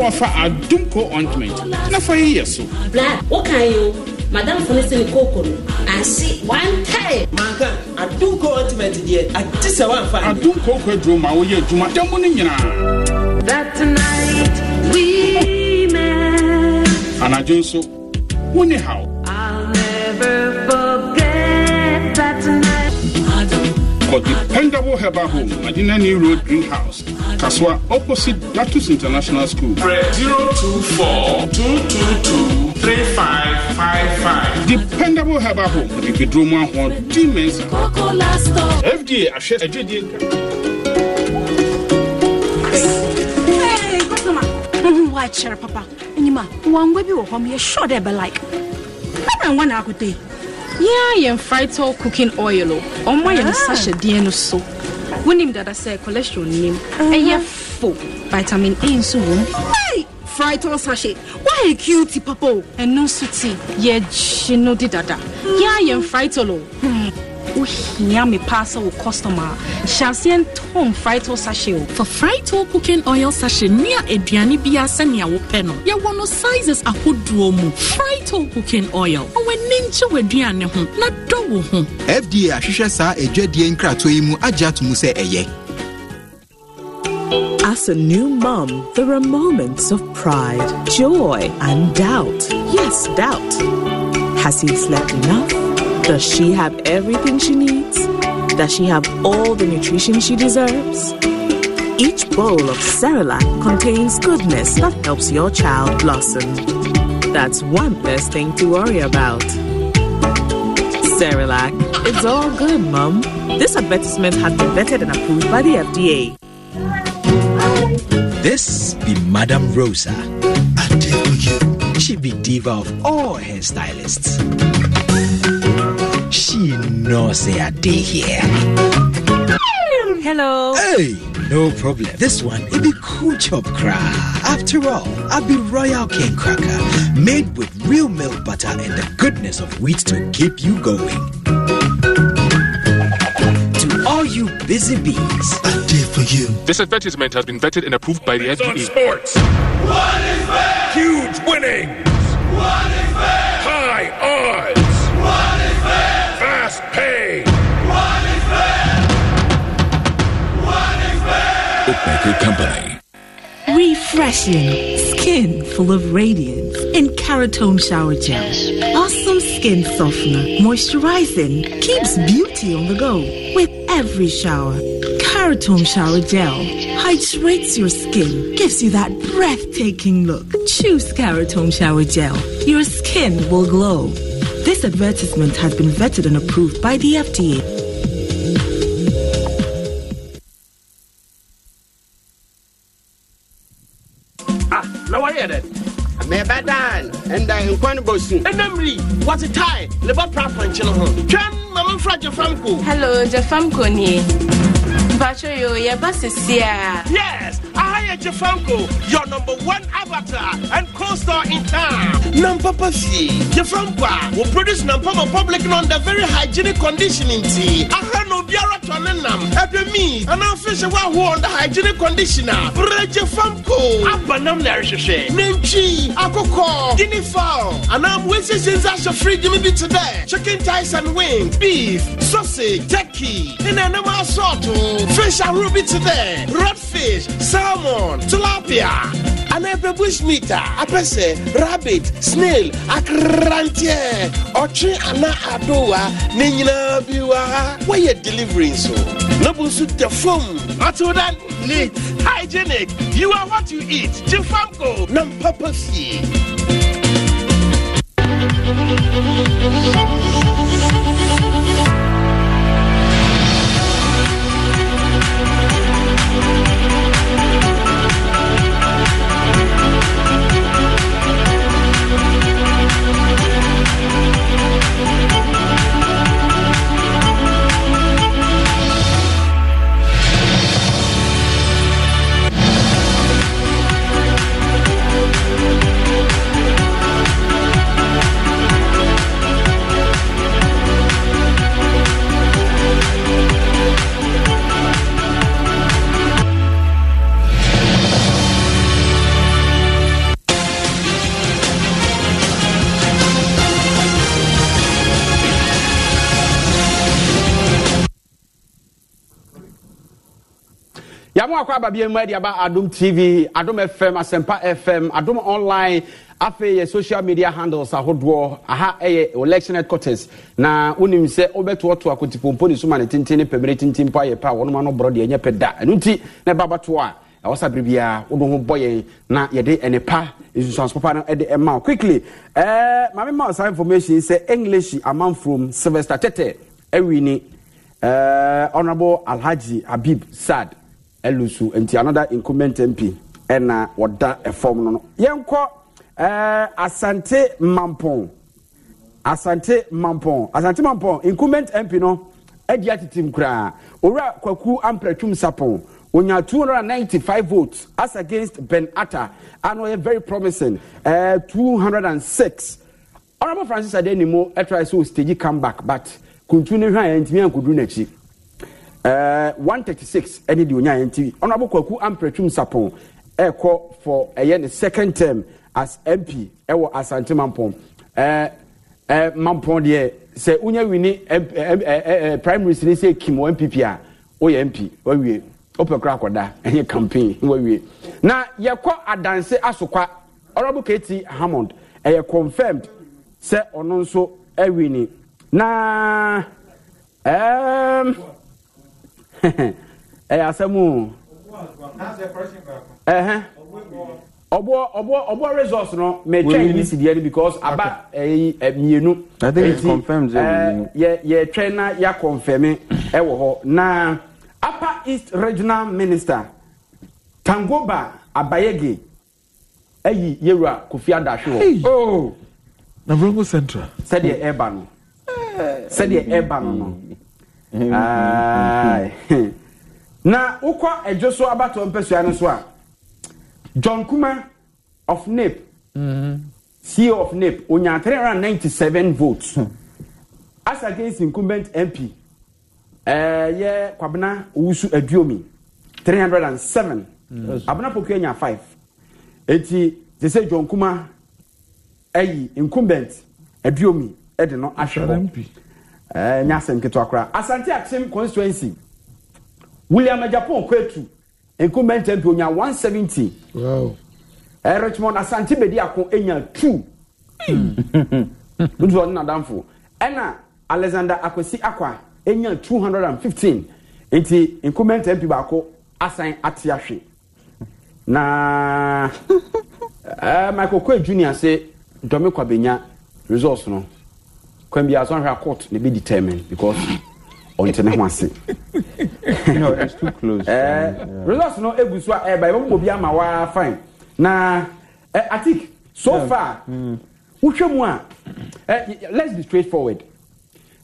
wɔfa adomko ointment na fa yeyɛ so bla wokae o madamfo no sene kooko no ase wantae manka adomko ointment deɛ agye sɛ woamfa adomko kwaduro ma woyɛ adwuma da mu no nyinaa that night we met anadwo nso wo ne haw I'll never Ndabo Herbal Home, Madina New Road Greenhouse, Kaswa, opposite Datus International School. 024 222 3555. Dependable Herbal Home, Bibidromo Ahon, Demons. FDA, Ashe Ejidi. Wakyerɛ mm-hmm, papa ɛnyima wangwa bi wɔ hɔ meyɛ sure dɛ ɛbɛ like I don't want to go akotɛ yɛa yɛn fritol cooking oil o ɔmo ayɛ no ah. sahyɛdeɛ no so wonim dada sɛ cholesterol nim ɛyɛ fo vitamin a nso wom fritol sachet why cute papa o ɛno nso ti yɛgye no de dada hmm. yɛa yɛn fritol o hmm wohia me sɛ wo customer a ntom frito sachet o for frito cooking oil sachet nua aduane biara sɛnea wopɛ no yɛwɔ no sizes ahodoɔ mu frito cooking oil na nkye w'aduane ho na dɔ wo ho fda ahwehwɛ saa adwadie nkratoɔ yi mu agye ato mu sɛ ɛyɛ As a new mom, there are moments of pride, joy, and doubt. Yes, doubt. Has he slept enough? Does she have everything she needs? Does she have all the nutrition she deserves? Each bowl of Cerelac contains goodness that helps your child blossom. That's one less thing to worry about. Cerelac, it's all good, Mum. This advertisement has been vetted and approved by the FDA. This be Madame Rosa. I tell you, she be diva of all hairstylists she knows they are day here. Hello. Hey, no problem. This one, it be cool chop crack. After all, I be Royal cane Cracker, made with real milk butter and the goodness of wheat to keep you going. To all you busy bees, I did for you. This advertisement has been vetted and approved by the it's FDA. sports. What is Huge winnings. What is High odds. Bookmaker Company. Refreshing. Skin full of radiance in Caratone Shower Gel. Awesome skin softener. Moisturizing. Keeps beauty on the go with every shower. Caratone Shower Gel hydrates your skin, gives you that breathtaking look. Choose Caratone Shower Gel. Your skin will glow. This advertisement has been vetted and approved by the FDA. nkwan bosu ɛnamri wɔte tae ne bɛpra pɔnkye no ho twɛn mama mfra gyefamko hello gyefamko nie mpatwerɛ yɛba sesie a yes I, Jafanko, your number one avatar and co-star in town. Number Pafi, Jafanko will produce number one Public under very hygienic conditioning tea. Ahano Biara Twanenam, Happy Me, and I'm fish who under hygienic conditioner. Breja Famko, Abanam Narishishe, Nemchi, Akoko, Guinea Fowl, and I'm waiting since I shall free Jimmy today. Chicken thighs and wings, beef, sausage, turkey, and animal sort, fish and ruby today, red fish, salmon, tilapia, anaa bush bushmeat a apɛ rabbit snail a ɔtwe ana adowa and nyinaa bi wɔ ha wɔyɛ delivery nso na bu nso da fam until then neat hygienic you are what you eat gyefamko na mpapa yàmú akɔ ababi emu ɛdi aba adum tv adum fm asempa fm adum online afei yɛ social media handles ahodoɔ aha ɛyɛ election headquarters na wonim sɛ wobɛtoɔto akotipompo ne soma ne tenten ne pɛmire tenten po ayɛ pɛ a wɔnom ano borɔ deɛ ɛnyɛ pɛ da ɛno nti na ɛbabatoɔ a ɛwɔ sa bere biara wode ho bɔ yɛn na yɛde ɛnepa nsusuanso papa no de ɛma wo quickly ɛɛ eh, maame ma saa information sɛ english from sylvester tɛtɛ ɛwi ni ɛɛ eh, honourable alhaji habib sad ɛlusu nti another incumbent mp ɛna wɔda ɛfam no no yɛnkɔ ɛɛ asante mampɔn asante mampɔn asante mampɔn incumbent mp no ɛdi atitim koraa owura kwaku ampratwum sapɔn onya 295 votes as against ben atta ano yɛ very promising ɛɛ 206 honourable francis adenimu ɛtrai so stage comeback but kuntu ne hwan yɛn ntumi ankuduru n'akyi. 136 ɛne deɛ onyaa nti ɔno abɔ kwaku ampratwum sapon ɛrekɔ eh, for ɛyɛ eh, ne second term as mp ɛwɔ eh, asante mampɔn ɛɛ ɛɛ mampɔn deɛ sɛ wonya wini ɛɛ ɛɛ primary sini sɛ kim wɔ npp a woyɛ mp wawie wopɛ kora akɔda ɛyɛ campaign wawie na yɛkɔ adanse asokwa ɔno abɔ hammond ɛyɛ confirmed sɛ ɔno nso ɛwini na ɛɛm. Um, ɛyɛ asɛm ɔboɔ ɔboɔ ɔboɔ results no mɛtwɛn ni sidiɛ no because aba ɛyi mmienu nti yɛ yɛtwɛn na yɛakɔnfɛmi ɛwɔ hɔ na upper east regional minister tangoba abayege ɛyi eh, yewura kofi adahwe hɔ. Oh. na bronco central. sɛdeɛ ɛɛba no eh. sɛdeɛ ɛɛba no no. Mm-hmm. Mm-hmm. na wokɔ adwo so abatɔ mpɛsua no so a john kuma of nap mm-hmm. ceo of nap onya 397 votes hmm. as against incumbent mp ɛyɛ eh, kwabena owusu aduomi 307 abena pokua nya 5 eti te sɛ john kuma ayi incumbent aduomi ɛde no ahwɛ hɔ ɛnyɛ eh, asɛm ketewa asante akyem constituency william ejapon kwetu nkume mp onya one seventy wow. uh, asante bedi ako enya two wotu hmm. ɔne Adamfo ɛna alexander akwasi akwa enya two hundred and fifteen nti nkume mp baako asan ati ahwe na uh, michael kwe junior se dɔmi kwabenya results no. kwan bi aso ahwɛ court na ebi determine because ɔnte ne ho ase. no it's too close. ɛɛ eh, results no egu so a ɛɛba eh, ebi mo bi ama waa fine na ɛ eh, atik so far hmm. wohwɛ mu a ɛ let's be straight forward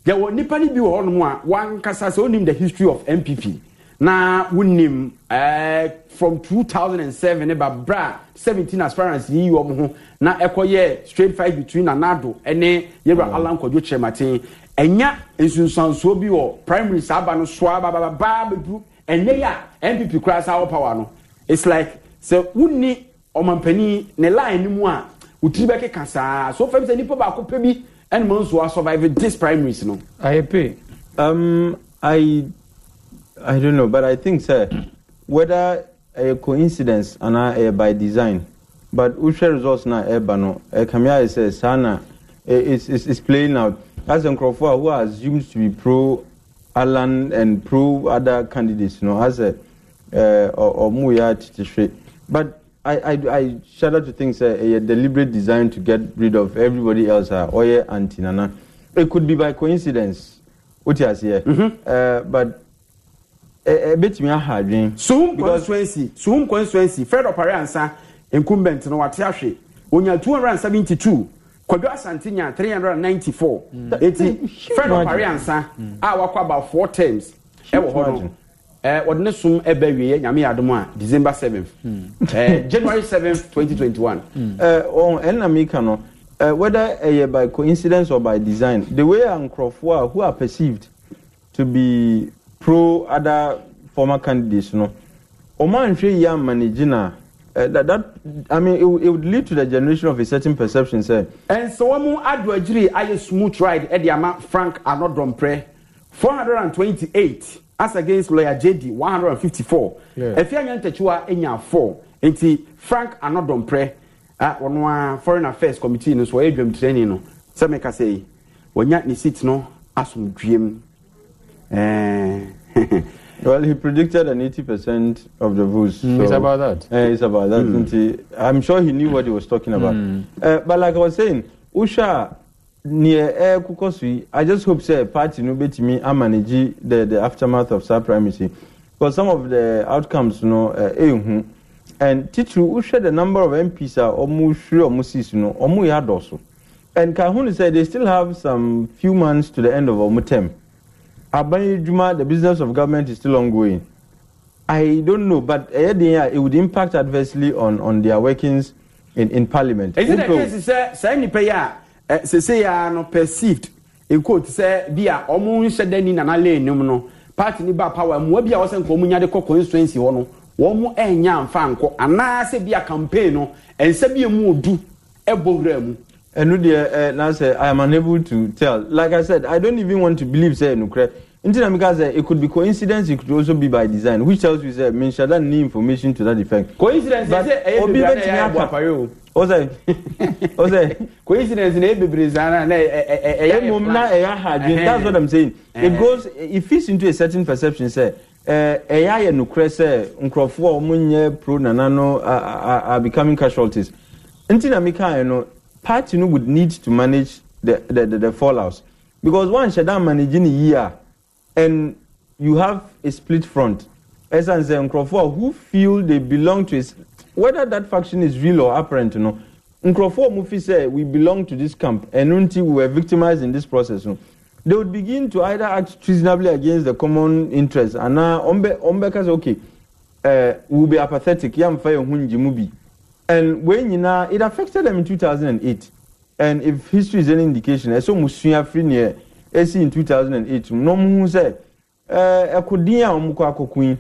yɛwɔ nipa ni bi wɔ hɔnom a wankasa sɛ onim the history of npp na wonim uh, eh, from 2007 ba bra 17 aspirants yi wɔn ho na ɛkɔ yɛ straight fight between nanado ɛne yɛwura mm. alan kɔdwo kyerɛmaten ɛnya nsunsuansuo bi wɔ primary saa aba no soa babababa bebu ɛnɛ yɛ a npp koraa saa wɔ power no it's like sɛ wonni ɔmampanin ne line no mu a wotiri bɛkeka saa so fɛm sɛ nipa baako pɛ bi ɛnum nso a survive this primaries no. ayɛ um, i. I don't know, but I think, sir, whether a coincidence and by design, but Usher results na ebano, eh, eh, eh, a is a Sana is playing out. As in Crawford, who assumes to be pro Alan and pro other candidates, you know, as a uh, or Muya But I, I, I shudder to think, sir, a deliberate design to get rid of everybody else, ah, or and Tinana. It could be by coincidence, what you here. Mm-hmm. but ɛbɛtumi aha adwen. suhum constituency suhum constituency fred ɔpare ansa incumbent no wate ahwe onya two hundred and seventy two kwadwo asante nya three hundred and ninety four hmm. eti hm, hm, hm. fred ɔpare ansa hmm. a wakɔ about four terms ɛwɔ hɔ no ɛɛ wɔde ne sum ɛbɛ wie nyame yadum a december seventh ɛɛ hmm. eh, january seventh twenty twenty one. ɛɛ ɔn eh, oh, ɛnna mi ka no. Uh, whether uh, by coincidence or by design, the way nkurɔfoɔ who are perceived to be pro other former candidates no ọmọ ànhwẹ yìí ama ne gyina eh, that that i mean it, it would lead to the generation of a certain perception sẹ. ẹnsẹ̀wọ́n mu adu agyiri ayé smooth ride ẹ̀dì eh, ama frank anodompre four hundred and twenty-eight as against lawyer jd one hundred and fifty-four efi anya ntẹ̀kyiwa enya four nti frank anodompre a ah, wọn a foreign affairs committee no so ɔyɛ eh, training. no sẹ́mi kasa yi wọ́n nya ne seat no asomdwiem. Uh, well, he predicted an 80% of the votes. Mm, so, it's about that. Uh, it's about that. Mm. I'm sure he knew what he was talking about. Mm. Uh, but like I was saying, Usha, near Kukosui, I just hope, say, party no bet me, I manage the, the aftermath of supremacy. Because some of the outcomes, you know, uh, and Titru, Usha, the number of MPs are almost sure, almost, you know, almost also. And Kahun said they still have some few months to the end of Omutem. term. Abayijuma, the business of government is still ongoing. I don't know, but eh, it would impact adversely on, on their workings in, in parliament. Is it a case, sir? Say, ni pay ya, say, ya no perceived. In quote, sir, be a omun shedeni nana lane, no, no. Party ni ba power, mo be a wasen komunya de ko constituency wono. Wɔn mo ɛnya nfa nkɔ anaasɛ bi a campaign no nsa bi emu odu ɛbɔ e wura mu. ɛnu deɛ ɛ eh, na sɛ i am unable to tell like i said i don't even want to believe say enukura nti na meka sɛ it could be coincidence it could also be by design which tells you sɛ eh, menhyɛda ne information to that effect. coincidence But, ɛyɛ eh, eh, bebree na ɛyɛ abɔ apare o. ɔsɛ coincidence na ɛyɛ bebree saa na na ɛyɛ ɛyɛ plan. emom na ɛyɛ ahadwe that's what i'm saying it goes it fits into a certain perception sɛ ɛyɛ ayɛ nukurɛ sɛ nkurɔfoɔ a wɔn nyɛ pro nana no are becoming casualties nti na meka yɛ no party no would need to manage the the the, the fallout because one hyɛda manage ne yie a. and you have a split front as and Nkrofo who feel they belong to it, whether that faction is real or apparent, you know. Nkrofo Mufi said, We belong to this camp, and until we were victimized in this process, you know, they would begin to either act treasonably against the common interest, and now Ombe, Ombeka says, Okay, uh, we'll be apathetic, Yamfire Hunjimubi. And when you know, it affected them in 2008. And if history is any indication, I saw Musuya Frinier ɛsi in 2008 na ɔmo eh, hu sɛ ɛkodin a ɔmo kɔ akɔko yi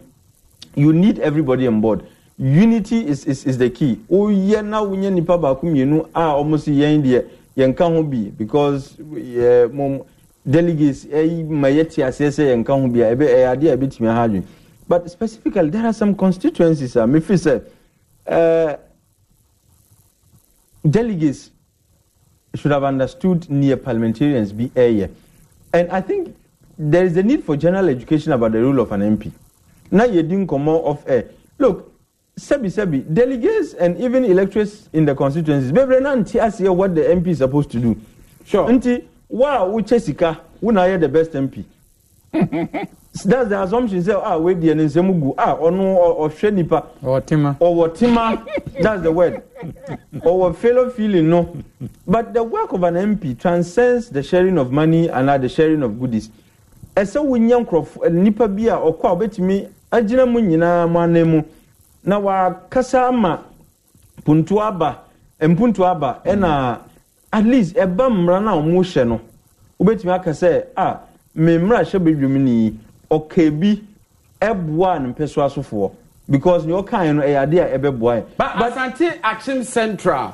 you need everybody on board unity is is is the key oyɛ na wonyɛ nipa baako mmienu a ɔmo si yɛn deɛ yɛn ka ho bi because yɛ eh, mo delegates ɛyi eh, ma yɛ te aseɛ sɛ yɛn ka ho bi a ɛbɛ ɛyɛ adeɛ a ɛbɛtumi aha dwen but specifically there are some constituencies a mefi sɛ ɛɛ delegates should have understood near parliamentarians bi ɛyɛ. Eh, yeah. and i think there is a need for general education about the role of an mp Now na yedi nkɔmɔ off air look sebi sebi delegates and even electors in the constituencies bebree na nti aseɛ what the mp is supposed to do sure nti wa a wokyɛ sika wo na ayɛ the best mp that's the assumption say a ah, wei deɛ ne nsɛm gu a ah, ɔno ọhwẹ nipa ɔwɔ tima that's the word ɔwɔ fellow feeling no but the work of an mp transcends the sharing of money and the sharing of goodies ɛsɛ wonya nkurɔfo eh, nipa bi a ɔkɔ a wobɛtumi agyina mu nyinaa mu anan mu na wakasa ama puntu aba mpuntu aba ɛna eh, eh, at least ɛba mmara a wɔn hyɛ no wobɛtumi aka sɛ a. Ah, me mmarahyɛ badwam ni ɔka bi ɛboa ne mpɛ so asofoɔ because nea ɔkae no ɛyɛ adeɛ a ɛbɛboa yɛ. asante akyem central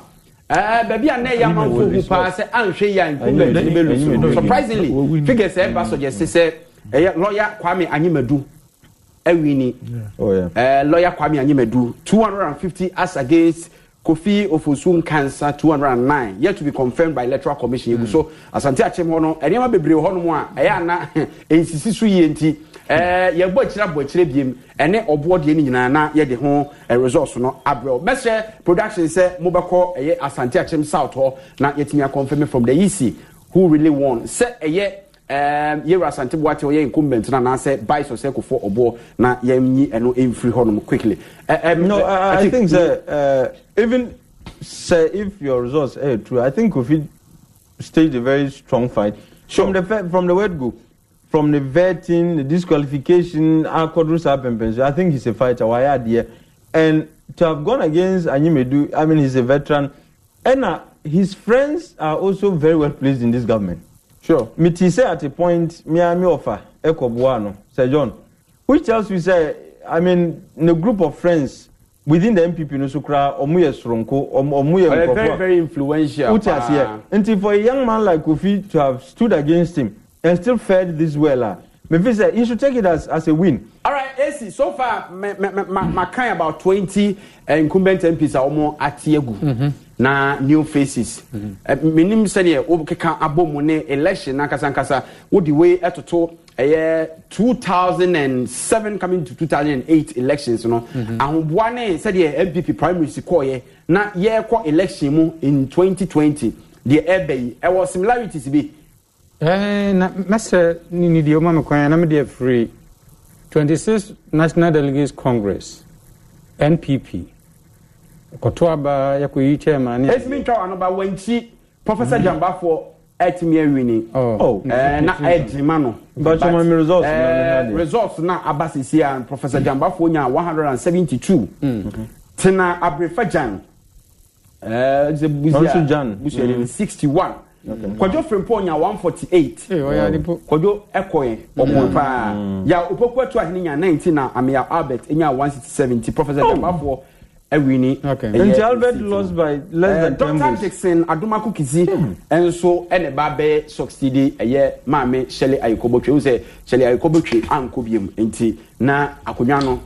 ɛɛ baabi a ne yɛ amanfo hu paa sɛ anhwɛ yɛ ankum bɛ bɛ lu so surprisingly figures ɛba sɔ gyesi sɛ ɛyɛ lɔya kwame anyimadu ɛwini oh, ɛɛ lɔya kwame anyimadu two hundred and fifty as against kofi ofosuom cancer nine yet to be confirmed by electoral commission egu hmm. so asante akyem hɔ no nneɛma bebree hɔ nom a ɛyɛ ana nsisi so yie nti ɛɛ yɛbɔ akyire abɔ akyire biem ɛne ɔboɔ deɛ no nyinaa na yɛde ho resɔs no abrɛw mɛsɛ production sɛ mobɛkɔ ɛyɛ asante akyem south hɔ na yɛtumi akɔnfirm from the ec who really won sɛ ɛyɛ Ehm, yɛwura asante boate ɔyɛ incumbent no anaasɛ bi sɛ sɛ kɔfɔ ɔboɔ na yɛnyi ɛno ɛmfiri hɔnom quickly no i think sɛ uh, even sɛ if your results are true i think kofi staged a very strong fight sure. from the from the word go from the vetting the disqualification akɔduru saa pɛmpɛnso i think he's a fighter wayɛ adeɛ and to have gone against anyimedu i mean he's a veteran ɛna uh, his friends are also very well placed in this government sure meti sɛ at a point mea me ɔfa ɛkɔboa no sir john which tells you say? i mean ne group of friends within the npp no so koraa ɔmo yɛ soronko ɔmo yɛ nkɔfo very very influential wote aseɛ nti for a young man like kofi to have stood against him and still fared this well ah mefi sɛ you should take it as as a win. alright esi so far ma ma ma ma kan about twenty incumbent mps a wɔn ati egu. Mm -hmm na new faces mhm. eh, menim sɛdeɛ wokeka abɔ mu ne election nankasankasa wode wei ɛtoto ɛyɛ 2007 coming to 2008 elections no mhm. ahoboa ne sɛdeɛ mpp si kɔɔyɛ na yɛrekɔ election mu in 2020 deɛ ɛbɛ yi ɛwɔ similarities bi eh, na mɛsɛ ne ne deɛ woma me kwan na mede afiri 26 national delegates congress npp kɔto aba yɛkɔyi chairman ne ɛtumi ntwa wano ba wanti professor mm-hmm. jambafoɔ ɛtumi awini oh, oh. eh, na ɛdima no bɛtɔmami results eh, results na aba sisi a professor mm-hmm. jambafoɔ nya 172 mm-hmm. tena abrefa jan ɛɛ busia busia de 61 kwadwo firimpo nya 148 eh, kwadwo ɛkɔɛ ɔmo paa ya opoku atu ni nya 19 na amia albert enya 170 professor jambafoɔ. Okay. awini. nti albert lost by less than eh, ten votes. dr dixon adumaku kisi hmm. nso na ba bɛ succeed ɛyɛ maame shelley ayikobotwe n sɛ shelley ayikobotwe anko biem nti na akonnwa eh, no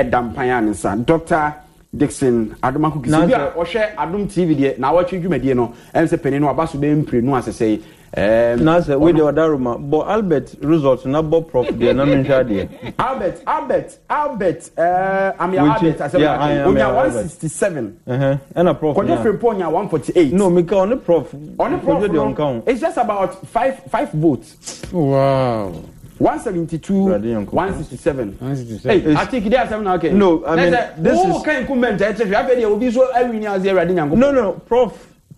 ɛda mpan a ne nsa dr dixon adumaku kisi bi a ɔhwɛ adum tv deɛ na awɔtwe dwumadie no ɛn sɛ panyin no aba so bɛ mpire no asɛsɛ yi. Um, na sɛ wei bɔ albert result na bɔ prof deɛ na menhwɛ adeɛ albert albert albert uh, amia albert asɛm yeah, onya 167 ɛna uh -huh. prof kɔdɛ firi paul nya 148 no meka ɔne prof ɔne prof no ɔnka ho it's just about five five votes wow 172 167 hey I atiki de asɛm na okay no i mean this is wo kan kumɛnta ɛkyɛ hwɛ afɛ deɛ obi so awini aseɛ awurade nyankopɔn no no prof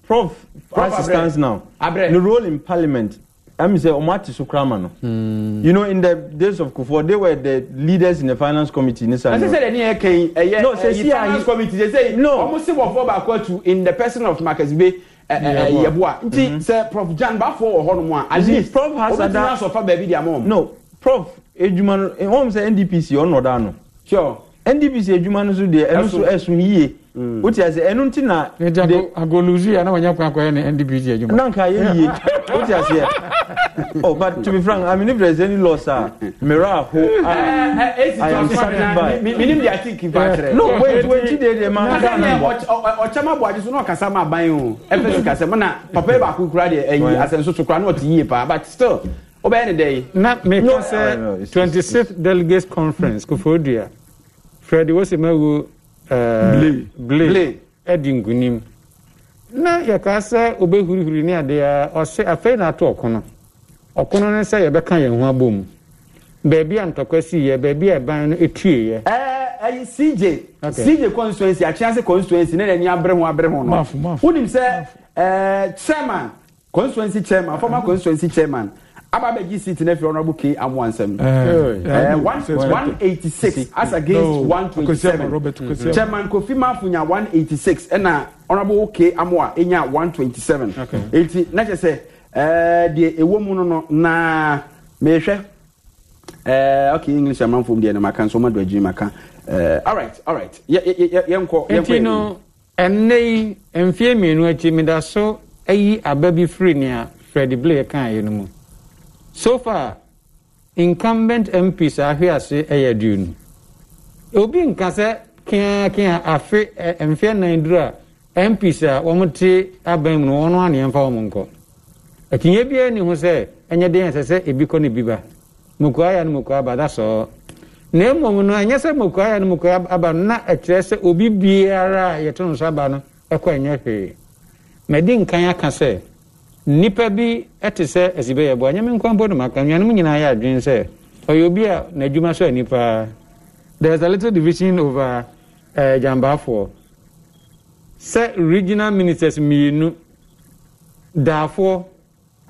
prof as it stands now the role in parliament I'm say Omati Sukrama no. Hmm. You know, in the days of Kufuor, they were the leaders in the finance committee. In Nisa, eh, no, eh, say no, say see, finance committee. They say no. Almost say what for to in the person of Marcus Bay. Eh, Yeboa. Nti mm-hmm. sɛ Prof Jan Bafo wɔ hɔ nom a. At least Prof has ada. Obi ti na sɔfa baabi di ama No, Prof Edwuma no, wɔn NDPC ɔnɔ da ano. Sure ndpc adwuma no so deɛ ɛno so ɛso yie mm. wote ase ɛno nti na de agolusu yɛ na wɔnyɛ kwan kɔyɛ ne ndpc adwuma na nka yie wote aseɛ oh but to be frank i mean if there is any loss ah mera aho ah, eh, eh, eh, i am certain by minim de ati kipa kyerɛ no wait wait de de ma nka na ɔkyɛ ma bɔ adi so na ɔkasa ma ban o ɛfɛ si kasa mo na papa yɛ baako kura deɛ ɛyi asɛnsoso kura na ɔte yie paa but still wobɛyɛ ne dɛ yi. na meka sɛ twenty sixth delegates conference kofoodua. frɛde wɔsɛmawu ble adi nkonim na yɛkaa sɛ obɛhurihuri ne adeɛa ɔse afei na ato ɔkono ɔkono no sɛ yɛbɛka yɛn ho abɔ mu baabi a ntɔkwa siiɛ baabi a ɛban no ɛtueeɛ eh, eh, cj cj constituency akyease constituency ne nani abere ho abere ho no wonim sɛ eh, chairman constituency chairman former constituency chairman aba bɛgye seat no afiri honorable k amoansɛm uh, uh, 186 as eh, against no, 127 mm mm-hmm. chairman kofi mafo nya 186 ɛna honorable k amoa ɛnya 127 ɛnti na kyɛ sɛ deɛ ɛwɔ mu no na mehwɛ eh, okay english amanfom deɛ no maka nso ma do agyi maka eh, alright alright yɛnkɔ ɛnti no ɛnnɛ yi mfeɛ mmienu akyi meda so ayi aba bi firi nea fred blay kaeɛ no mu so far incumbent mps ahwease yɛ aduonu obi nka sɛ keakea afe mfeɛ nan duru a mps a wɔmte aban mu no wɔno aneɛmfa wɔm nkɔ akyinyɛ biara ni ho sɛ ɛnyɛ den ɛsɛ sɛ ebi kɔ ne bi ba mokua ya no mokua aba da sɔɔ na mmom no ɛnyɛ sɛ mokua ya no mokua aba no na ɛkyerɛ sɛ obi biara a yɛto no so aba no ɛkɔ ɛnyɛ hwee madi nkan aka sɛ Nipa bi te sɛ asibɛ yɛ boa nyame nkwa mpo nom aka nnuanom nyinaa yɛ adwene sɛ ɔyɛ obi a n'adwuma so ani there is a little division over uh, eh, gyambaafoɔ sɛ regional ministers mmienu daafoɔ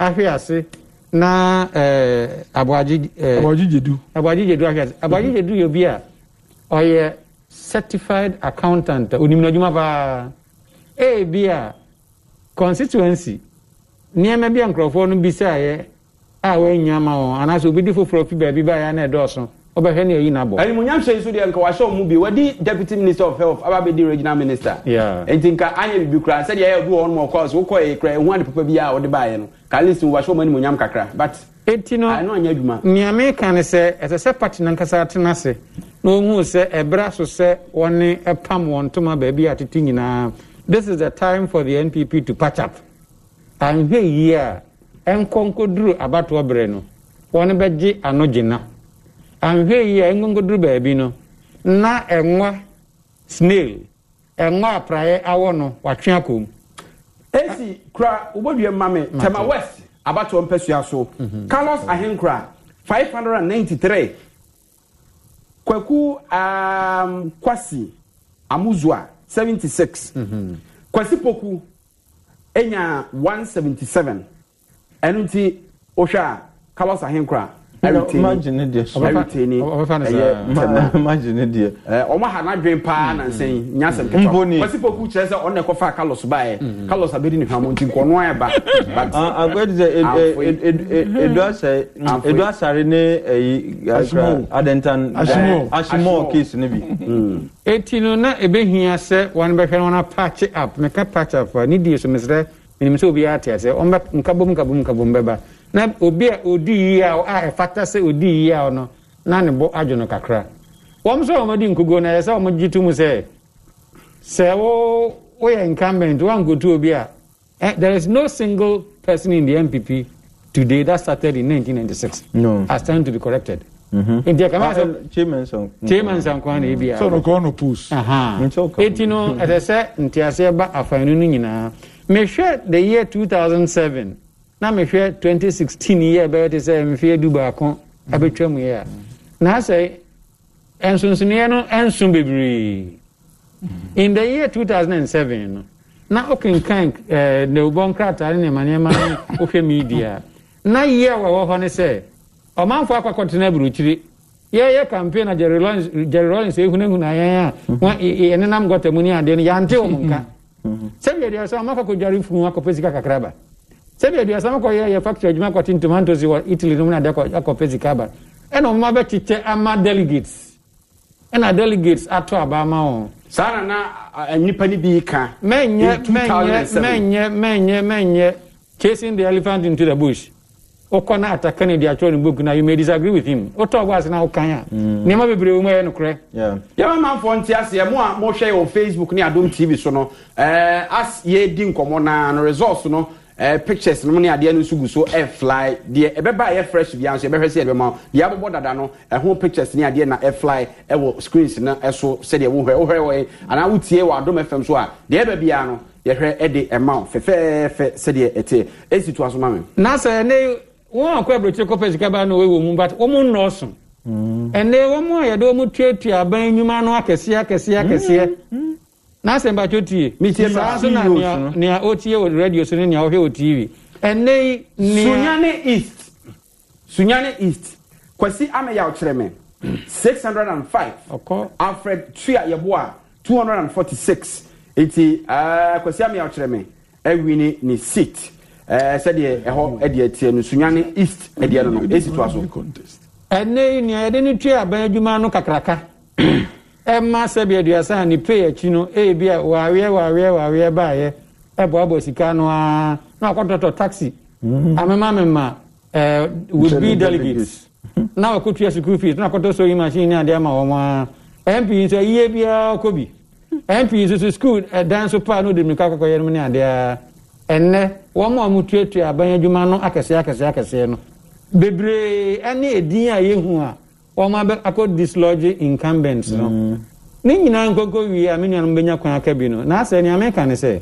ahwe ase na uh, eh, aboagye uh, eh, aboagyegyedu aboagyegyedu ahwe ase aboagyegyedu yɛ obi a ɔyɛ certified accountant onim n'adwuma paa ebi a constituency nneɛma bi a nkurɔfoɔ no bisaeɛ a wɔanya ma wɔn anaasɛ obi di foforɔ fi baabi baeɛ na ɛdɔɔso wobɛhwɛ ne ayi nabɔ animonyam hyɛ so deɛ nka wahyɛ wo mu bi wadi deputy minister of health aba bɛdi regional minister ɛnti nka anyɛ biribi koraa sɛdeɛ ɛyɛ obi wɔ hɔ no ma ɔkɔɔ so wokɔɛ kora ɛho ade papa bi a wɔde baeɛ no ka least wahyɛ woma animonyam kakra but ɛti no anyɛ adwuma nneame ka ne sɛ ɛsɛ sɛ party no ankasa atena ase na ɔhuu sɛ ɛberɛ so sɛ wɔne ɛpam wɔn ntoma baabi atete nyinaa this is the time for the npp to patch up anhwɛ yie a ɛnkɔnkɔduru abatoɔ berɛ no wɔn bɛgye ano gyina anhwɛ yie a ɛnkɔnkɔduru baabi no na ɛnwa snail ɛnwa apraeɛ awɔ no watwe akɔ mu. esi kura ubodua mame tema west abatoɔ mpɛsua so mhm. carlos ahenkura five hundred and ninety three kwaku um, kwasi amuzua seventy six mhm. kwasi poku. ɛnya 177, seventy seven ɛnu ti wohwɛ a kawasa ahenkora magine deɛ magine deɛ ɔmo aha n'adwen paa hmm. nansan nya sɛm hmm. kɛtɔ mboni wɔsi poku kyerɛ sɛ ɔna ɛkɔfa kalos baayɛ hmm. kalos abedi ne hwamu ba agbɛdi ah, ah, sɛ edu asare edu asare ne eh, eh, adentan asumɔ eh, case ne bi. eti no na ebe hia sɛ wɔn bɛhwɛ na wɔn apaakye app mɛka paakye app a ah, ne die so mesrɛ menim sɛ obiara te nkabom nkabom nkabom bɛba na obi a odi yie a a ɛfata sɛ odi yie a no na ne bo adwo no kakra wɔn nso a wɔdi nkogo na ɛyɛ sɛ wɔn gye to mu sɛ sɛ wo woyɛ incumbent wankotu obi a eh, there is no single person in the NPP today that started in 1996 no. has time to be corrected. Mm-hmm. nti ɛkama sɛ ah, eh, chairman sankoa na ebi ɛti no ɛsɛ sɛ nteaseɛ ba afaanu no nyinaa mehwɛ the year 2007 na mehwɛ 2016 yɛ bɛyɛ te sɛ mfeɛ du baako mm. abɛtwa mu yɛ a na asɛ nsonsonoeɛ no nso bebree mm-hmm. in the year 2007 no na wokenkan eh, nnawubɔ nkrataa ne nneɛma nneɛma no wohwɛ media na yie a wɔwɔ hɔ ne sɛ ɔmanfoɔ akɔkɔtena aburokyire yɛyɛ campaign a jerry rollins ehunahuna yɛn a mm-hmm. yɛnenam gɔta mu ne adeɛ no yɛante wɔ mo nka mm-hmm. sɛ biadeɛ sɛ ɔma akɔkɔdware funu akɔpɛ sika kakraba sɛdeɛ aduasa no kɔyɛ yɛ factory adwuma kɔte ntomantos wɔ italy no mu na akɔpɛ sika aba ɛna ɔmoma bɛkyekyɛ ama delegates ɛna delegates ato aba ama wɔn saa na na nipa no bi ka mɛnyɛ mɛnyɛ mɛnyɛ mɛnyɛ chasing the elephant into the bush wokɔ na ata kennedy atwerɛ no book na you may disagree with him wotɔ mm. bɔ ase na wokan a nneɛma bebree wɔ mu ɛyɛ nokorɛ yɛma manfoɔ nte aseɛ mo a mohwɛ yɛ wɔ facebook ne adom tv so no as yɛdi nkɔmmɔ na no results no ɛɛ eh, pictures no mu ne adeɛ no nso gu so ɛfly eh, deɛ ɛbɛba a fresh bi nso ɛbɛhwɛ sɛ ɛbɛma deɛ abobɔ dada no ɛho pictures ne adeɛ na ɛfly eh, ɛwɔ screens na ɛso sɛdeɛ wohwɛ wohwɛ wɔ yi anaa wotie wɔ adom fm so a deɛ ɛbɛ biara no yɛhwɛ ɛde ɛma fɛfɛɛfɛ sɛdeɛ ɛteɛ ɛsi to aso ma mi. na sɛ ɛne wɔn akɔ aburokyire kɔpɛ sika ba na wɔwɔ mu but wɔn nnɔɔso mm. ɛne wɔn a yɛde wɔn tuatua aban nnwuma no akɛseɛ akɛseɛ akɛseɛ. Mm n'asɛm bàtò tie mi tie saa so na nea nea o tie wɔ radio so ne nea ɔhwɛ wɔ tv ɛnɛ yi nea sunyane east sunyane east kwasi ameyaw kyerɛ six hundred and five ɔkɔ alfred tua yɛboa two hundred and forty six eti ɛɛ eh, kwasi ameyaw kyerɛ mi ɛwini ni seat ɛɛ eh, sɛdeɛ ɛhɔ ɛdeɛ tie no sunyane east ɛdeɛ no no esi to aso. ɛnɛ yi nea yɛde ne tua abɛn adwuma no kakraka ɛma sɛbi aduasa a pay akyi e, no ebi a wareɛ wareɛ wareɛ baayɛ ɛboaboa sika no na wakɔtɔtɔ taxi amemamema ɛɛ would be delegates na wakɔtua sukuu fees na wakɔtɔ sewing machine ne adeɛ ama wɔn aa mp nso ayie biara kɔ bi mp nso so sukuu ɛdan so paa na odi mirika kɔkɔ yɛ no ne adeɛ ɛnɛ wɔn a wɔtuatua aban no akɛseɛ akɛseɛ akɛseɛ no bebree ɛne edin a yɛhu a wɔn abɛ akɔ dislodge incumbents no mm. ne nyinaa nkɔkɔ wie a me nuanom bɛnya kwan aka bi no na asɛ nea meka ne sɛ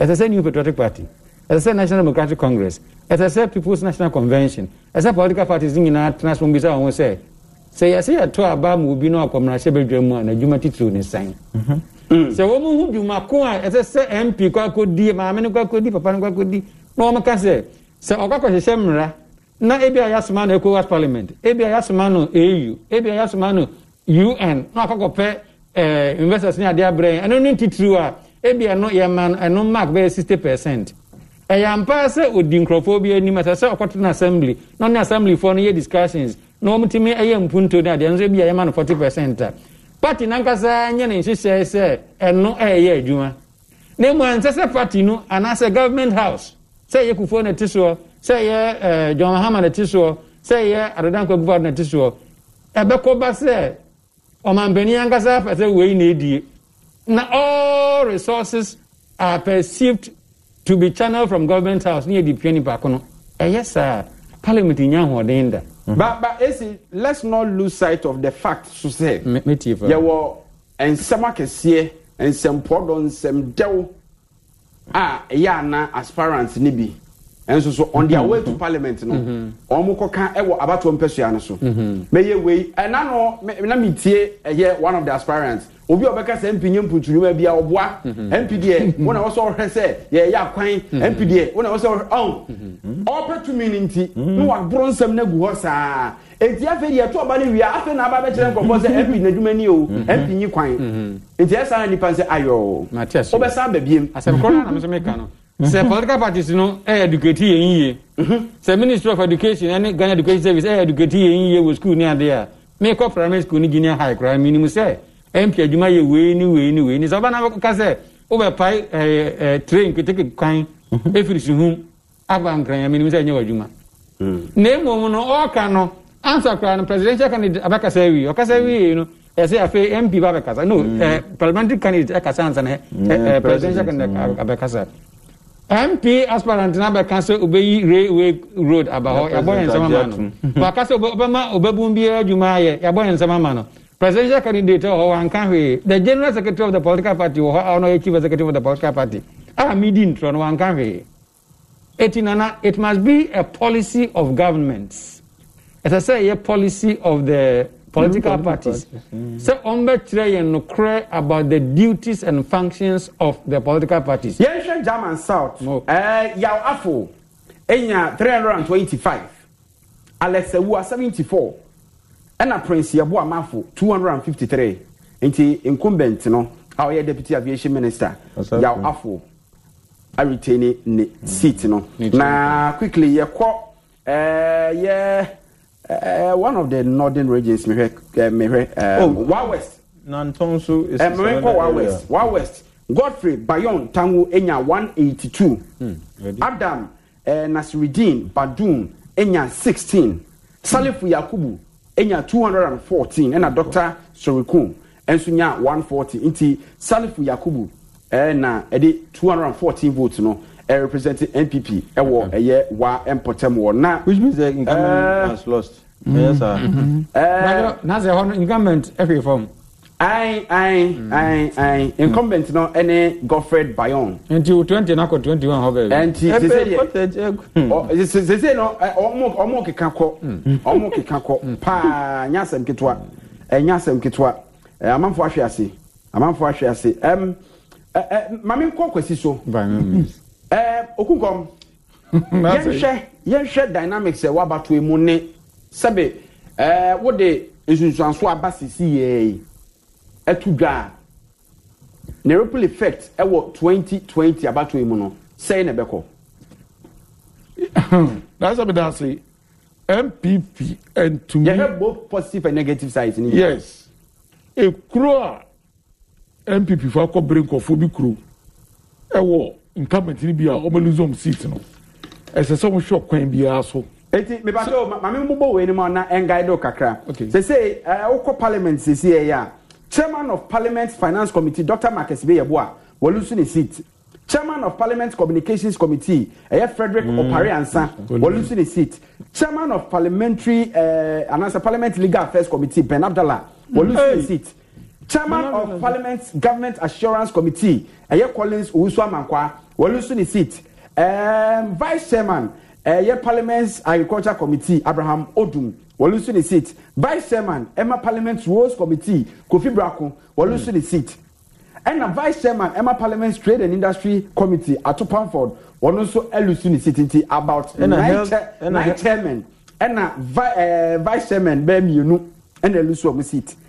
ɛsɛ sɛ new patriotic party ɛsɛ sɛ national democratic congress ɛsɛ sɛ people's national convention ɛsɛ political parties nyinaa tena so bisa wɔn ho sɛ sɛ yɛsɛ yɛto aba ma obi no akɔmrahyɛ bɛdwa mu a n'adwuma titiriw ne san mhm. mm. sɛ wɔn ho dwuma ko a ɛsɛ sɛ mp kɔ akɔdi maame no kɔ akɔdi papa no kɔ akɔdi na wɔn ka sɛ sɛ ɔkɔ akɔhyehyɛ mmara na ebi a yasoma no ECOWAS parliament ebi a yasoma no AU ebi a yasoma eh, no UN na akɔkɔpɛ ɛɛ investors ne adeɛ abrɛ ɛno ne titiriw a ebi ɛno yɛ ma ɛno mark bɛyɛ sixty percent ɛyɛ ampa sɛ odi nkurɔfoɔ bi anim ɛsɛ sɛ ɔkɔto no assembly na ɔne assemblyfoɔ no yɛ discussions na wɔn tumi ɛyɛ mpunto ne adeɛ nso ebi a yɛma no forty percent a party nankasa nye ne nhyehyɛ sɛ ɛno ɛyɛ adwuma na emu ansɛ sɛ party no anaasɛ government house sɛ ɛyɛ kufuo na ti soɔ sɛ ɛyɛ ɛɛ john mahama na ti soɔ sɛ ɛyɛ adedanko akufo na ti soɔ ɛbɛkɔ ba sɛ ɔmanpanyin ankasa afɛ sɛ wei na edie na all resources are perceived to be channeled from government house ne yɛ di pia nipa ko no ɛyɛ saa parliament nya ahoɔden da. but but esi let's not lose sight of the fact so sɛ. me tie fa yɛwɔ nsɛm akɛseɛ nsɛmpɔdɔ nsɛmdɛw a ɛyɛ ana aspirants ne bi nso so on their mm-hmm. way to parliament no wɔn mm-hmm. kɔ kan wɔ abatoɔ mpɛsua no so mɛyɛ mm-hmm. wei ɛna no na mi tie ɛyɛ eh, one of the aspirants obi a ɔbɛka sɛ mp nye mputunuma bi a ɔboa mp deɛ wɔn na wɔsɛ ɔhwɛ sɛ yɛyɛ akwan mp deɛ wɔn na wɔsɛ ɔhwɛ ɔn ɔpɛ tumi ne nti na waboro nsɛm na gu hɔ saa eti afei deɛ ɛto ɔba ne wia afei na aba bɛkyerɛ nkɔfɔ sɛ mp n'adwuma ni o mp nyi kwan eti ɛsan nipa nsɛ ayɔ o ɔbɛsan bɛbiem asɛm kɔrɔ na mi sɛ mi ka no. Mhm. sɛ political parties no ɛyɛ educate yɛn yie mhm. sɛ ministry of education ɛne ghana education service ɛyɛ educate yɛn yie wɔ school ne adeɛ a mekɔ primary school ne junior high koraa menim sɛ ɛmpi adwuma yɛ wei ne wei ne wei ne sɛ ɔbɛna bɛkɔka sɛ wobɛpae ɛɛ eh, ɛɛ eh, train keteke kwan mhm. efiri suhum aba nkranya menim sɛ ɛnyɛ wɔ adwuma na emom no ɔɔka no ansa koraa no presidential candidate abɛkasa awie ɔkasa awie no ɛsɛ afei mp ba abɛkasa no eh, parliamentary candidate ɛkasa ansa na mm, presidential candidate mm. abɛkasa. MP aspirant na bɛka sɛ obɛyi railway road aba hɔ yɛabɔ yɛn nsɛm ama no waka sɛ ɔbɛma ɔbɛbum biara adwuma ayɛ yɛabɔ yɛn nsɛm ama no presidential candidate wɔ wanka hwee the general secretary of the political party wɔ hɔ a ɔno yɛ chief executive of the political party a medi ntorɔ no wanka hwee ɛti nana it must be a policy of governments ɛsɛ sɛ ɛyɛ policy of the political parties hmm. So, sɛ ɔmbɛkyerɛ no cry about the duties and functions of the political parties. yɛnhwɛ german south eh, yaw afo enya three hundred and twenty-five alɛsɛwua seventy-four ɛna prince yɛbo amafo two hundred and fifty-three nti incumbent no a ɔyɛ deputy aviation minister yaw afo aretene ne hmm. seat no na quickly yɛkɔ ɛɛ yɛ uh, one of the northern regions mehwɛ uh, eh, mehwɛ oh, wa west. nanton so is. Uh, mehwɛ kɔ wa west wa west godfrey bayon tango enya one eighty two hmm, adam uh, nasiridin badun enya sixteen salifu yakubu enya two hundred and fourteen ɛna doctor sorikun nso nya one forty nti salifu yakubu ɛna ɛde two hundred and fourteen votes no ẹ represent npp ẹ wọ ẹ yẹ wa ẹ mpọtẹm wọ na. which means the incumbent eh. has lost. yes sir. na sẹ hɔ incumbent ẹ fi fɔm. ayin ayin ayin ayin incumbent náà ẹni godfred bayon. nti o twenty náà kọ twenty one hɔ bẹẹ. nti sese yẹ sese náà ọmọ ọmọ keka kọ hmm. ọmọ keka kọ hmm. paa nya asɛm ketewa ẹ eh, nya asɛm ketewa ẹ eh, amanfo ahwe ase amanfo ahwe ase ẹ maame nkɔ kwasi so okunkɔm yɛnhwɛ yɛnhwɛ dynamics ɛwɔ abatoɔ mu ne sɛbe ɛɛ wode nsunsuanso aba sisi yɛɛ ɛtu dwa a ne ripple effect ɛwɔ twenty twenty abatoɔ mu no sɛɛ na ɛbɛkɔ. n'asɛ mi da ase npp ntumi. yɛhɛ both positive and negative sides ni. yes ekuro a npp fo akɔ bere nkɔfo bi kuro ɛwɔ. E incumbent ni bi a ɔmo lose ɔmo seat no ɛsɛ sɛ ɔmo hwɛ ɔkwan biara so. eti mipato o maame mbobɔ wo anim na ɛngae do kakra sese ɛɛ wokɔ parliament sese yɛ yɛ chairman of parliament finance committee dr marcus beyeboa lose ne seat chairman of parliament communications committee ɛyɛ eh, frederick mm. opare ansa lose ne seat chairman of parliamentary ɛɛ uh, eh, anasa parliament legal affairs committee ben abdallah wɔlusu ne hey. seat chairman of parliament government assurance committee ɛyɛ collins owusu amankwa wɔn nso ne seat um, vice chairman ɛyɛ parliament agriculture committee abraham odum wɔn nso ne seat vice chairman ɛma parliament roads committee kofi brako wɔn nso ne seat ɛna vice chairman ɛma parliament trade and industry committee ato pamford wɔn nso ɛlusu ne seat nti about nine nine chairman ɛna eh, vice chairman bɛɛ mmienu ɛna ɛlusu wɔn seat.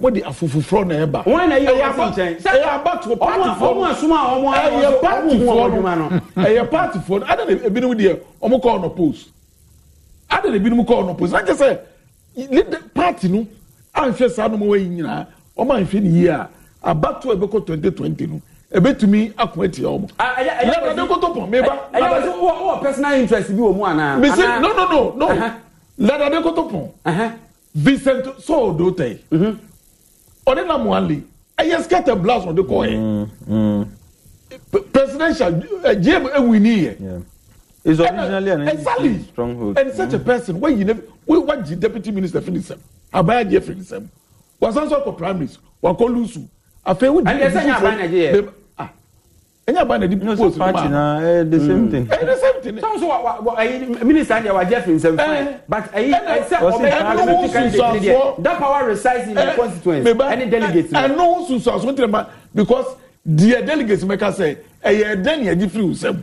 wọ́n di afufuforɔ na ɛba. wọ́n na yẹ wọ́n si nkyɛn. ɛyɛ abatuo paati fɔ. ɔmu asuma ɔmu ayɛ ɛyɛ paati fɔ ɛyɛ paati fɔ ada na ebinom deɛ ɔmu kɔ ɔnɔ post ada na ebinom kɔ ɔnɔ post n'akyɛ sɛ leader paati no anhwɛ saa anum wɔyi nyinaa ɔmu anhwɛ ni yie a abatuo ɛbɛkɔ twenty twenty no ebetumi akun etia ɔmu. ɛyɛ ɛyɛ ɛyɛ koto pɔn meba. ɛyɛ ɛyɛ wɔ wɔ personal interest bi wɔ mu ana. bisi no no no no ladade koto pɔn vincent sɔɔ do tɛ ɔde nam wale ɛyɛ skirt and blouse ɔde kɔ yɛ presidential eh, james ewini yɛ is eh, originally an eh, exactly. stronghold and such a mm. person wey you never wey wan ji deputy minister Finisem sɛm abaya jɛ fini sɛm wasan so akɔ primaries wakɔ lusu afei wo di ɛsɛ nyɛ abaya na jɛ yɛ ɛnyɛ ba na di post ma party na ɛyɛ the same thing. ɛyɛ the same thing. sɔmuso wa wa ɛyi eh, minister deɛ wa jɛ fi nsɛm fún but ɛyi ɛsɛ ɔbɛ ɛnu wo sunsuaso that power resides in the constituency eh, ɛni delegate. ɛnu wo sunsuaso tẹ̀lé ma because deɛ delegate mɛka sɛ ɛyɛ eh, ɛdɛ ni ɛdi firi nsɛm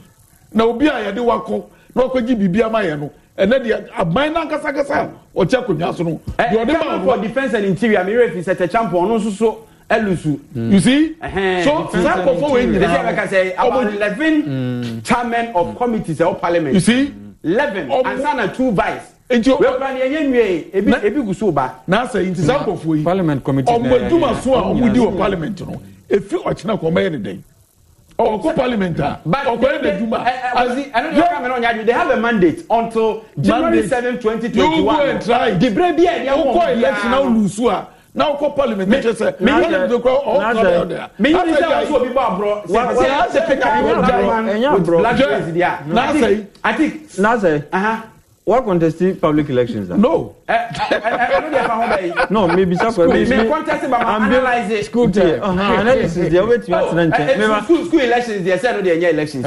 na obi a yɛde wakɔ na ɔkɔ gyi biribi ama yɛ no ɛnɛ deɛ aban na nkasakasa ɔkyɛ akonnwa so no. ɛɛ kama for defence and interior mi rɛ fi sɛ tɛ champion ɔno nso so ɛlusu. Mm. you see. so saa nkɔfɔ wo nyina. ɛsɛ bɛ ka about eleven mm. chairman of mm. committees ɛwɔ parliament. you see. eleven ansana two vice. nti o wɛkura ni ɛyɛ nwiye ebi ebi gusu ba. n'asɛ nti saa nkɔfɔ yi. parliament committee nɛ ɔmɔ eduma so a ɔmɔ di wɔ parliament no efi ɔkyina kɔ ɔmɔ yɛ ne dɛ ọkọ parliament a ọkọ ẹ dẹ juma. ọsì ẹnu ní ọkọ mi náà ọ̀nyájú they have a mandate until january seven twenty twenty one. you go and try. dìbò bí ẹ̀ ní ẹ̀wọ̀n bí i. ọkọ election náà lùsù a na wokɔ parliament kyɛ sɛ parliament kɔ ɔɔdɛ ɔdɛ a meyiri sɛ wɔn so obi bɔ aborɔ sɛ asɛ ɛnyɛ aborɔ n'asɛ yi n'asɛ yi wa contesti public elections ah. no. no mi bisa kɔ mi mi contest ba ma analyse. school tiɛ analysis deɛ o bɛ tɛmɛ sinɛ nkyɛn. school school elections deɛ sɛ no deɛ n yɛ elections.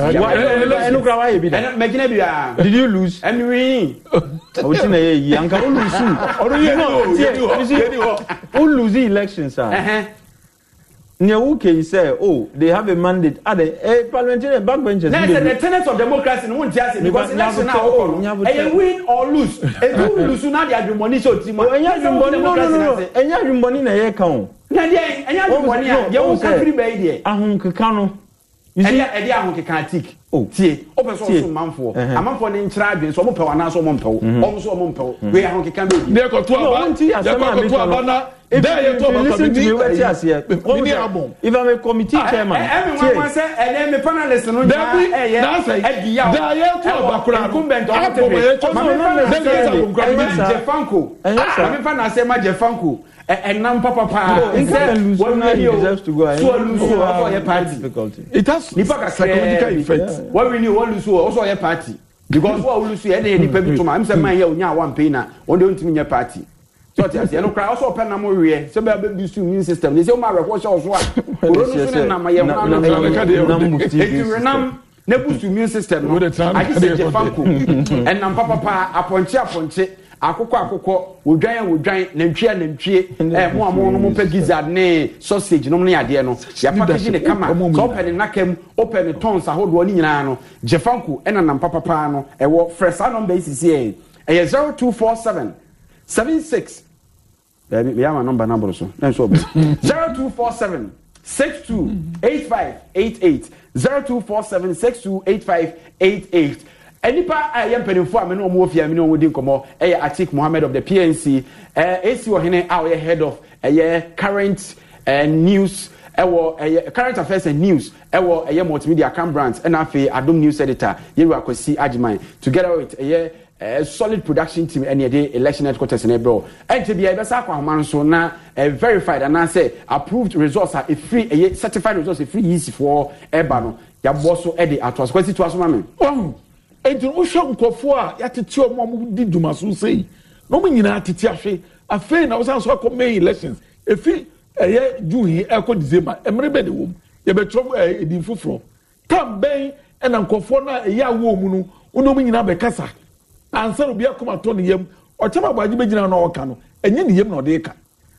ɛnu kura wa ye bi dɛ. mɛ jinɛ bi wa. did you lose. ɛnu win. o ti na ye yi anka o lose. ɔdun yɛ ni o yɛ ni o yɛ ni o. o lose elections ah nea woke yi sɛ o oh, they have a mandate adɛ ɛ eh, parliamentarian backbenchers. na ɛsɛ the tenants of democracy ni wọn ti ase because election na ɔkɔ no ɛyɛ win or lose edu lusu na de adumɔni sɛ o ti ma ɛyɛ adumɔni no no no ɛyɛ adumɔni na ɛyɛ kan o. na deɛ ɛyɛ adumɔni a deɛ wɔn kakiri bɛyi deɛ. ahonkeka no. ɛdi ɛdi ahonkeka atik oh. tie o pɛ sɔ ɔsùn manfoɔ amanfoɔ ni nkyɛn adi nso ɔmo pɛw anaasɛ ɔmo mpɛw ɔmo nso ɔmo mpɛw wei ahonkeka bɛyi. deɛ kɔtɔ aba deɛ kɔtɔ aba na bẹ́ẹ̀ yẹ tó ọba kọmitì mi wẹ́ẹ́ ti àṣeyẹ mi ní abọ. if i'm a committee ah, chairman tie ẹmi wọn wọn sẹ ẹdẹ mi panelist nu nyinaa ẹ yẹ ẹ di ya o ẹ wọ incumbent ọmọ tẹmẹ mami fa jẹ fanko mami fa na se ma jẹ fanko ɛnam papapaa sɛ wɔnwini o so ɔlusu o ɔsɔ ɔyɛ party nipa kakɛ wɔnwini o ɔlusu o ɔsɔ ɔyɛ party because wɔn a ɔlusu yɛ ɛdɛ yɛ nipa bi tuma ɛmi sɛ mayɛ o nya awa mpɛyin na wɔn de o ntumi nyɛ party sọtì ase ẹnu kura ọsọ ọpẹ nam wiẹ sẹbẹ abẹ bi su immune system ní sẹ ọmọ àwẹkọ ṣe ọsọ a kòrò ní sọ ní nam ayẹ wọn nam nam ètùrẹ nam ne bu su immune system no àdìsẹ jẹ fanko ẹnam papapa apọnkye apọnkye akokɔ akokɔ wodwan a wodwan nantwie a nantwie ɛɛ mo a mo no mo pɛ gizzard ne sausage nom ne adeɛ no yɛapakagi ne kama sɛ ɔpɛ ne nakam ɔpɛ ne tons ahodoɔ ne nyinaa no gyefanko ɛna nam papapaa no ɛwɔ frɛ saa nɔmba yi sisi yɛ ɛyɛ zero two four seven seven six ɛbi yà máa nọmba n'aboro so náà nsọ bẹ zero two four seven six two eight five eight eight zero two four seven six two eight five eight eight nipa a eh, ɛyɛ mpanimfoɔ a mene ɔmo wɔ fie a mene ɔmo di nkɔmɔ ɛyɛ atik mohammed of the pnc ɛɛ eh, esi ɔhene a ɔyɛ head of ɛyɛ current ɛɛ eh, news ɛwɔ ɛyɛ current affairs and news ɛwɔ ɛyɛ multimedia cam branch ɛna afei adum news editor yeru akwasi agyeman together with ɛyɛ uh, solid production team ɛna yɛde election headquarters eh, na ɛbrɛ ɛnti bia yɛbɛsa akɔ ahoma nso na uh, eh, verified anaasɛ approved results a efiri ɛyɛ certified results efiri yisifoɔ ɛba no yabɔ so ɛde ato aso kwesi to aso ma mi. ɔn eti wohwɛ nkɔfoɔ a yɛatete ɔmo a mo di dwuma so sei na ɔmo nyinaa tete ahwe afei na wosan so akɔ may elections efi ɛyɛ june yi ɛkɔ december ɛmɛrɛ bɛ de wɔm yɛbɛtwerɛ ɛɛ edin foforɔ tam bɛn ɛna nkɔfoɔ na ɛyɛ awo mu no wɔn nyinaa kasa. ansa obi akoma tɔ ne yam ɔkyɛm na ɔka no enye na ɔde ka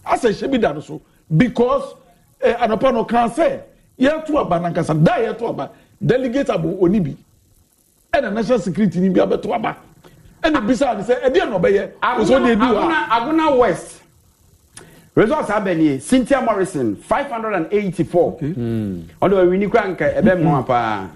asɛ hyɛ bi da no so because eh, anapa na kan sɛ yatu aba nankasa da yɛto aba delegate abo ɛna national security ni bi abɛto aba ɛna bisa ne sɛ ɛdeɛ na ɔbɛyɛ ɔsɔ aguna west results cynthia morrison five hundred and eighty four kura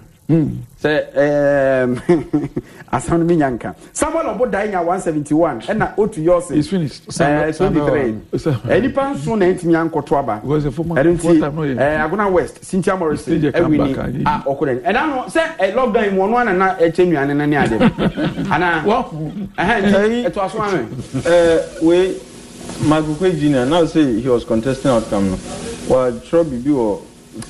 Hmm. sɛ ɛɛm ehm, asam no mi nya nka samuel ɔbɔdae nya one seventy one ɛna otu yɔɔse ɛɛ twenty three ɛnipa nso na ntumi ankɔto aba ɛno nti ɛɛ eh, agona west cynthia morrison ɛwini a ɔkɔdɛ ɛna no sɛ ɛ eh, lockdown mu ɔno anana ɛkyɛ nnuane na ne adeɛ ana ɛhɛn ɛto aso ame. Eh, ɛɛ wei magu kwe junior now say he was contesting outcome no wa twerɛ bibi wɔ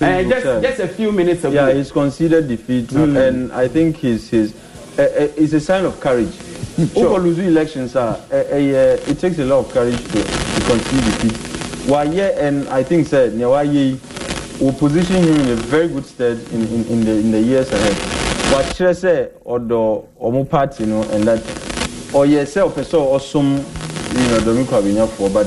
uh, just, uh, just a few minutes ago. Yeah, he's considered defeat, uh, mm. and I think he's, he's, uh, uh it's a sign of courage. Hmm. sure. Over losing elections, uh, uh, uh, it takes a lot of courage to, to concede defeat. Waye, and I think, sir, Nyawaye will position him in a very good stead in, in, in, the, in the years ahead. Wakyerɛ sɛ ɔdɔ ɔmo party no and that ɔyɛ sɛ ɔpɛ sɛ ɔsom you know, Dominic Abinyafoɔ but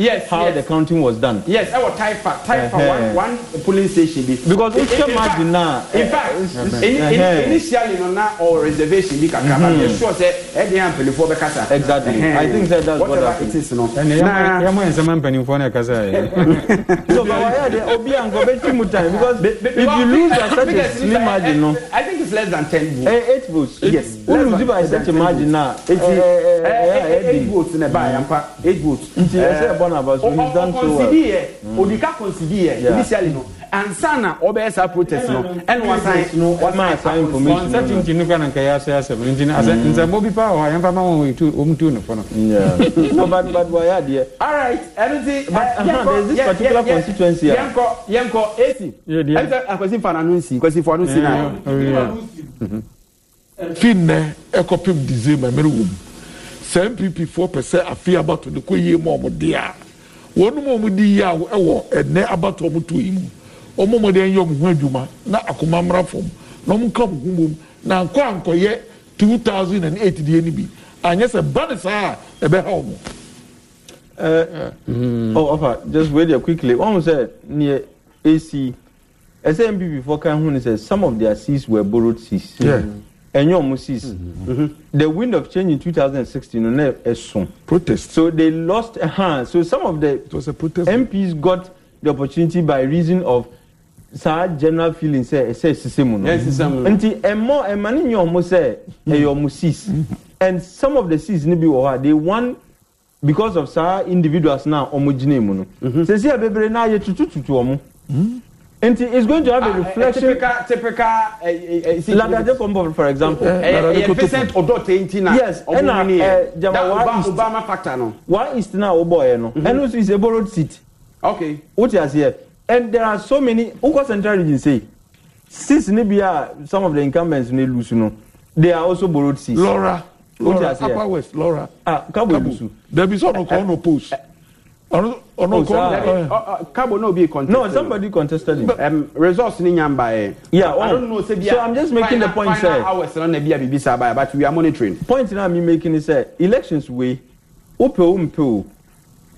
yes how yes. the counting was done. yes ẹ wọ taifa taifa uh -huh. one one polling station bi. because o ṣe margin na. in fact uh, uh-huh. Uh-huh. initially no na or reservation bi kakra but mm-hmm. they sure say ẹ di yan mpanyinfo bẹ kasa. exactly uh -huh. i think say that's what happened. whatever it is no. ẹnna yẹn yẹn mọ ẹnsẹ mọ mpanyinfo náà kasa yẹ. Eh? so bàbá yà dé obi à nkọ bẹ tí mu time because if you lose by such a slim margin no. i think it's less than ten votes. ẹ eh, eight votes. yes o lose by such a margin na. eight votes ẹ ẹ ẹ eight votes nẹ báyà mpa eight votes. nti ẹ sẹ ẹ bọ one about so he's done so well. Odika consider mm. yɛ initially no ansa na ɔbɛyɛ saa protest no ɛna wasan wasan saa information no. uncertainty no kora na nka yɛ asɛ asɛm nti na asɛ nsɛmó bi pa wɔ yɛmfa ma wɔn etu wɔn tu ne fo no. no but but wɔ yɛ adeɛ. all right ɛnu ti. but eh, uh, uh-huh, there is this particular constituency. yɛnkɔ yɛnkɔ esi. ɛnso akwasi fa na no nsi akwasi fa no nsi na. fi nnɛ ɛkɔpem december mɛri wɔ mu. sɛ npp foɔ pɛ sɛ afei abato kɔ yie mu ɔmo de a wɔn mu ɔmo de yie a ɛwɔ ɛnɛ abato ɔmo to yi mu ɔmo ɔmo de ɛnyɛ ɔmo ho adwuma na akoma mmra fam na ɔmo ka ɔmo ho bom na nkɔ ankɔyɛ two thousand and eight deɛ ni bi anyɛ sɛ ha ɔmo. ɛɛ mm. ɔ ɔfa just wait there quickly wɔn sɛ neɛ ac ɛsɛ npp foɔ kan ho ne sɛ some of their seats were borrowed seats. Mm. ẹ̀yìn ọ̀mú six the wind of change in two thousand and sixteen ọ̀nà ẹ̀sùn. protest so they lost uh -huh. so some of the mps got the opportunity by reason of saa general feeling sɛ ɛsɛ sise mu no nti ɛmɔ ɛma ne nyɛ ɔmo sɛ ɛyɛ ɔmo six and some of the six ni bi wɔ hɔ they won because of saa individuals na ɔmo gyina mu no mm-hmm. sɛsi a bebree na ayɛ tutututu ɔmo nti it's going to have a ah, eh, reflection. typical typical. ladade eh, eh, kombo for example. ɛyɛ percent ɔdɔ te nti na ɔmo wini yɛ that obama factor no. one east na o bɔ yɛ no ɛnu so is a borrowed seat. okay. o ti aseɛ and there are so many nkɔ central region say six ni bi a some of the incumbents ne lose no they are also borrowed seats. lora lora upper west lora. ah kabo elusu. debi sọ̀rọ̀ kọ́ ọ́nà post ọ̀nà kọ́ Kabo no be contested. No, somebody contested him. But, um, results ni yan ba ye. Eh. Yeah, oh. know So I'm just making final, the point say. Final eh. hours na bi a bibi sa but we are monitoring. Point na mi making is say eh, elections wey o pe o mpe o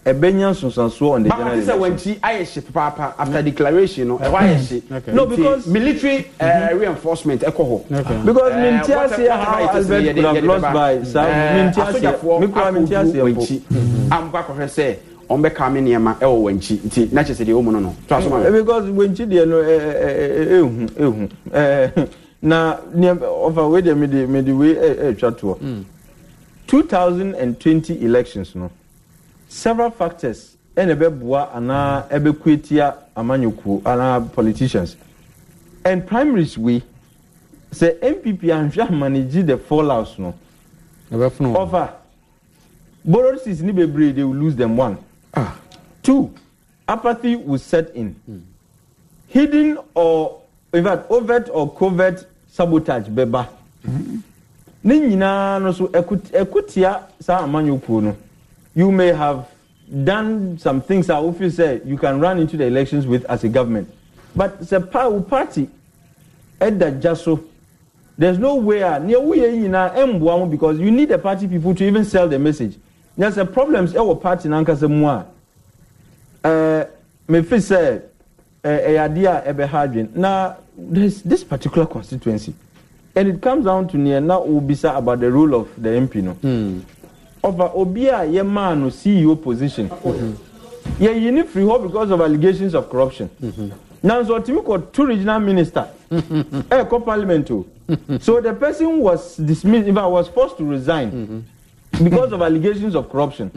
ebe nya on the general election. Bàbá ti sẹ́ wẹ̀ntì ayẹ̀ ṣe papaapa after declaration no ẹ̀wọ̀ ayẹ̀ ṣe. No because military uh, mm-hmm. reinforcement ẹ̀ kọ̀ họ. Because mi n tí a ṣe how Albert could have lost by sa mi n tí a ṣe mi kura mi n tí a ṣe ẹ̀ bọ̀. Amúkọ akọ̀fẹ́ sẹ́ẹ̀ ɔn bɛ kaa mi nneɛma ɛwɔ wɔn nkyi nti n'akyɛ sɛ deɛ ɔmo no no to aso ma mi. because wɔn nkyi deɛ no ɛɛ ɛɛ ehu ehu ɛɛ na nneɛma ɔfa wei deɛ mi de mi de wei ɛɛ ɛɛtwa toɔ. Hmm. two thousand and twenty elections no several factors ɛna ɛbɛboa ana ɛbɛku etia amanyɔkuo anaa politicians and primaries wei sɛ npp ahwɛ amanegye the fallouts no. ɛbɛfunu wɔn ɔfa borrowed seats ni bebree they will lose them one. Two, apathy will set in. Mm. Hidden or, in fact, overt or covert sabotage bɛba. Ne nyinaa no so ɛkutia saa amanyɔkuo no. You may have done some things that wofi sɛ you can run into the elections with as a government. But sɛ pa wo party ɛda gya so there's no way a nea woyɛ nyinaa ɛmboa ho because you need the party people to even sell the message. There's a problems ɛwɔ party nankasa mu a. mefi sɛ ɛyɛ adeɛ a ɛbɛha adwene na there's this particular constituency and it comes down to near na obisa about the role of the mp no ɔfa hmm. obi a yɛmaa no ceo position yɛyi ne firi hɔ because of allegations of corruption hmm. nanso ɔtumi call two regional minister ɛɛkɔ hmm. eh, parliament o so the person was dismissed in fact was forced to resign because of allegations of corruption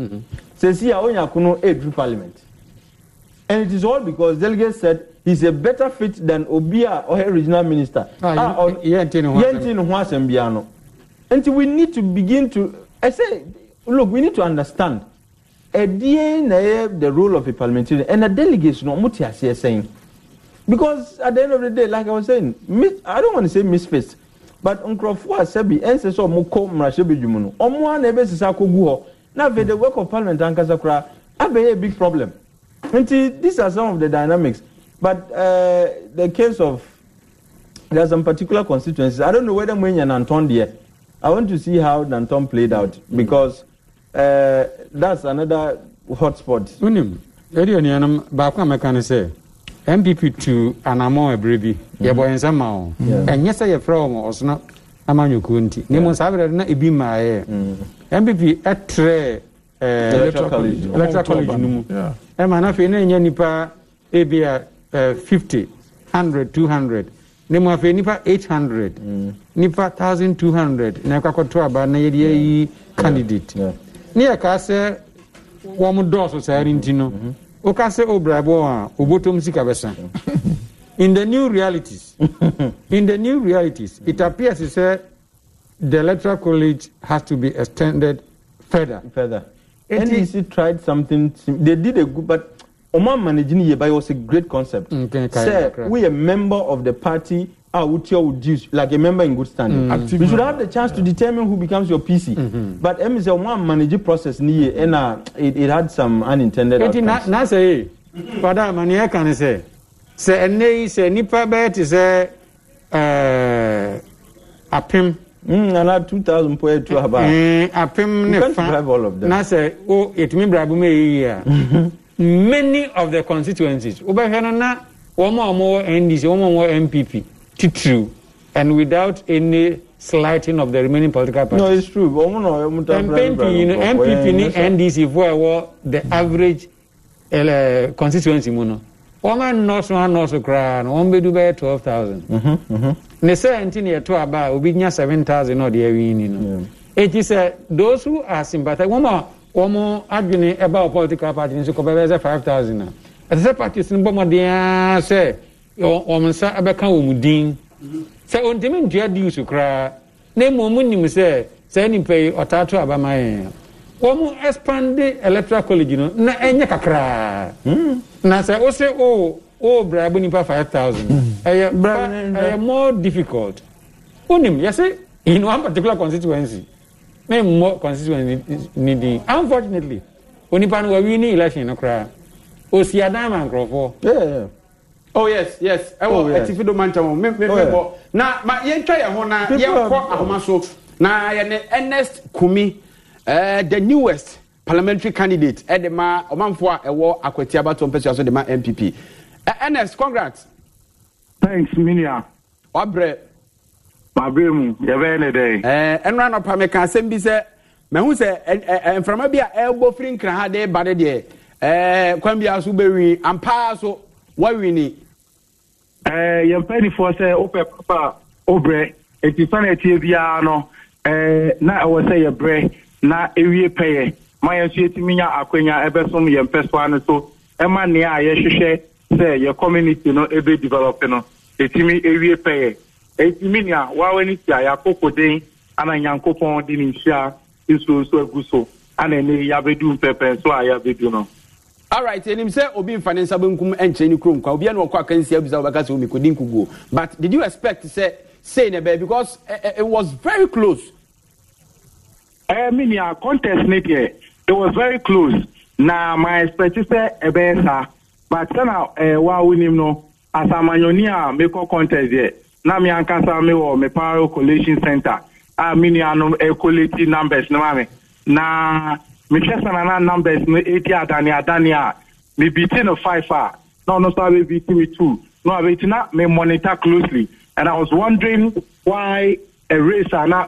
sɛsi a onyako no ɛɛduru parliament and it is all because delegate said he's a better fit than obi a ɔyɛ regional minister. ah yɛn ti ni ho asɛm yɛn ti ni ho asɛm bia no nti we need to begin to i say look we need to understand ɛdeɛ na ɛyɛ the role of a parliamentarian and a delegate no ɔmo ti aseɛ sɛn because at the end of the day like i was saying mis i don't want to say misfits but nkurɔfoɔ a sɛbi ɛnsɛ sɛ ɔmo kɔ mmarahyɛbadwum no ɔmo a na ɛbɛsisa akɔgu hɔ na afei the work of parliament ankasa koraa abɛyɛ a big problem. Nti, these are some of the dynamics. But uh, the case of there are some particular constituencies. I don't know whether Mwenya and Anton yet. I want to see how Nanton played out because uh, that's another hotspot. Unim, area ni anam baako a se MPP to NPP tu ya ɛbere bi yɛbɔ nsɛm ma o ɛnyɛ sɛ yɛfrɛ wɔn ɔsono amanyɔkuo nti ne mu saa na ebi maa MPP atre ɛtrɛ ɛɛ electoral college no Yeah. ɛma afei na ɛnyɛ nipa ebia uh, 50 100 200 mu afei nipa 800 mm. nipa 1200 na ɛkɔ akɔto aba na yɛde ayi candidate ne ne yɛkaa sɛ wɔn dɔɔso saa ne nti no woka mm-hmm. sɛ obrabɔ a obotom sika bɛsa mm. in the new realities in the new realities it appears sɛ the electoral college has to be extended further, further. ndc tried something they did a good but ọmọ managing yẹ but it was a great concept mm, sẹ we a member of the party ah would your dues like a member in good standing. Mm. you should have the chance to determine who becomes your PC. Mm-hmm. but ẹmi sẹ wọn manage process ni yẹ ẹna ah, it it had some unintended outcomes. eti na na sẹ ye fada amani ẹ kan sẹ sẹ ẹnẹ yi sẹ nipa bẹẹ ti sẹ ẹẹ apim. Mm, and nana two thousand po etu aba. apem ne fa na sɛ o oh, etumi brabu mi eyi a mm-hmm. many of the constituencies wobɛhwɛ no na wɔn a wɔwɔ ndc wɔn a wɔwɔ titiriw and without any slighting of the remaining political parties. no it's true wɔn na wɔn ta fura npp no npp ni ndc fo ɛwɔ the average uh, constituency mu no wɔn anɔso anɔso koraa no wɔn bɛdu bɛyɛ twelve thousand mm-hmm, mm-hmm. ne sɛ nti ne yɛto aba a obi nya seven thousand na ɔde awin ni no eti sɛ those who are sympathetic wɔn a wɔn adwene ɛba o political party nso kɔbɛ bɛyɛ sɛ five thousand na ɛsɛ sɛ parties no bɔ mɔden sɛ wɔn nsa bɛka wɔn din sɛ ontumi ntua diusu koraa na emu wɔn nim sɛ sɛ nipa yi ɔtaa to aba ma yɛn wɔn expand electoral college no na ɛnyɛ kakra hmm. na sɛ o se o o brabo abo nipa five thousand ɛyɛ hmm. pa ɛyɛ more difficult onim yɛsɛ in one particular constituency ne mmɔ constituency ni din unfortunately onipa no wawi ni election no koraa osi adan ma nkurɔfoɔ. oh yes yes ɛwɔ ɛtifi oh, do man kyɛn mo mɛmɛbɔ na yɛntwa yɛn ho na yɛnkɔ ahoma so na yɛne ernest kumi uh, the newest parliamentary candidate ɛde eh, ma ɔmanfoɔ a ɛwɔ akwati abatɔ mpɛsua so de ma npp eh, ns congrats thanks minia wabrɛ mabrɛ mu yɛbɛyɛ ne dɛn ɛno anɔpa meka asɛm bi sɛ mahu sɛ mframa bi a ɛbɔ firi nkra ha de ba de deɛ kwan biara so wobɛwi ampaa so woawi ni yɛmpanifoɔ sɛ wopɛ papa wobrɛ ɛti sane atie biara no na ɛwɔ sɛ yɛbrɛ na ewie pɛyɛ ma yɛn nso yɛtumi nya akonnwa ɛbɛsom yɛn mpɛsoa no so ɛma nea a yɛhwehwɛ sɛ yɛ community no ebe develop no etumi ewie pɛyɛ etumi nea wawa ne si a yɛakoko den ana nyankopɔn de ne nhyia nsuo nso agu so ana ɛnɛ yɛabedu mpɛpɛ nso a yɛabedu no alright enim sɛ obi nfa ne nsa benkum nkyɛn ne kurom kwa obi ɛna ɔkɔ akansi abisa ɔbɛka sɛ omi oh, kodi nkuguo but did you expect sɛ say na bɛɛ because eh, eh, it was very close ɛɛ mi ni contest ni deɛ it was very close na my expect sɛ ɛbɛyɛ saa but sɛna ɛɛ eh, wa wunim no asamanyɔni a mekɔ contest deɛ na mi ankasa mi wɔ mi paro collation center ah, a mi ni anum ɛkoleti numbers ne ma mi na mehwɛ sɛna na numbers no eti adani adani a ah. mi bi ti no five a ah. na ɔno nso abɛ bi mi two na abɛ ti na mi monitor closely and i was wondering why a race a na.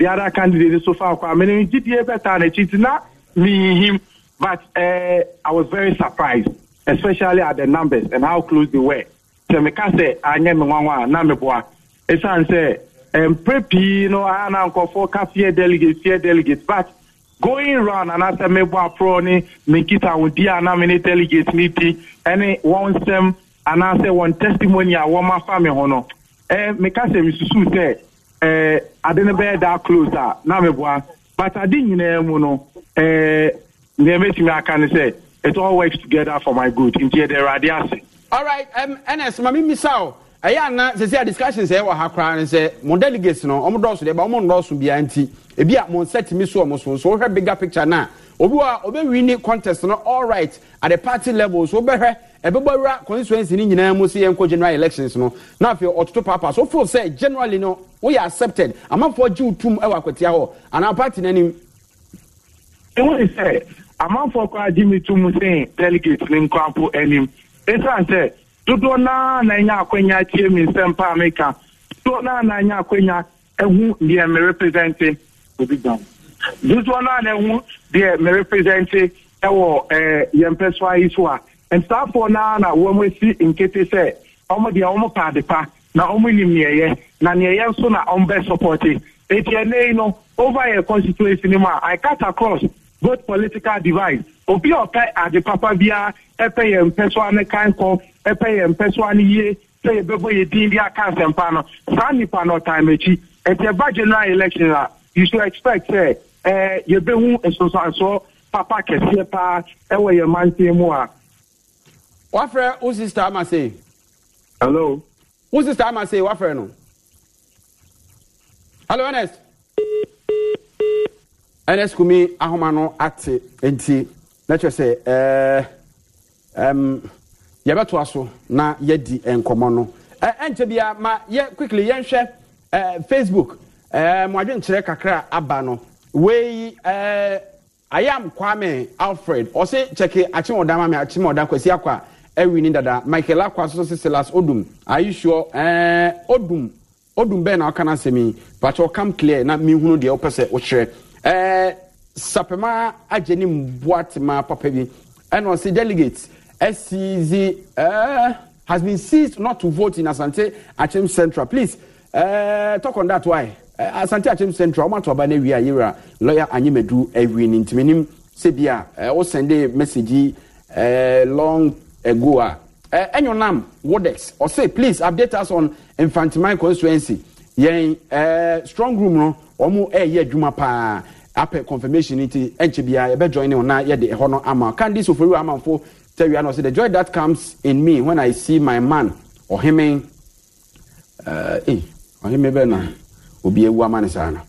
the other candidate so far. I mean, GPA better than it. is Not me him, but uh, I was very surprised, especially at the numbers and how close they were. So me can say ah, I me wanwa na me boa. It's e an say um preppy no an uncle for cafe delegates, fear delegates, but going round and after me boa ni me kita with dia na many delegates niti, any one sem and I say one testimony I want my family honor. Eh, me can say me susu say ɛɛ eh, ade no bɛyɛ daa close a na meboa but ade nyinaa mu no ɛɛ eh, nea mɛtumi aka ne sɛ it all works together for my good nti yɛde awurade ase. all right um, ns maame misa o ɛyɛ ana sɛsi a discussion sɛ ɛwɔ ha koraa ne sɛ mo delegates no ɔmo dɔɔso deɛ ba ɔmo ndɔɔso bia nti ebi a mo nsa timi so ɔmo so so wohwɛ bigger picture na obi a obɛwi ni contest no all right at the party level so wobɛhwɛ ɛbɛbɔ wura constituency no nyinaa mu sɛ yɛnkɔ general elections no na afei ɔtoto papa, so fo sɛ generally no woyɛ accepted amanfoɔ gye wo tom wɔ akwatia hɔ anaa party no anim ɛwone sɛ amanfoɔ kɔ agye me tom sen delegate ni nkwapo anim ɛsiane sɛ dodoɔ naa na ɛnya akwanya tie me nsɛm pa a meka dodoɔ naa na ɛnya akwanya ehu deɛ me represente obi down dodoɔ naa na ehu deɛ me represente ɛwɔ ɛɛ eh, yɛn pɛ so ayi so a nsaafoɔ naa na wɔn asi nkete sɛ wɔn deɛ wɔn pa ade pa na wɔn nim nea ɛyɛ na nea ɛyɛ nso na wɔn bɛ sɔpɔte eti ɛnɛ yi no over yɛ constituency no mu a i cut across both political divide obi a ɔpɛ ade papa biara ɛpɛ yɛn mpɛsoa ne kankɔ ɛpɛ yɛn mpɛsoa ne yie sɛ yɛbɛbɔ yɛ din bi aka nsɛmpa no saa nipa no ɔtan m'akyi ɛti ɛba general election a you should expect sɛ ɛɛ yɛbɛhu nsonsansoɔ papa kɛseɛ paa ɛwɔ yɛn mantin mu a. wafrɛ wo sista hello wo sista ama sei no hello ernest ernest kumi ahoma no ate nti na kyerɛ sɛ ɛɛ ɛm yɛbɛtoa so na yɛdi nkɔmɔ no ɛ ɛnkyɛ bia ma yɛ quickly yɛnhwɛ ɛɛ facebook ɛɛ mo adwenkyerɛ kakra aba no wei ɛɛ ayam kwame alfred ɔsi kyɛkɛ akyimɔdan maame akyimɔdan kwasi akwa. ɛwi ni dada michael akwa soso odum are you sure ɛɛ eh, odum odum bɛɛ na ɔka na asɛm yi patsɛ ɔkam clear na mihunu deɛ ɔpɛ sɛ ɔkyerɛ ɛɛ eh, sapema agye ne Ma, papa bi ɛna ɔsi delegate ɛsizi ɛɛ eh, has been seized not to vote in asante Achim central please ɛɛ talk on that why asante Achim central ɔmo ato aba na ewia yewura lawyer anyimedu ewi ni ntumi nim sebia ɛɛ ɔsɛn de message ɛɛ long ago a ɛnyɔnam wodex ɔsɛ please update us on infantimine constituency yɛn strong room no wɔn ɛɛyɛ adwuma paa apɛ confirmation ni ti ɛnkyɛ biara yɛbɛ join ne ho na yɛde ɛhɔ no ama candice ofori amanfo tɛwia no ɔsɛ the joy that comes in me when i see my man ɔheme ɛɛ ee eh, ɔheme bɛ na obi ewu ama ne saa no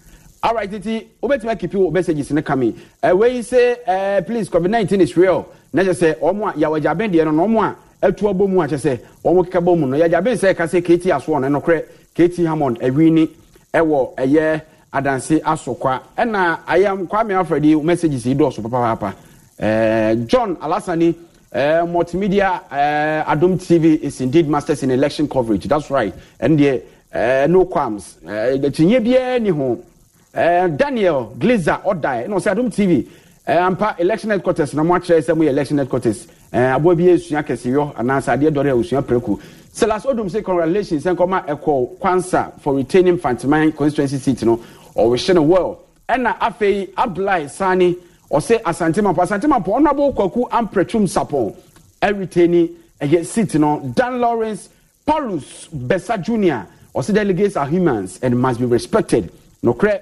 alright titi wobɛtumi message wo messages ne kame ɛwɛ yi sɛ ɛɛ please covid nineteen is real na kyɛ sɛ wɔn a yɛwɔ deɛ no na wɔn a atu abɔ mu a kyɛ sɛ wɔn keka bɔ mu no yɛgyaben sɛ ɛka sɛ katie asoɔ no nokorɛ katie hammond awini ɛwɔ ɛyɛ adanse aso kwa ɛna ayam kwame alfred yi messages dɔɔso papaapa ɛɛ john alasani ɛɛ multimedia ɛɛ adom tv is indeed masters in election coverage that's right ɛn deɛ ɛɛ no qualms ɛɛ kyinye biara ni ho ɛɛ daniel glazer ɔdaɛ ɛna ɔsɛ Adum tv. Eh, ampa election headquarters na mo akyerɛ sɛ mo yɛ election headquarters eh, aboa bi esua kɛse yɔ anaasɛ adeɛ dɔre a osua pɛrɛku silas odum say congratulations sɛ eh, nkɔma ɛkɔ kwansa for retaining fantiman constituency seat no ɔwɔhyɛ no well ɛna afei abdullahi sani ɔsɛ asantemapo asantemapo ɔnabɔ kwaku ampretum sapɔn ɛretaini ɛyɛ seat no dan lawrence paulus besa junior ɔsɛ delegates are humans and must be respected nokorɛ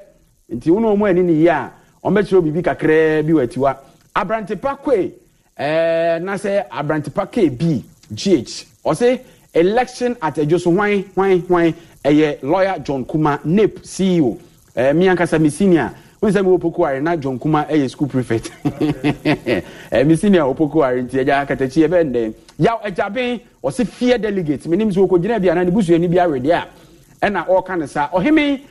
nti wɔn a wɔn ani ni yie a ɔmbɛkyerɛ biribi kakraa bi wɔ atiwa abrante pa ɛɛ na sɛ abrante pa bi gh ɔse election at adwo so hwan hwan hwan ɛyɛ lawyer john kuma nep ceo ɛɛ mi ankasa mi senior wọn sẹ mi wọ pokuwari na john kuma ẹ school prefect ẹ mi senior wọ pokuwari nti ẹja katakyi ẹ bẹ ndẹ yaw ẹja bẹn ọsẹ fear delegate mi ni mi sọ gyina bi anan ibusu ẹni bi awẹ dẹ a ɛna ɔka ne sa ɔhemi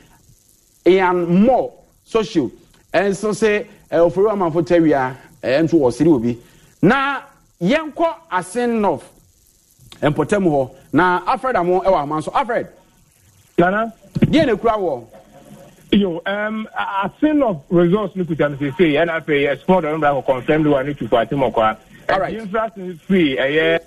ian moore social nso sɛ ɔfori amanfo tawia nso wɔsere obi na yɛnkɔ asen north mpɔtam hɔ na alfred amu eh, wɔ ama nso alfred nana deɛ na kura wɔ yo um, asen north resource no kuta no sesei ɛna eh, afei ɛsport eh, ɔno bra kɔ confirmed wa no tukɔ ate mɔkɔa yɛmfra se firi ɛyɛ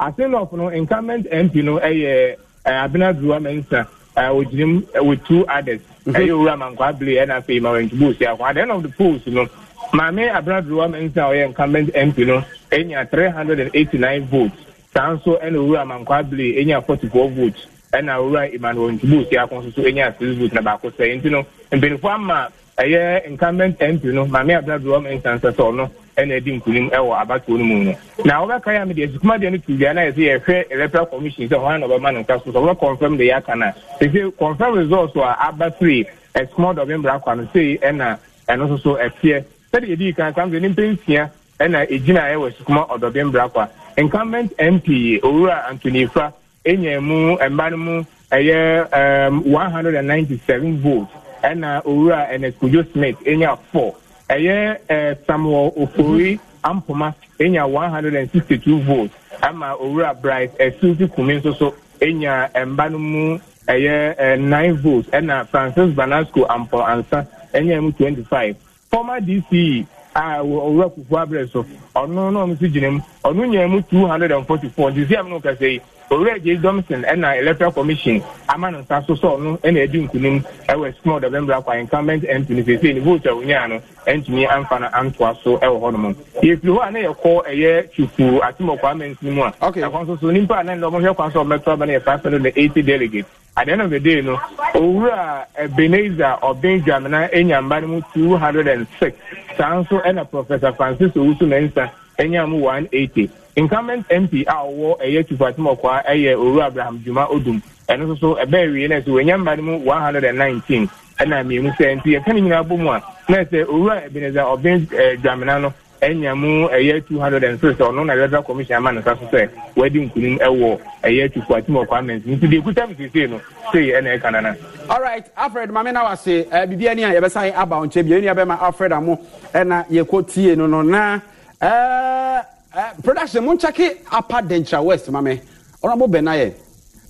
asen north no incumbent mp no ɛyɛ abena duwa mensa wɔgyina mu with two others ɛyɛ mhm. owura mankwa abili ɛna afei ma wɔn ntubu osi akɔ at the end of the polls no maame abenadurowa mɛnsa a ɔyɛ incumbent mp no ɛnya three hundred and eighty nine votes saa nso ɛna owura mankwa abili ɛnya forty four votes ɛna owura emmanuel ntubu osi akɔ nso so ɛnya six votes na baako sɛ nti no mpanyinfoɔ ama ɛyɛ incumbent mp no maame abenadurowa mɛnsa nsɛsɛ ɔno ɛna ɛdi nkunim ɛwɔ abatoɔ no mu no na wɔbɛka yɛ a mede asukuma deɛ no tuubi ana yɛsɛ yɛhwɛ electoral commission sɛ hɔn na ɔbɛma no nka so sɛ wɔbɛ confirm de yɛaka no a sɛ confirm results a aba sere asukuma de ɔbɛmbra kwa no sei ɛna ɛno nso so ɛteɛ sɛdeɛ yɛdi kan kan sɛ nipa nsia ɛna egyina ɛwɔ asukuma ɔdɔbɛmbra kwa incumbent mp owura anthony fra enya mu mba no mu ɛyɛ um, one hundred and ninety seven votes ɛna owura ɛnɛ kojo smith enya four ɛyɛ samuel ofori mhm. ampoma ɛnya one hundred and sixty two votes ama owura bright ɛsunti kumi nso so enya mba no mu ɛyɛ nine votes ɛna francis banasco ampɔ ansa ɛnya mu twenty five former dce a owura kufu abirɛ so ɔno na ɔmo si gyina mu ɔno nyɛ mu two hundred and forty four nti ziam no kasa yi owurɛ gye domson ɛna electoral commission ama nsa so sɛ ɔno ɛna edi nkunim ɛwɔ small november incumbent mp no sese ne vote a onyaa no ɛntumi amfa no antoa so ɛwɔ hɔ nom yɛfiri hɔ a na yɛkɔ ɛyɛ twufu atemɔkɔ amansin mu a ɛkɔ nso so nipa anan ɛnya mu one eighty incumbent mp a ɔwɔ ɛyɛ tufatim ɛyɛ oru abraham juma odum ɛno nso so ɛbɛn wie na ɛsɛ wɔnya mma no mu one hundred and nineteen ɛna mmienu sɛ nti yɛka ne nyinaa bɔ a na ɛsɛ owura ebeneza ɔbɛn ɛɛ eh, dwamena no ɛnya mu ɛyɛ two hundred and six ɔno na electoral commission ama ne nsa sɛ wɔadi nkunim ɛwɔ ɛyɛ tufatim mɛnsi nti deɛ ekuta mi sese no sei ɛna ɛka nana. alright alfred maame na wase ɛɛ eh, bibi a yɛbɛsan aba nkyɛn bi ɛni yɛbɛma alfred amo ɛna yɛkɔ tie ɛɛ eh, eh, production Munchaki apa dentra west mame ɔnabɔ benaye.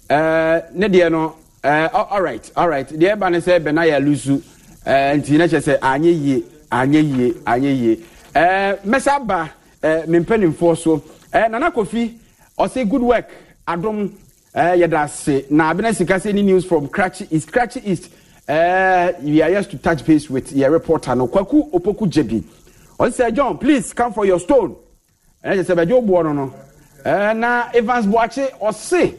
ɛɛ eh, ne deɛ no ɛɛ oh, alright alright deɛ ɛba ne se benaye lusu ɛɛ nti ne kyɛ sɛ anyɛ yie anyɛ yie anyɛ yie ɛɛ mɛsa ba ɛɛ ne so ɛɛ nana kofi say good work adum ɛɛ yɛda ase na abena sika sɛ ne news from krakye is krakye east ɛɛ we are here to touch base with yɛ reporter no kwaku opoku jebi ɔn sɛ john please come for your stone ɛnna kyerɛ sɛ bɛgye oboɔ no no ɛɛ na evans buakye ɔse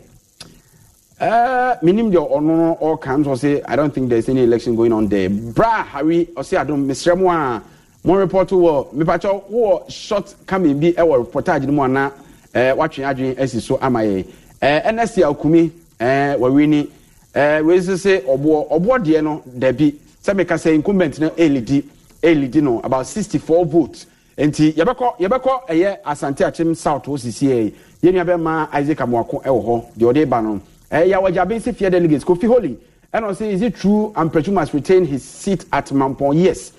ɛɛ minim deɛ ɔno no ɔka nso ɔse i don't think there is any election going on there bra harry ɔse adum mesrɛ mu a mo report wɔ mipakyɛw wɔ short coming bi ɛwɔ reportage no mu ana ɛɛ watwe adwene ɛsi so ama yɛ ɛɛ ɛnɛsi akumi ɛɛ wɔwi ni ɛɛ wɔn esese ɔboɔ ɔboɔ no dɛbi sɛ mekasa incumbent no ɛɛlidi ɛlidi no about sixty four votes nti yɛbɛkɔ yɛbɛkɔ ɛyɛ asante akyem south o sisi yɛ yɛn nua bɛma isaac amuako ɛwɔ e hɔ deɛ ɔde ba no ɛyɛ eh, awɔgya abensi fia delegates kofi holy ɛna ɔsɛ is it true amperetum has retained his seat at mampɔn yes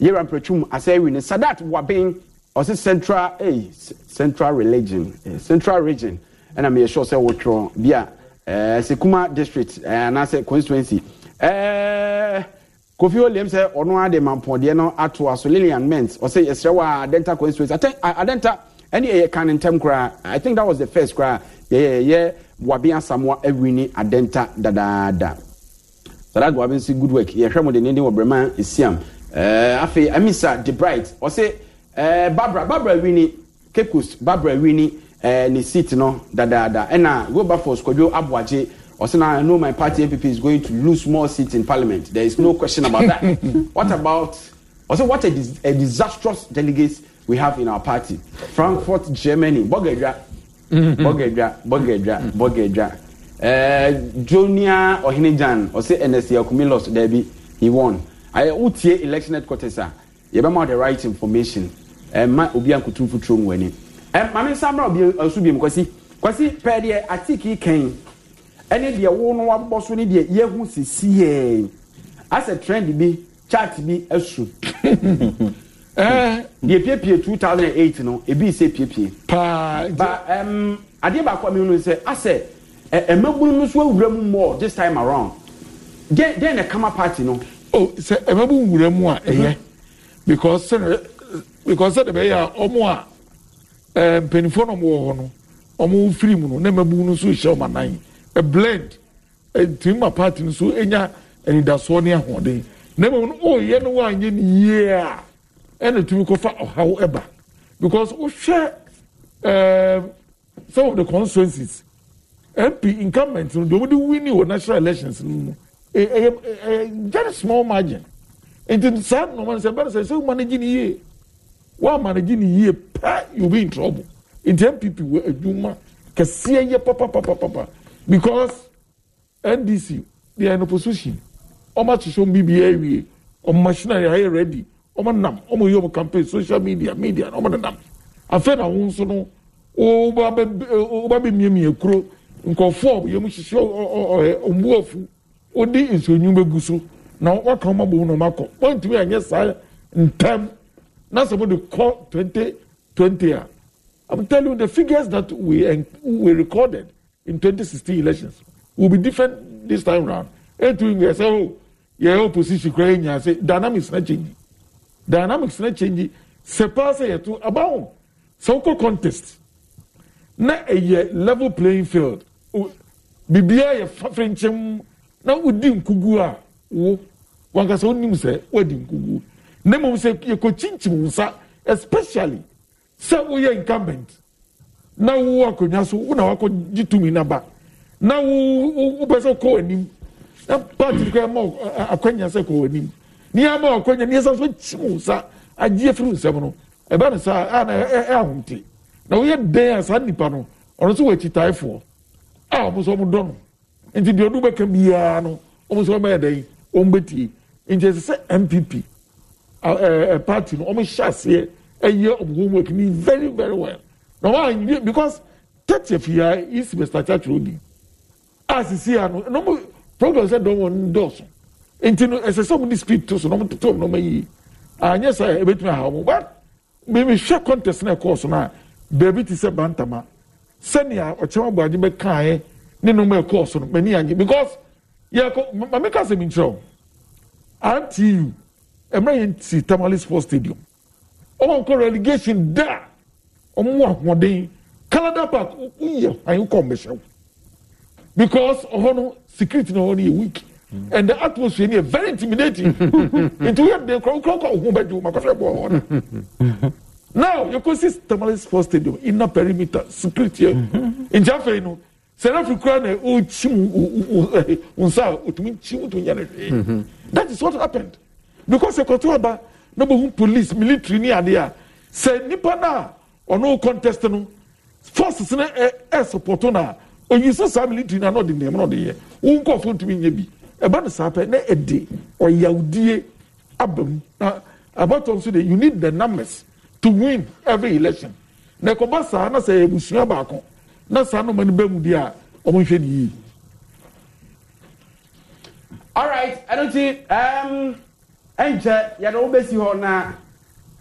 yɛrɛ amperetum asɛ ɛwi ne sadat waben ɔsɛ central ɛy eh, central religion eh, central region ɛna meyɛ sure sɛ wɔtwerɛ bia ɛɛ sekuma district ɛɛ anaasɛ constituency ɛɛɛ. Eh, kofi oliem sɛ ɔno ade mampɔdeɛ no ato aso lillian ments ɔsɛ yɛsrɛ wɔ a adenta constituency atɛ adenta ɛne yɛyɛ ka ntɛm koraa i think that was the first koraa yɛyɛyɛ wabe asamoa awi ne adenta dadaada sadat wabe nso good work yɛhwɛ mo de ne den wɔ brɛma esiam eh, afei amisa de bright ɔsɛ ɛɛ eh, babra babra awi ne cape coast babra awi ne eh, ɛɛ ne seat no dadaada ɛna goba for aboagye. Also, now I know my party MPP is going to lose more seats in parliament. There is no question about that. what about, also, what a, a disastrous delegates we have in our party? Frankfurt, Germany, Bogedra, mm-hmm. Bogedra, Bogedra, Bogedra. Uh, eh, Junior Ohinijan, Ose NSC Okumilos, Debbie, he won. I UTA election headquarters, yɛbɛma the right information ɛma eh, obi ankutu mfuturo eh, mu wɔ anim ɛmaame nsa mmerɛ obi nso bi mu kwasi kwasi pɛɛ deɛ atiki kɛn ɛne deɛ wo no wabɔ so ne deɛ yɛhu sisi yɛɛ asɛ trend bi chart bi asu eh. deɛ piepie two thousand and eight no ebi sɛ piepie paa ba ɛm adeɛ baako a mi nu sɛ asɛ ɛ ɛmɛbunu no so awura mu more this time around den den na kama party no. Oh, eh, o sɛ ɛmɛbunu wura mu a ɛyɛ because sɛ because sɛ de bɛ yɛ a ɔmo a ɛɛ mpanyinfoɔ na ɔmo wɔ hɔ no ɔmo firi mu no na ɛmɛbunu no hyɛ ɔmo anan a blend ntumi ma party no so enya anidasoɔ ne ahoɔden na mmom no ɔyɛ no wanyɛ no yie a ɛna tumi kɔfa ɔhaw ɛba because wohwɛ um, some of the constituencies mp incumbent no deɛ wɔde winni wɔ national elections no mu ɛyɛ very small margin nti saa nnɔma no sɛ bɛrɛ sɛ sɛ wo manage ne yie wo manage ne yie pɛ you be in trouble nti npp wɔ adwuma kɛseɛ yɛ papapapapa. Pa, pa, pa, pa because ndc they are in opposition ọmọ asosọ bíbí ẹ wie ọmọ machinery ayẹ ready ọmọ nam ọmọ yẹ ọmọ campaign social media media ọmọ nenam afẹ na ọhún nso no ọba bẹ ọba bẹ miemie kuro nkọfọ yẹmu hyehyẹ ọhẹ ọmbuafu ọdi nsonyu bẹ gu so na waka ọmọ abọ ọmọ akọ wọn ntumi anyẹ saa ntẹm na sọ mo de kọ twenty twenty a i'm telling you the figures that we, we recorded in 2016 elections will be different this time round etu yɛ sɛ o yɛ opposition kura yɛ nyaa sɛ dynamics na change dynamics na change sɛ paa sɛ yɛ to abawo sɛ wokɔ contest na ɛyɛ level playing field biribiara yɛ fafere nkyɛn um, na wodi nkugu a wo wankasa onim sɛ wadi nkugu ne mu sɛ yɛkɔ kyinkyim nsa especially sɛ woyɛ incumbent na wo akonnwa so wona wakɔ gye tumi naba na wo wopɛ sɛ kɔ anim na party kora ma akwanya sɛ kɔ anim ne ama akwanya ne sa, so kyi wo nsa agye afiri nsɛm no ɛba no sa, ana ɛ ahomte na woyɛ dɛn a saa nnipa no ɔno nso wɔ akyitaefoɔ a ɔmo nso ɔmo dɔ no nti deɛ ɔno bɛka biara no ɔmo nso ɔmo yɛ dɛn ɔmo bɛtie nti ɛsɛ sɛ npp party no ɔmo hyɛ aseɛ ɛyɛ ɔmo homework ni very very well na wanyɛ because tɛti afia yi semester church o di a sisi ano na mo program sɛ dɔn wɔn dɔɔso nti no ɛsɛ sɛ mo di speed to so na mo toto mo nɔɔma yie anyɛ sa ebetumi aha mo But mimi hwɛ contest na ɛkɔɔ so na beebi ti sɛ bantama sɛnea ɔkyɛn abuagye bɛ kan yɛ ne nneɛma ɛkɔɔ so no mɛ ni yagye because yɛkɔ maame ka sɛ mi nkyerɛw oh. anti yu ɛmɛ yɛn ti tamale sports stadium ɔmɔ oh, nkɔ relegation daa ɔmo ahoɔden canada bank woyɛ hwan kɔ mmɛhyɛ because ɔhɔ no security na ɔhɔ no yɛ weak and the atmosphere no yɛ very intimidating nti woyɛ den kora wokora kɔ ɔho bɛdwo makɔhwɛ bɔ ɔhɔ no now yɛkɔ si tamale sports stadium inner perimeter security eh? mm-hmm. nti afei no sẹlẹfù kura na o ti mu eh, o nsa o tumi ti o tumi yẹn hwee mm-hmm. that is what happened because ẹkọtọ ọba na bẹ hu police military ni adeɛ a sɛ nipa naa ɔno contest no forces no ɛsopɔto no na ɔyi so saa military na ana ɔde nneɛma no ɔde yɛ wo nkɔɔfo ntumi nye bi ɛba no saa pɛ na ɛde ɔyawdie aba mu na abatɔ nso de you need the numbers to win every election na ɛkɔba saa na sɛ ebusua baako na saa noma no bɛmu deɛ a ɔmo nhwɛ yie all right ɛno nti ɛnkyɛ yɛde wo hɔ na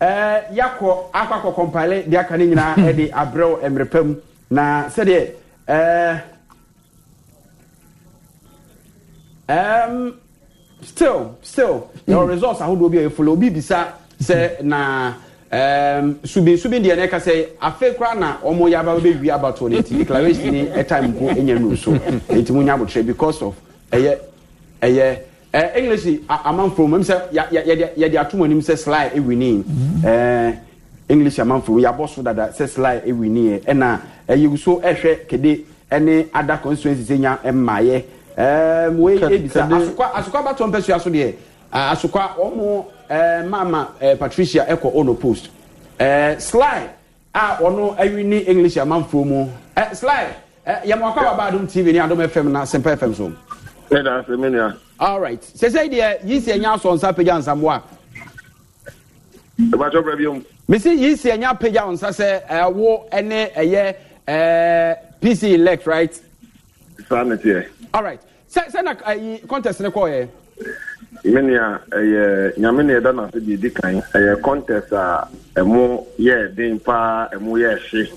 ɛɛ eh, yakɔ akɔ akɔ kɔmpaale deɛ aka ne nyinaa ɛde abrɛw mmerɛ pa mu na sɛdeɛ ɛɛ eh, ɛɛm still still yɛwɔ results ahodoɔ bi a yɛfolo obi bisa sɛ na ɛɛm subin subin deɛ n'ɛka sɛ afei koraa na wɔn yɛ aba bɛwi abatoɔ ne ti declaration ni ɛtime ko enya nuru so eti mu nya abotire because of ɛyɛ ɛyɛ. ɛɛ eh, english amanfo mu sɛ yɛde yɛde ato mu anim sɛ sly ewini ɛɛ eh, english amanfo yabɔ e eh, so dada sɛ sly ewini yɛ ɛna ɛyɛ so ɛhwɛ kede ɛne ada constituency sɛ nya ɛmmaayɛ ɛɛ wei ebisa asokwa asokwa abatɔ mpɛsua so deɛ asokwa ɔmo ɛɛ maama patricia ɛkɔ ono post ɛɛ sly a ɔno ewini english amanfo mu ɛ sly ɛ yɛmɔ akɔ ababa adum tv ne adum fm na sempa fm so ɛda ase mi nua. alright sese deɛ yi si ɛnya asɔ nsa apagya nsa mu a. ìbájọ́ bẹ̀rẹ̀ bí o. mesi yi si ɛnya apagya nsa sɛ ɛwo ɛne ɛyɛ ɛɛ pc elect right. saa na All right. sɛ sɛ na ɛyi contest ne kɔɔ yɛ. mi nua ɛyɛ nyame na ɛda n'ase de edi kan ɛyɛ contest a ɛmu yɛ den paa ɛmu yɛ ɛhye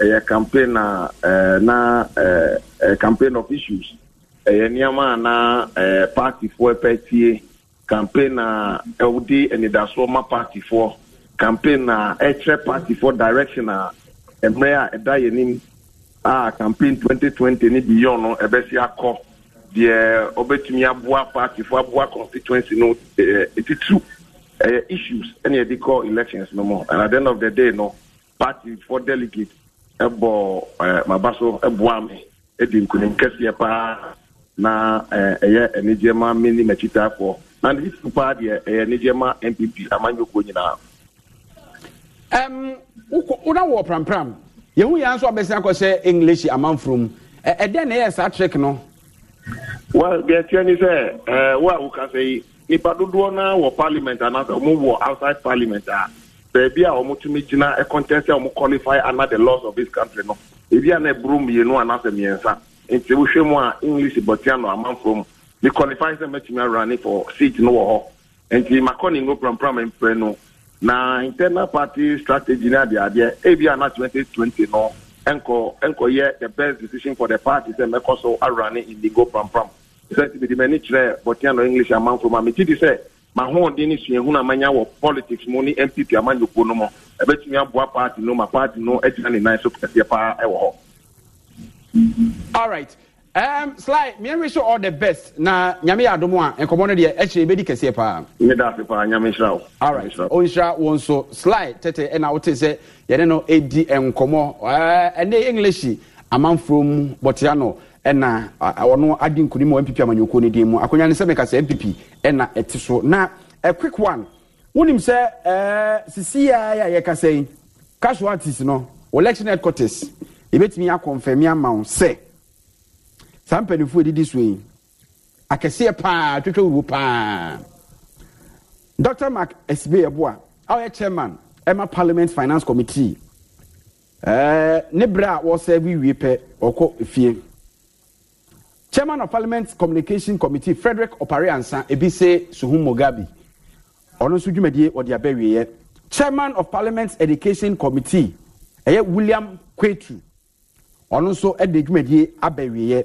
ɛyɛ campaign na ɛɛ na ɛɛ campaign of issues ɛyɛ nneɛma anaa ɛɛ paatifoɔ pɛ tie campaign na ɛwodi anidasoɔ ma paatifoɔ campaign na ɛkyerɛ paatifoɔ direction a mmerɛ a ɛda yɛn nim a campaign twenty twenty ne beyond no ɛbɛsi akɔ deɛ ɔbɛtumi aboa paatifoɔ aboa constituency no ɛɛ etitiri ɛyɛ issues ɛna yɛde kɔ elections no mu and at the end of the day no paatifoɔ delegate ɛbɔ ɛɛ maba so ɛboa mi ɛdi nkunim kɛseɛ paa na eh, ɛyɛ anigyeɛma me ne m'akyitaafoɔ na ne titiri paa deɛ ɛyɛ anigyeɛma npp amanyɔkuo nyinaa. ɛm wona wɔ prampram yɛhu yɛn nso abɛsi akɔhyɛ english amanforom ɛdɛn na ɛyɛ saa trick no. well deɛ tiɛ ni sɛ ɛɛ wo a woka sɛ yi nipa dodoɔ naa wɔ parliament anaasɛ wɔn wɔ outside parliament a beebi a wɔn tumi gyina ɛkɔntɛnsi a wɔn qualify under the laws of this country no ebi a na ɛburo mmienu anaasɛ mmiɛnsa nti wohwɛ mu a english bɔtea no amanfoɔ mu me qualify sɛ mɛtumi arane for seat no wɔ hɔ nti makɔne ngo prampram mprɛ no na internal party strategy no adeadeɛ ebi a na 2020 no ɛnkɔ ɛnkɔyɛ the best decision for the party sɛ mɛkɔ so arane indigo prampram sɛ nti mede m'ani kyerɛ bɔtea no english amanfoɔ mu a meti di sɛ mahoɔden ne suahunu na manya wɔ politics mu ne mpp amanyɔkuo no mu ɛbɛtumi aboa party no ma party no agyina ne nan so kɛseɛ paa ɛwɔ hɔ all right um, sly mmea wish you all the best na nyame yɛ adom a nkɔmmɔ no deɛ akyire bɛdi kɛseɛ paa medase paa nyame nhyira wo alright ɔnhyira wo nso sly tɛtɛ ɛna wote sɛ yɛne no ɛdi nkɔmmɔ ɛne english amanfoɔ mu bɔtea no ɛna ɔno ade nkonim wɔ mpp amanyɔkuo no din mu akonnwa no sɛ meka mpp ɛna ɛte so na a quick one wonim sɛ sisiaa yɛ a yɛka sɛ yi casualties no election headquarters yɛbɛtumi akɔnfɛmi ama wo sɛ saa mpanimfoɔ didi so yi akɛseɛ paa twitwa wuwo paa dr mark esibe yɛboa a ɔyɛ chairman ɛma parliament finance committee ɛɛ ne berɛ a wɔsɛɛbi wie pɛ ɔkɔ fie chairman of parliament communication committee frederick opariansa ebi se suhun mugabe ɔno nso dwumadie ɔde abɛwieɛ chairman of parliament education committee ɛyɛ william kwetu ɔno nso de dwumadie abɛwieɛ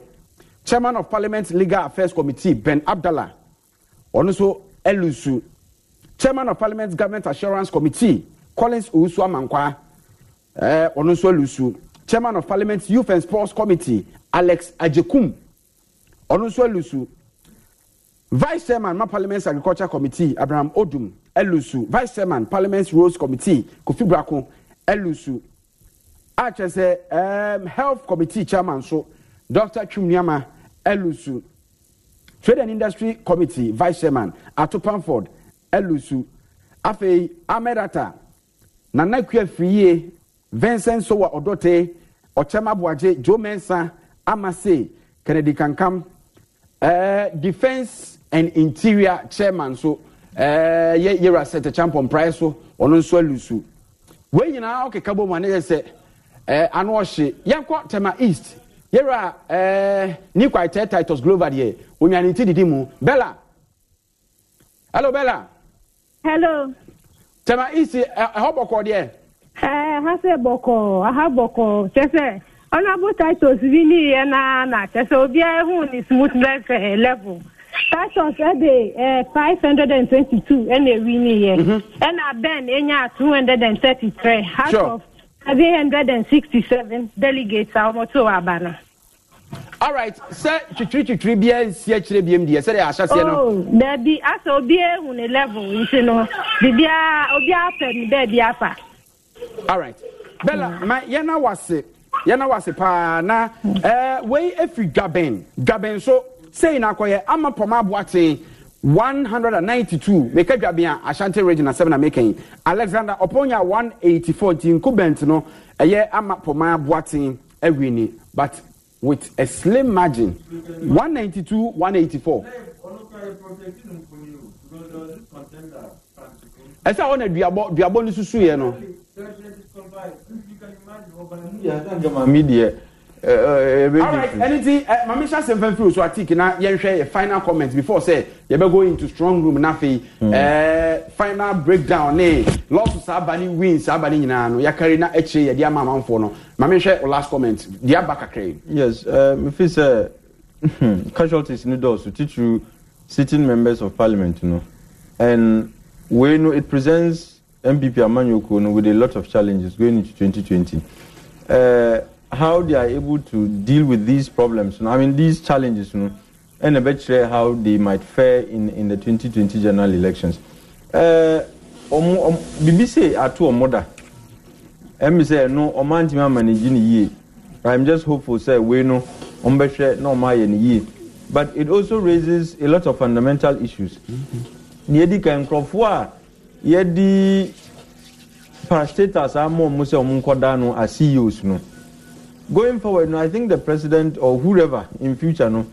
chairman of parliament legal affairs committee ben abdallah ɔno nso elusu chairman of parliament government assurance committee collins owusu amankwa ɛɛ ɔno nso elusu chairman of parliament youth and sports committee alex ajekum ɔno nso elusu vice chairman ma parliament agriculture committee abraham odum elusu vice chairman parliament Rules committee kofi brako elusu akyɛ sɛ health committee chairman so dr twumniama elusu trade and industry committee vice chairman ato pamford elusu afei amedata nana kua firie vincent sowa ɔdɔte ɔkyɛm aboagye joe mensa amase kennedy kankam uh, eh, defence and interior chairman so uh, yɛ yɛwura sɛ tɛkyɛ so ɔno nso alusu wɔn nyinaa ɔkeka bɔ mu a yɛ sɛ Eh, ano ɔhye yɛnkɔ tema east yɛwura ɛɛ eh, new titus glover deɛ onwani ti didi mu bela hello bela hello. tema east ọ eh, bɔkɔ deɛ. ɛɛ ha sɛ bɔkɔ aha bɔkɔ kyɛsɛ ɔnabɔ titus bi na na chese obi ehu ni smooth level. Titus ɛde 522 five hundred and twenty-two ewi mhm. Ben enya two hundred and three hundred and sixty-seven delegates a wɔn tó aba no. all right sɛ twitwiritwitwiri bi nsi akyire bi mu deɛ sɛ deɛ ahyɛseɛ no. Oh, beebi asɛ obi ehu ne level nti no bibi a obi afɛ mi beebi afa. all right bella mm. ma yɛn na wase yɛn na wase paa na ɛɛ mm. eh, wei efi dwabɛn dwabɛn so sɛyi na akɔyɛ ama pɔm aboate one hundred and ninety-two meka dwabea ashanti region asɛm na meka yi alexander ɔpɔnya one eighty-four nti nkubɛnt no ɛyɛ ama poma boaten awie ni but with a slim margin one ninety-two one eighty-four. ɛsɛ ɔna oh, duabɔ duabɔ no susu yɛ no alright ẹni ti ẹ maame ṣe asẹmfẹ fi oṣù atik na yẹn hwẹ yẹ final comment before say yẹ bẹ go into strong room n'afẹ ẹ hmm. eh, final breakdown ne lọọsù saa abali win saa abali nyinaa no yakari na ẹkyẹ yẹ di ama amanfo no maame hwẹ o last comment di aba kakra yi. yes mi fi sẹ casualties ni dọọsù titun sitting members of parliament no and wey no it presents npp amanyɔkuo no with a lot of challenges going into 2020. Uh, how they are able to deal with these problems, you know, I mean, these challenges, you know, and eventually how they might fare in, in the 2020 general elections. Uh, BBC are two or more. And say, no, Omantima managing ye. I'm just hopeful, say, we know, Ombeshe, no, my ye. But it also raises a lot of fundamental issues. Yedi can crofwa, yedi parastaters are more Musa Munkwadano as CEOs, no. going forward, no, I think the president or whoever in future no,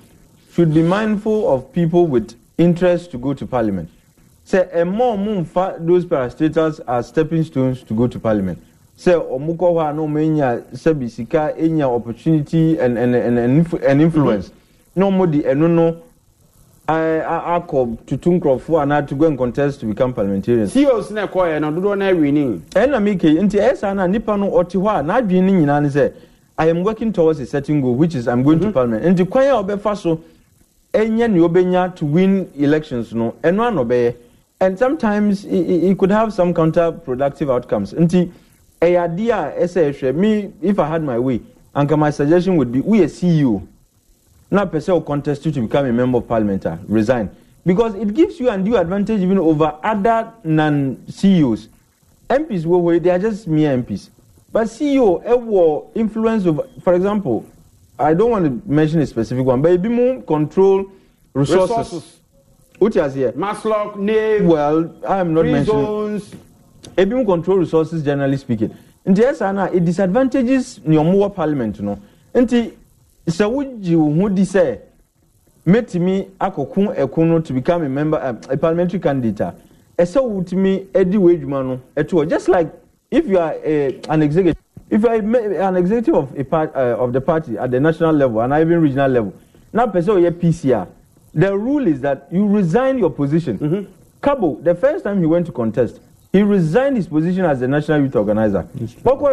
should be mindful of people with interest to go to parliament. Say, a more mumfa those parastatals are stepping stones to go to parliament. Say, omuko no menya sebi sika enya opportunity and, and, and, and influence. Mm-hmm. No more eh, the I akɔ tutu nkurɔfoɔ anaa to go and contest to become parliamentarians. ceos eh, eh, na ɛkɔɛ no dodoɔ na awini. ɛna mi ke nti ɛyɛ saa na nipa no ɔte hɔ a n'adwene ne nyinaa ne sɛ I am working towards a certain goal, which is I'm going mm -hmm. to mm-hmm. parliament. And the choir obefa so, enye ni to win elections no, eno an obeye. And sometimes it, it, could have some counterproductive outcomes. And the idea, a me if I had my way, and my suggestion would be, we a CEO, na person sɛ contest you to become a member of parliament, ah, resign. Because it gives you undue advantage even over other non-CEOs. MPs, they are just mere MPs. But CEO, ewo influence of, for example, I don't want to mention a specific one, but ebi mu control resources. resources. Which is here? Maslow, name. Well, I am not mentioning. Zones. Ebi mu control resources, generally speaking. Nti ɛsa na it disadvantages nea ɔmo wɔ parliament no. Nti sɛ wogye wo ho di sɛ mɛtumi akɔko ɛko no to become a member uh, a parliamentary candidate a ɛsɛ wotumi ɛdi wo adwuma no ɛto hɔ just like if you are a, eh, an executive, if you are a, an executive of a part uh, of the party at the national level and even regional level, now person oh, your PCR, the rule is that you resign your position. Mm-hmm. Kabo, the first time he went to contest, he resigned his position as the national youth organizer. Boko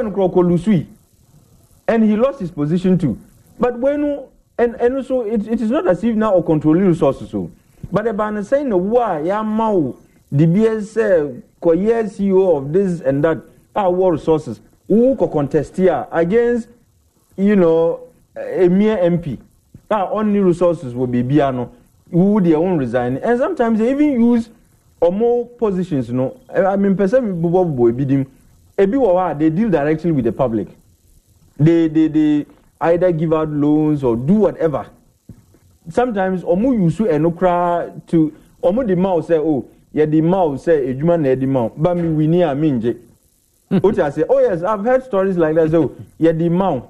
and he lost his position too. But when and and so it, it is not as if now or control resources so. Oh. But the ban saying no why ya mau the BS uh, eh, CEO of this and that a war resources wo kɔ contest a against you know a mere mp a ɔnni resources wɔ beebi ano wo deɛ wɔn resign and sometimes they even use ɔmo positions no i mean pɛsɛ bobɔbobɔ ebi dim ebi wɔ hɔ a they deal directly with the public they they they either give out loans or do whatever sometimes ɔmo yusu ɛno koraa to ɔmo de ma o sɛ o oh, yɛ de ma o sɛ edwuma na yɛ de mouth, o ba mi wini a n gye o ase oh yes i've heard stories like that so yɛ di man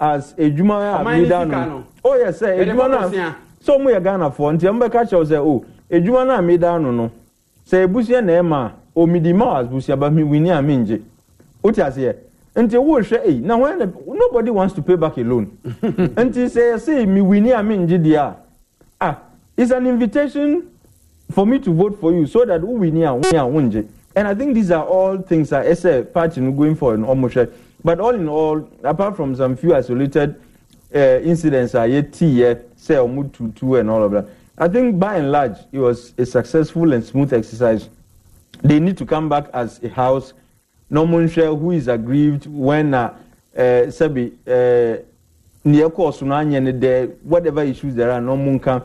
as edwuma a mi da no oh yes sɛ edwuma na so mo yɛ ghana fo nti ɛmu bɛ ka kyerɛw sɛ o edwuma na mi da no no sɛ ebusua na ɛma omi di man as busua ba mi wini a mi ngye o ti ase yɛ nti wo hwɛ eyi na wɔn yɛ nobody wants to pay back a loan nti sɛ yɛsɛ mi wini a mi ngye deɛ ah it's an invitation for me to vote for you so that wo wini a wo ngye. And I think these are all things that as a party you going for an almost. But all in all, apart from some few isolated uh, incidents, I yet say Omud Tutu and all of that. I think by and large, it was a successful and smooth exercise. They need to come back as a house. No one share who is aggrieved when uh, uh, Sabi, uh, whatever issues there are, no one can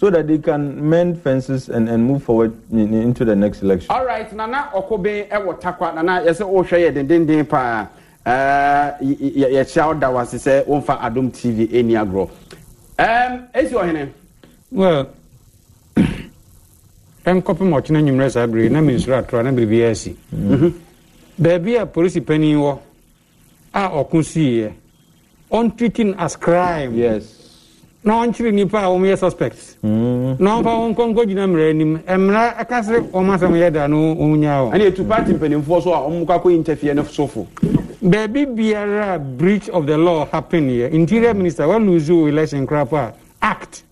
so that they can mend fences and, and move forward in, into the next election. All right, Nana Okobe Ewo Takwa, Nana, yes, oh, share den den den pa. Eh, yɛkyia woda wase sɛ womfa Adum tv ɛni agorɔ ɛsi e, ɔhene well ɛnkɔpem ɔkyena nwummerɛ saa berɛ na mensuro atorɔ na biribiaa e, si mm-hmm. baabi a polisi panin wɔ a ɔko siiɛ ɔntreatin as crime yes na ɔnkyere nipa a wɔn yɛ suspects. Mm. na ɔmfa wɔn nkɔnkɔ gyina mmerɛ anim mmerɛ ɛka se wɔn asɛm yɛ da no wɔn nya wɔn. ɛna etu paati mpanimfoɔ so a wɔn kɔ akɔ interfere ne sofo. beebi biara breach of the law happen yɛ interior minister wɔn lose o election crap a act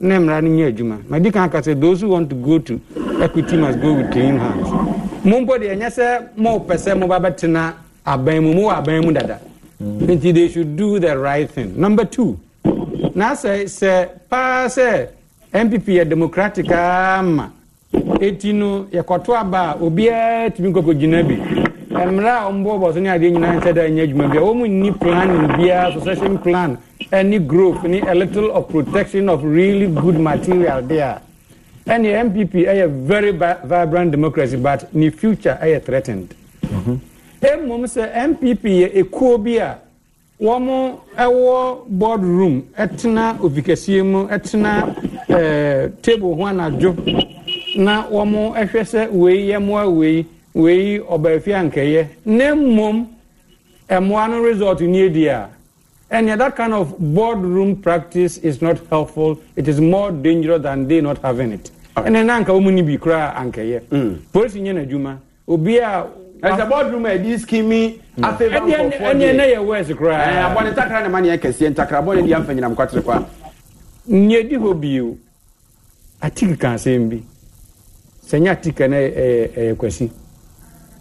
ne mmerɛ no nyɛ adwuma madi kan aka sɛ those who want to go to equity must go with clean hands. mo mpo deɛ ɛnyɛ sɛ mo pɛ sɛ mo ba bɛtena aban mu mo wɔ aban mu dada. Mm. nti they should do the right thing. number two. na sɛ paa sɛ mpp yɛ democratic ama ɛti no yɛkɔto aba a obiara tumi nkɔkɔgyina bi mmerɛ a ɔmbɔbɔ so ne adeɛ nyinaa nkyɛ da ɛnyɛ adwuma bi a wɔn nni planning biara succession plan ɛne growth ne a little of protection of really good material there ɛne mpp ɛyɛ very vibrant democracy but ne future ɛyɛ threatened. mmom mm-hmm. sɛ mpp yɛ ɛkuo bi a. wɔn ɛwɔ board room ɛtena ofi kɛseɛ mu ɛtena ɛɛ table ho anadwo na wɔn ɛhwɛ sɛ wei yɛ mmoa wei wei ɔbɛɛfi ankɛyɛ na mmom ɛmmoa no result nie di a ɛnea that kind of board room practice is not helpful it is more dangerous than they not having it ɛnna nanka wɔn ni bi koraa ankɛyɛ polisi nyɛ n'adwuma obiara ɛsɛ bɔdrum a ɛdi skimi afei ba nkɔfoɔ deɛ ɛni ɛnɛ yɛ wɛs koraa ɛɛ abɔne ntakra ne ma ne yɛ kɛseɛ ntakra abɔne di anfa nyinam kwatere kwa. nyɛ di hɔ bio atiki kan asɛm bi sɛ eh, nyɛ atiki kan ɛɛ ɛyɛ kwasi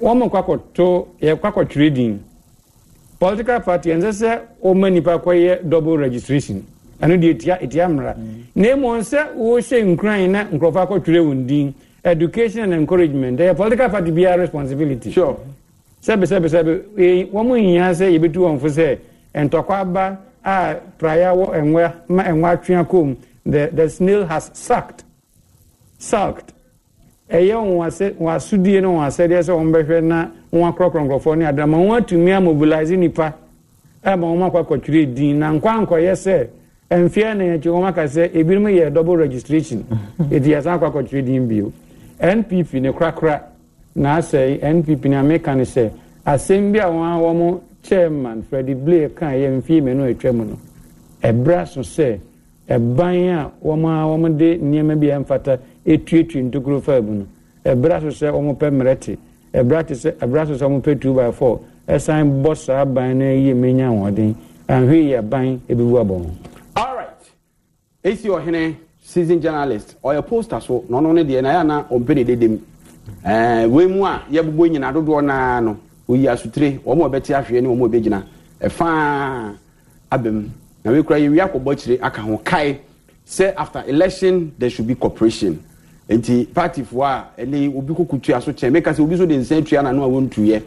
wɔn mu kwakɔto yɛ kwakɔtwerɛ din political party ɛnsɛ sɛ wɔma nipa kɔyɛ double registration ɛno deɛ etia etia mmara na emu sɛ wɔhyɛ nkran na nkurɔfoɔ akɔtwerɛ wɔn din. education and encouragement ɛyɛ political party biara responsibility. sure. sɛbi sɛbi sɛbi wɔn mu nyinaa sɛ yɛbɛtu wɔn fo sɛ ntɔkwa aba a praya wɔ ɛnwa ma ɛnwa atwea kɔm the the snail has sucked sucked ɛyɛ wɔn asɛ wɔn asudie ne wɔn asɛdeɛ sɛ wɔn bɛhwɛ na wɔn akorɔkorɔ nkorɔfoɔ ne adama wɔn atumi amobilize nipa ɛma wɔn akɔ akɔtwerɛ din na nkwa nkɔyɛ sɛ mfeɛ na yɛn akyi wɔn aka sɛ ebinom yɛ double registration eti yɛsan akɔ akɔtwerɛ din bio. npp ne korakora na asɛe npp ne ameka ne sɛ asɛm bi a wɔn a wɔn chairman freddy blake kan yɛ mfie mmienu atwa mu no ɛbra so sɛ ɛban a wɔn a wɔn de nneɛma bi a mfata etuetue ntokuro mu no ɛbra so sɛ wɔn pɛ mmerɛte ɛbra te sɛ ɛbra so sɛ wɔn pɛ two by four ɛsan bɔ saa ban no yie menya ahoɔden ahwee yɛ ban ebi wu abɔ ho. all right esi ɔhene. season journalist ɔyɛ poster so na ɔno ne deɛ na yɛ ana ɔmpɛ ne dedem ɛɛ eh, wɔn mu a yɛbobɔ nyina dodoɔ naa no oyi asutire wɔn a ɔbɛte ahwɛ ne wɔn a ɔbɛgyina ɛfaa eh, abɛm na wɔn ekura yɛ wia akɔbɔ akyire aka ho kae sɛ after election there should be cooperation nti partyfoɔ a ɛne obi koko tua so kyɛn mɛka sɛ obi so de nsa tua n'ano a wɔntuyɛ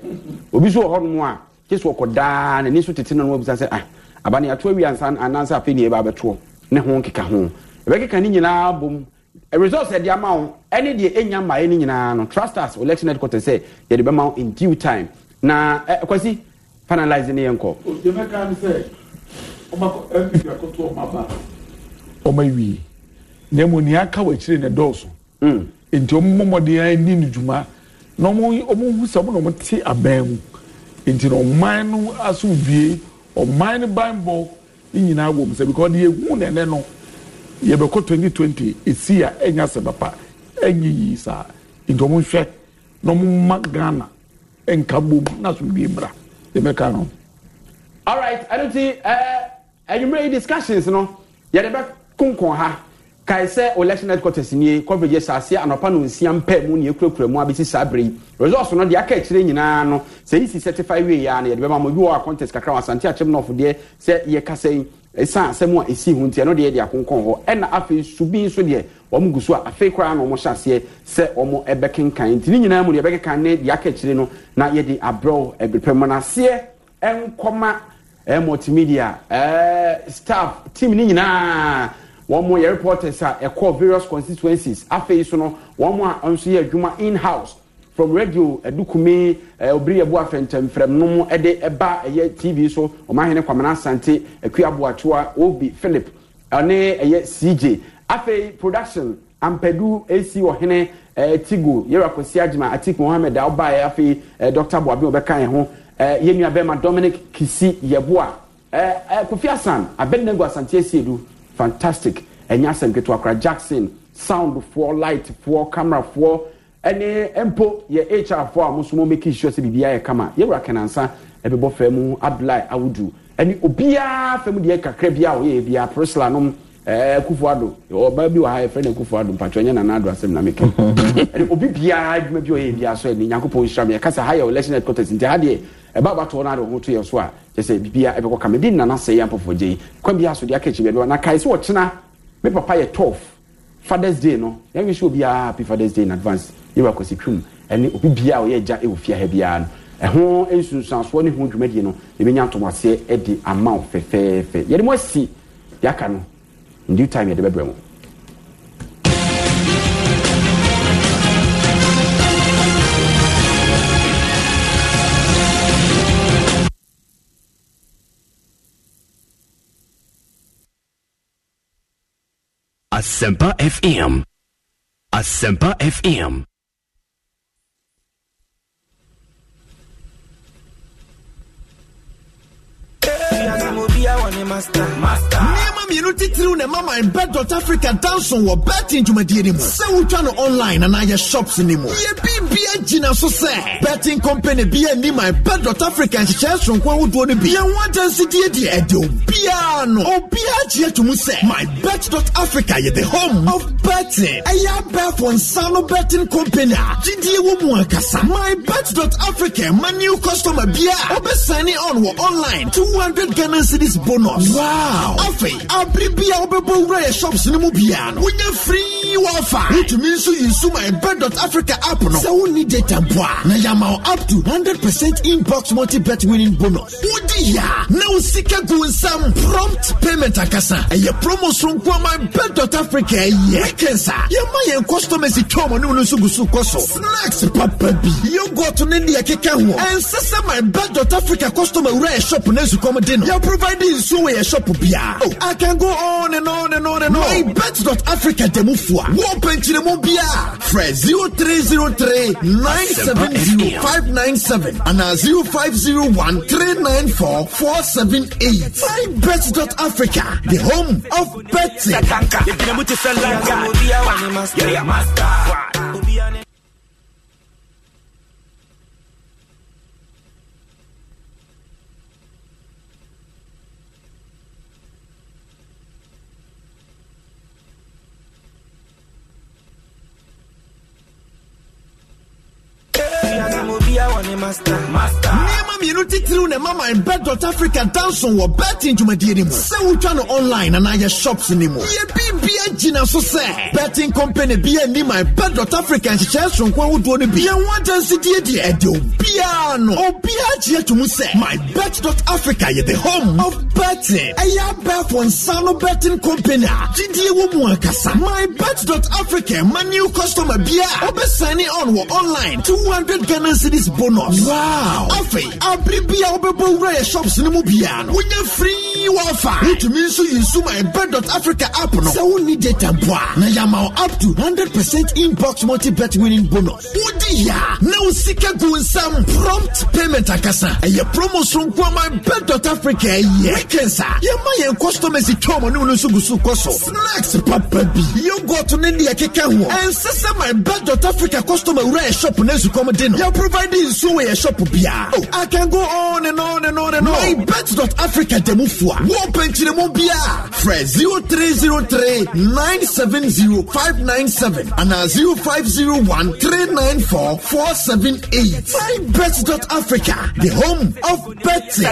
obi so wɔ hɔnom a kye ɔkɔ daa n'ani so tete n'ano a bisa sɛ ah abani ato awia nsa anansa afei ne yɛ ba abɛtoɔ ne ho nkeka ho. ɛbɛkeka ne nyinaa bom results ɛde ama wo ɛne deɛ ɛnya mmaeɛ no nyinaa no trusters election headquarters sɛ yɛde bɛma wo in due time na kwasi finalize ne yɛnkɔ oh, ɔma wie na mmom nea aka wɔ akyire ne dɔɔso mm. nti ɔmo mmɔden ani no dwuma na ɔmo hu sɛ ɔmo na ɔmo te abɛn mu nti na ɔman no asubie ɔman no banbɔ ne nyinaa wɔ mu sɛ because deɛ ehu nɛnɛ no. yɛbɛkɔ 2020 ɛsi a ɛnya sɛ bapa ɛnyɛ yii saa nti ɔmo nhwɛ na ɔmo ma ghana ɛnka bom na asomdwe mmra yɛbɛka no alright ɛno nti ɛnwummerɛ yi discussions no yɛde bɛkonkɔn ha kae sɛ election headquarters nie coverage asase anɔpa no nsia mpɛ mu ne ɛkurakura mu abɛsi saa berɛ yi results no deɛ aka akyirɛ nyinaa no sɛ yi si certify wie yɛa no yɛde bɛma ma bi wɔ a contest kakra wɔ asante akyɛm nɔfo deɛ sɛ yɛka sɛ yi ɛsan asɛm a ɛsi ho nti ɛno deɛ de akonkɔn hɔ ɛna afei subi nso deɛ wɔn gu so a afei koraa na wɔn hyɛ aseɛ sɛ wɔn ɛbɛkenkan nti ne nyinaa mu deɛ ɛbɛkenkan ne deɛ aka akyire no na yɛde abrɛw ɛbɛpɛ mu n'aseɛ ɛnkɔma ɛɛ e multimedia ɛɛ e staff team ne nyinaa wɔn mo yɛ reporters a ɛkɔ various constituencies afei so no wɔn a nso yɛ adwuma in house from radio edukumi eh, obiri ebu afɛntɛnfɛm nom ɛde ɛba ɛyɛ tv so ɔmahene kwamina asante ekuabuatua obi philip ɛne ɛyɛ cj afei production ampadu esi ɔhene ɛɛ eh, tigo yɛrɛ akɔsi agyima atik mohammed a ɔbaeɛ afei ɛɛ eh, dr buabi ɔbɛka yɛn ho ɛɛ yɛn nua bɛrima dominic kisi yɛboa ɛɛ ɛɛ kofi asan abednego asante esi edu fantastic ɛnyɛ asɛm ketewa kora jackson sound light soundfoɔ camera camerafoɔ ɛne mpo yɛ hrfoɔ a mosomo mɛki sure sɛ biribiaa yɛ kama yɛwura kanansa ɛbɛbɔ fa mu abdulai awodu ɛne obiaa fa mu deɛ kakra bia a ɔyɛ bia prisla nom kufu ado ɔbaa bi wɔ ha yɛfrɛ no kufu ado mpatwɛ nyɛ nana asɛm na meka ɛne obi biaa adwuma bi ɔyɛ bia so ɛne nyankopɔn hyira me yɛka sɛ ha yɛ election headquarters nti ha deɛ ɛba batoɔ no ade ɔho to yɛ so a kyɛ sɛ biribia ɛbɛkɔ kama bi nana sɛ yɛ ampɔfoɔ gye kwan biaa so deɛ aka akyi biabi na kae sɛ ɔkyena me papa yɛ tof fathers day no yɛnwe sɛ obiaa happy fathers day in advance ewa kwasi twum ɛne obi bia a ɔyɛ gya ɛwɔ fie ha biara no ɛho nsunsuansoɔ ne ho dwumadie no ebɛnya ntomaseɛ ɛde ama wo fɛfɛɛfɛ yɛde mo asi deɛ no in time yɛde bɛbrɛ mo Asempa FM. Asempa FM. mmienu titiriw na ɛma my bet dot africa danson wɔ bet dwumadie no mu sɛ wotwa no online anaa yɛ shops no mu yɛbibia gyina so sɛ betting company bia ni my bet dot africa nhyehyɛɛ soronko ahodoɔ no bi yɛho adansidie deɛ ɛde obiaa no obiaa gye ato mu sɛ my bet dot africa yɛ the home of betting ɛyɛ abɛɛfo nsa no betting company a gyidie wɔ mu ankasa my bet dot africa ma new customer bia wobɛsane on wɔ online to two hundred Ghana cities bonus. Wow! Afei, abiri bi a wobɛbɔ wura yɛ shops ne mu bia no, wonya free wafa. Wotumi nso yi nsuma ɛbɛ dot Africa app no. Sɛ wonni data mpo a, na yama wo up to 100% inbox multi bet winning bonus. Wodi ya, na wo sika gu nsam prompt payment akasa. Ɛyɛ promo sonko ama bet dot Africa ɛyɛ. Weekends a, yɛma yɛn customers twɛ ɔmo ne wo no nso gu so kɔ so. Snacks papa bi, yogurt ne deɛ keka ho. Ɛnsɛ my bet dot Africa customer wura yɛ shop ne comedy no yɛ provide nsuo wɔ yɛ shop bia oh i can go on and on and on and on my bet dot africa dɛmu fua wɔ pɛnkyerɛmu bia frɛ zero three zero three nine seven zero five nine seven ana zero five zero one three nine four four seven eight my bet dot africa the home of betting. Nneɛma mmienu titiriw na ɛma my bet dot Africa danson wɔ bet dwumadie ne mu. Sɛ wotwa no online anaa shops ne mu. Yɛ biribia gyina so sɛ. Betting company bi ni my bet dot Africa nhyehyɛ soronko ahodoɔ no bi. Yɛn ho deɛ ɛde obiara no. Obiara gye to mu sɛ my bet dot Africa yɛ the home of betting. Ɛyɛ abɛɛfo nsano betting company a gyidie wɔ mu ankasa. my bet dot Africa ma new customer bia. Ɔbɛsani on wɔ online two maintenance series bonus. wow afei abiri bi a wobɛbɔ wura yɛ shops no mu bia no wonya free wafa wotumi nso yi nsuma ɛbɛ dot africa app no sɛ need data mpo a na yɛama up to 100 percent inbox multi bet winning bonus wodi yia na wo sika gu nsam prompt payment akasa ɛyɛ promo sonko my bet dot africa Weekend weekends a yɛma yɛn customers twɛ ɔmɔ ne wo no nso gu so kɔ so snacks papa bi yogurt ne deɛ keka ho ɛnsɛ sɛ my bet dot africa customer wura yɛ shop na asukɔm de dinner. are providing so a shop Oh, I can go on and on and on and on. My bet.africa demufua. Wo penti ne bia. Fred 0303 970 597 and 0501 394 478. My bet.africa, the home of betting.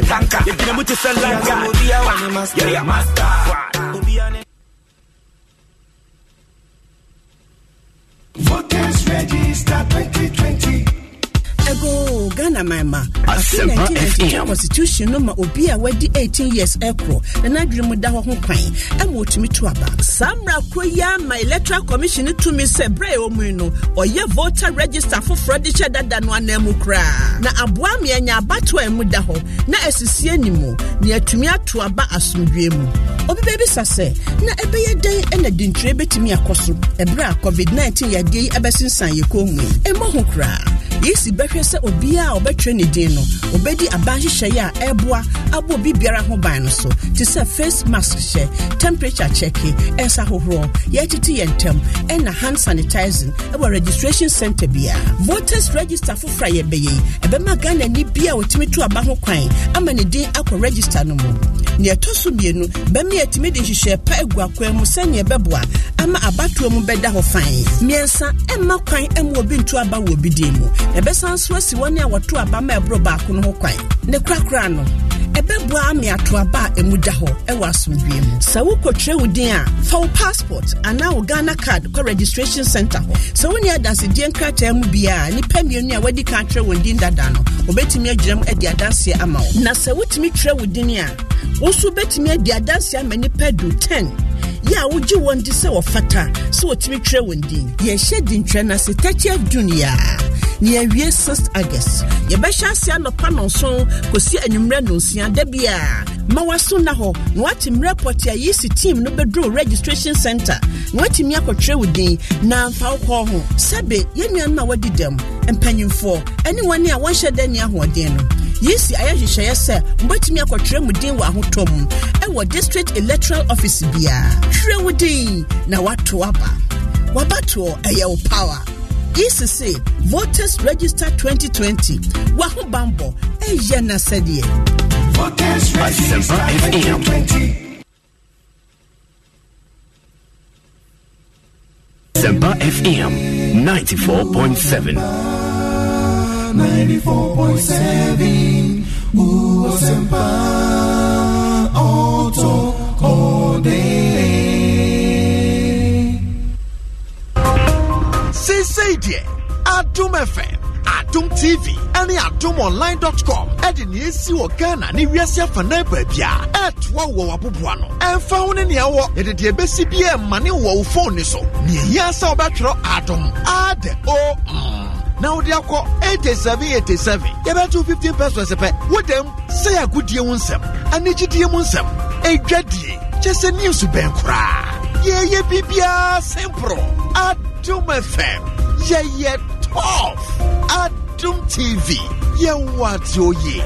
Voters Register 2020. ɛgo ghana man ma afe constitution no ma obi a wadi 18 years ɛkorɔ na n'adwene mu da hɔ ho kwan ɛma otumi to aba saa mmara koro yi ama electoral commission tumi sɛ berɛ ɛwɔ mu no ɔyɛ voter register foforɔ de hyɛ dada no anan mu koraa na aboa mmiɛnya abatoa ɛmu da hɔ na asisie ni mu ne atumi ato aba asomdwie mu obi bɛbisa sɛ na ɛbɛyɛ dɛn na dintire bɛtumi akɔ so ɛberɛ a covid-19 yadeɛ yi ɛbɛsensan yɛ kɔn mu ɛmmɔ ho koraa yɛsi bɛhwɛ sɛ obiara a ɔbɛtwerɛ ne din no ɔbɛdi aban hyehyɛeɛ a ɛboa abɔ obi biara ho ban no so te sɛ face mask hyɛ temperature chɛke ɛnsa hohorɔ yɛtete yɛn ntam ɛna hand sanitizing ɛwɔ registration center biara voters register foforɔ a yɛbɛyɛ yi ɛbɛma ghanani bi a wɔtumi to aba ho kwan ama ne din akɔ register no mu nea ɛtɔ so mmienu bɛma yɛtumi de hyehyɛ pa agu akoa mu sɛnea ɛbɛboa ama abatoɔ mu bɛda hɔ fan mmiɛnsa ɛmma kwan ɛma obi nto aba wɔ obi din mu ɛbɛsan so asi wɔne a wɔto aba ma ɛboro baako no ho kwan ne korakora no ɛbɛboa ame atoaba a ɛmu da hɔ ɛwɔ asomdwie mu sɛ wokɔtwerɛ wo din a fa wo passport anaa wo ghana card kɔ registration center hɔ sɛ wonni adansedie nkrataa mu biaa nnipa mmienu a wadi ka atwerɛ wɔn din dada no wɔbɛtumi agyina m adi adanseɛ ama wo na sɛ wotumi twerɛ wo din a wo nso wobɛtumi adi adanseɛ ama nnipa du 10 yɛ a wogye wɔn di sɛ wɔfata sɛ wɔtumi twerɛ wɔn din yɛhyɛ di no ase 30th june yɛwie 6 august yɛbɛhyɛ ase anɔpa nɔnson kɔsi anwummerɛ nonsia da bi a ma waso na hɔ na wate mmerɛ pɔte a yeasi team no bɛduru registration center na watumi akɔtwerɛ wo din na mfa wo kɔɔ ho sɛbe yɛnnuanom no a wadi dɛm mpanyimfoɔ ne wɔne a wɔnhyɛ dɛ ne ahoɔden no yeasi ayɛ hyehyɛeɛ sɛ mobɛtumi akɔtwerɛ mu din wɔ ahotɔ mu ɛwɔ district electoral office biara twerɛ wo din na wato aba wabatoɔ ɛyɛ wo power ECC Voters Register 2020. Wahu Bambo, eh, Asian Asadia. Voters Register 2020. Semper FM 94.7. 94.7 Uo semba. Auto code. sei deɛ adom fm adom tv ɛne adom online dot com ɛde nea esi wɔ ghana ne wiase afanan baabi a ɛtoa wɔ waboboa no ɛnfa ho ne nea ɛwɔ yɛde deɛ bi ɛma ne wɔ wo phone ne so nea ehia sɛ ɔbɛtwerɛ adom ade o mm. na wode akɔ eighty seven eighty seven yɛbɛto fifteen pesos pɛ wodam sɛ yɛ agodie mu nsɛm anigyidie mu nsɛm edwadie kyɛ sɛ news bɛn koraa yɛyɛ biribiara simple. adom fm yɛyɛ tɔf adum tv yɛwɔ ati oye.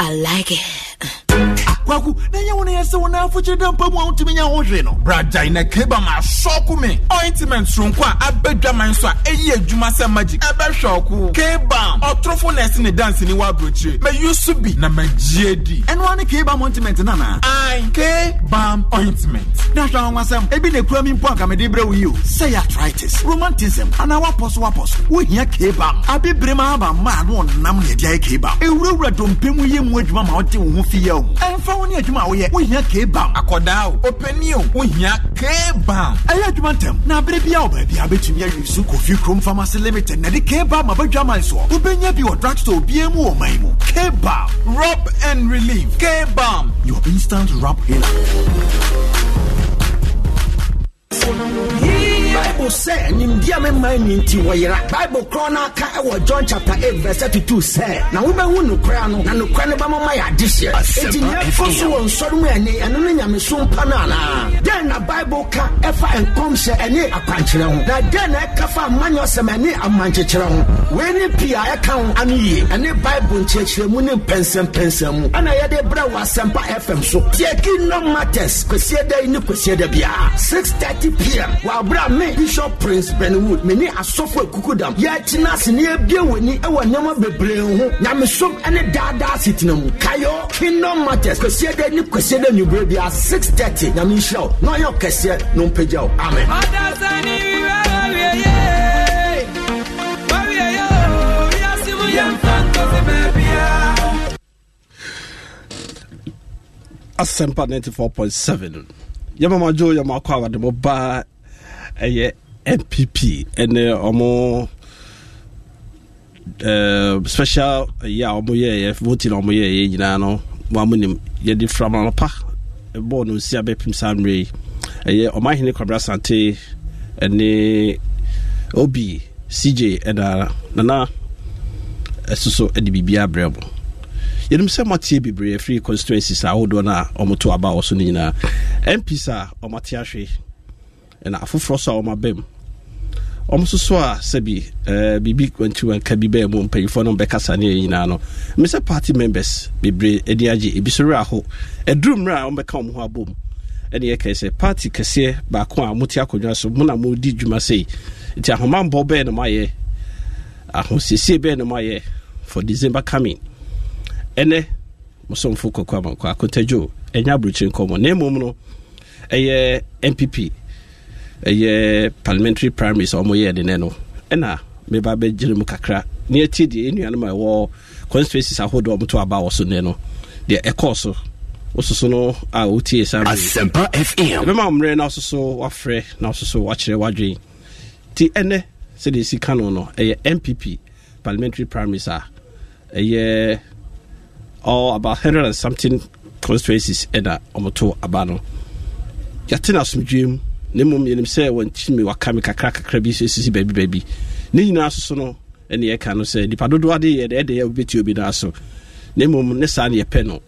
I like it. kwaku na ɛnyɛ wo no yɛ sɛ wo no afokyere da mpa mu a wotumi nya wo hwee no bragyae na kaba ma asɔko me ointment soronko a abɛdwaman so a ɛyi adwuma sɛ magic ɛbɛhwɛ ɔko kaba ɔtorofo na ɛse ne dance wɔ aburokyire mayu so bi na magyie di ɛnoa ne kaba ointment no ai kaba ointment na hwɛ awonwasɛm ebi na ekura mi mpo anka brɛ wo yi o sɛ yɛ arthritis romantism anaa woapɔ so woapɔ so wohia kaba abibire ma aba mmaa no ɔnam na ɛde ayɛ kaba ewurawura dɔmpɛ mu yɛ mu adwuma ma wode wo ho fi yɛ wo ɛmfa wo ne adwuma a woyɛ wohia kbam akɔdaa o ɔpani o wohia kbam ɛyɛ adwuma ntɛm na aberɛ bia wo baabi a bɛtumi awi so kɔfi kurom pharmacy limited na de kbam abadwa man soɔ wobɛnya bi wɔ drugstore bia mu wɔ man mu kbam rub and relief kbam your instant rub healer bible sɛ nimdeɛ mema ni nti wɔyera bible korɔ no aka ɛwɔ john chapter 8 verse 32 sɛ na wobɛhu nokorɛ no na nokorɛ no bɛmama yɛ adehyeɛ enti neɛkɔ so wɔ nsɔre mu ani ɛno no nyameso mpa no anaa dɛn na bible ka ɛfa nkɔmhyɛ ɛne akwankyerɛ ho na dɛn na ɛka fa amanyɔsɛm ɛne amankyekyeɛ ho wei ne pii a ɛka ho ano yie ɛne bible nkyerɛkyerɛmu ne mpɛnsɛmpɛnsɛm mu ɛna yɛde brɛ wɔ asɛmpa fm so tiaki no matters kwasie da yi ne kwasie da biara 630 pm wɔ aberɛ me mene bishop prince benwood mene asɔfo akukudam yɛatena ase ne yɛbie w'ani ɛwɔ nneɛma bebree ho nyamesom ɛne daadaa setena mu kayɔ kingdom matters kwasiɛ dɛ ne kwasiɛ dɛ nwuberɛ bia 630 nyame nhyira wo na ɔyɛ ɔkɛseɛ no mpagya wo amen asɛmpa 94.7 yɛmama dwo yɛma akɔ awademmɔ baa ɛyɛ npp ɛne ɔmo uh, special ɛyɛ a ɔmo yɛɛyɛ voting a ɔmo yɛɛyɛ nyinaa no mo amu nim yɛde fram anɔpa bɔɔl no nsia bɛpem saa mmerɛ yi ɛyɛ ɔmahene kwabra asante ɛne obi cj ɛna nana ɛso so ɛde biribi abrɛ mo yɛnim sɛ moateɛ bebree afiri constituencies ahodoɔ no a ɔmoto aba wɔ so no nyinaa mps a ɔmate ahwe ɛna afoforɔ so a wɔn abam wɔn nso so a sɛbi ɛɛ biribi wantiwanka bi bɛɛ mu mpanyinfoɔ no bɛkasa ne yɛn nyinaa no mbɛsɛ party members bebree ani agye ebi so rɛ aho ɛduru mmerɛ a wɔn bɛka ho abom ɛne yɛkae sɛ party kɛseɛ baako a mote akonnwa so mo na modi dwuma sei nti ahomammɔ bɛɛ no mayɛ ahosiesie bɛɛ no mayɛ for december coming ɛnɛ mosomfo kɔkɔ amankɔ akontadwo ɛnyɛ aburokyiri nkɔmmɔ na mmom no ɛyɛ npp ɛyɛ parliamentary primaries a wɔyɛɛ de nɛ no ɛna meba bɛgyere mu kakra ne akyi deɛ ɛnuanom a ɛwɔ constituencies ahodoɔ ɔmoto aba wɔ so nɛ no deɛ ɛkɔɔ so wososo no a wotie sa asɛmpa fm bɛma mmerɛ na wososo wafrɛ na wososo wakyerɛ wadwen Ti ɛnɛ sɛdeɛ ɛsi ka no no ɛyɛ mpp parliamentary primaries a ɛyɛ all about hundred and something constituencies ɛna ɔmoto aba no yɛte no asomdwee mu ne mmom yɛnim sɛ wɔntimi waka me kakra kakra bi sɛsisi baabi baabi ne nyinaa soso no ɛne yɛka no sɛ nipa dodoɔ de yɛ ɛde yɛ wobɛti obi no aso ne mmom ne saa ne yɛpɛ no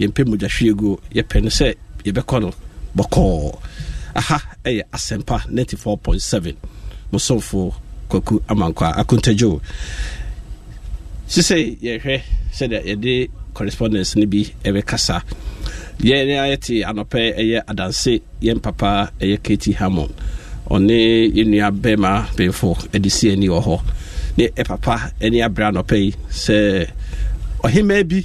yɛmpɛ mogyahwe guo yɛpɛ no sɛ yɛbɛkɔ no bɔkɔɔ aha ɛyɛ asɛmpa 94.7 mosomfoɔ kwaku amankwa akontagyo sisɛ yɛhwɛ sɛdeɛ yɛde correspondence no bi ɛbɛkasa yɛne ayɛte anɔpɛ ɛyɛ adanse yɛn papa ɛyɛ katy hammond ɔne yɛnnua bɛma bɛmfo ɛde si ani wɔ hɔ ne ɛpapa ɛne abrɛ anɔpɛ yi sɛ ɔhemaa bi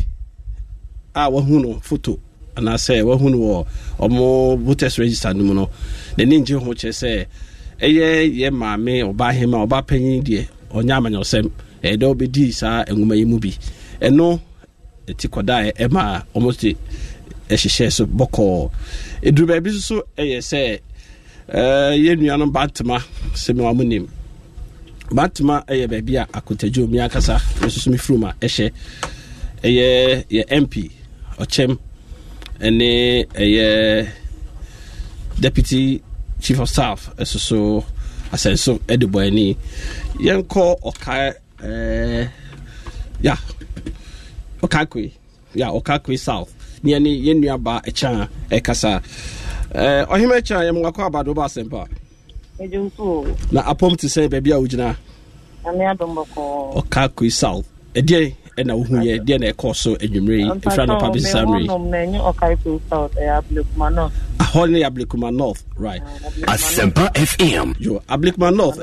a wahu no foto anaasɛ wahu no wɔ ɔmo voters register no mu no n'ani ngye ho kyerɛ sɛ ɛyɛ yɛ maame ɔbaa hema ɔbaa panyin deɛ ɔnyɛ amanyɔsɛm ɛyɛ e, dɛ ɔbɛdii saa nwoma yi mu bi ɛno e, ɛti e, kɔdaa ɛma ɔmo te ɛhyehyɛ so bɔkɔɔ ɛduru baabi nso ɛyɛ sɛ yɛn nuanom batema sɛ mewa mu nim batema ɛyɛ baabi a akotadwo mi akasa nsoso me firim a ɛhyɛ ɛyɛ yɛ mp ɔkyɛm ɛne ɛyɛ deputy chief of staff ɛsoso asɛnso ɛde bɔ ani yɛnkɔ ɔkae ya ɔkae koe ya ɔkae koe south ne ne yɛn nuaba ɛkyɛn a ɛkasa ɛɛ ɔhema kyɛn a yɛn wakɔ abado ba asɛm pa. na apɔm te sɛ baabi a wogyina. ɔka koi south ɛdeɛ ɛna wohu deɛ na ɛkɔɔ so adwumerɛ yi ɛfira no pa bɛsi saa mmerɛ ahɔ ne yɛ ablekuma north right asɛmpa fm yo ablekuma north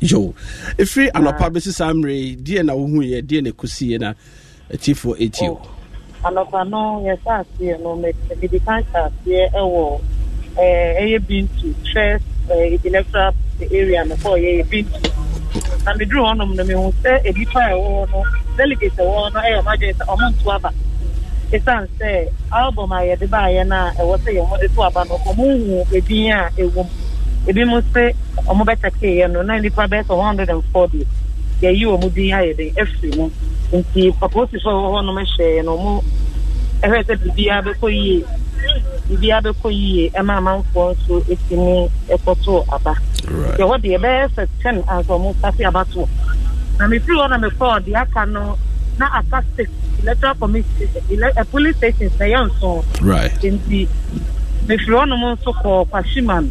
yo ɛfiri anɔpa bɛsi saa mmerɛ yi deɛ na wohu yɛ deɛ na ɛkɔsiiɛ na atifoɔ ɛtio oh anɔpa no yɛsɛ aseɛ no mede ka hyɛ aseɛ wɔ ɛyɛ bintu first electoral area no kɔ yɛyɛ bintu na meduru hɔnom no mehu sɛ nnipa a ɛwɔ hɔ no delegate ɛwɔ hɔ no ɛyɛ ɔmo adwene sɛ ɔmo nto aba ɛsiane sɛ album a yɛde baayɛ no a ɛwɔ sɛ yɛn mo to aba no ɔmo hu edin a ɛwɔ mu ebi mo sɛ ɔmo bɛtɛkeeɛ no na nnipa bɛyɛ sɛ one hundred and forty yɛyi wɔn din ayɛ den ɛfiri e mu nti apolisifoɔ a wɔwɔ hɔnom hyɛ no ɔmo ɛhwɛ e sɛ biribiara bɛkɔ yie biribiara bɛkɔ yie ɛma e amanfoɔ nso etimi ɛkɔto aba nti ɛhɔ deɛ ɛbɛyɛ sɛ ten ansa ɔmo sase abato na mefiri hɔ na mekɔɔ deɛ aka no na aka six electoral committee ele police station na ɛyɛ nson nti mefiri hɔnom nso kɔɔ kwashiman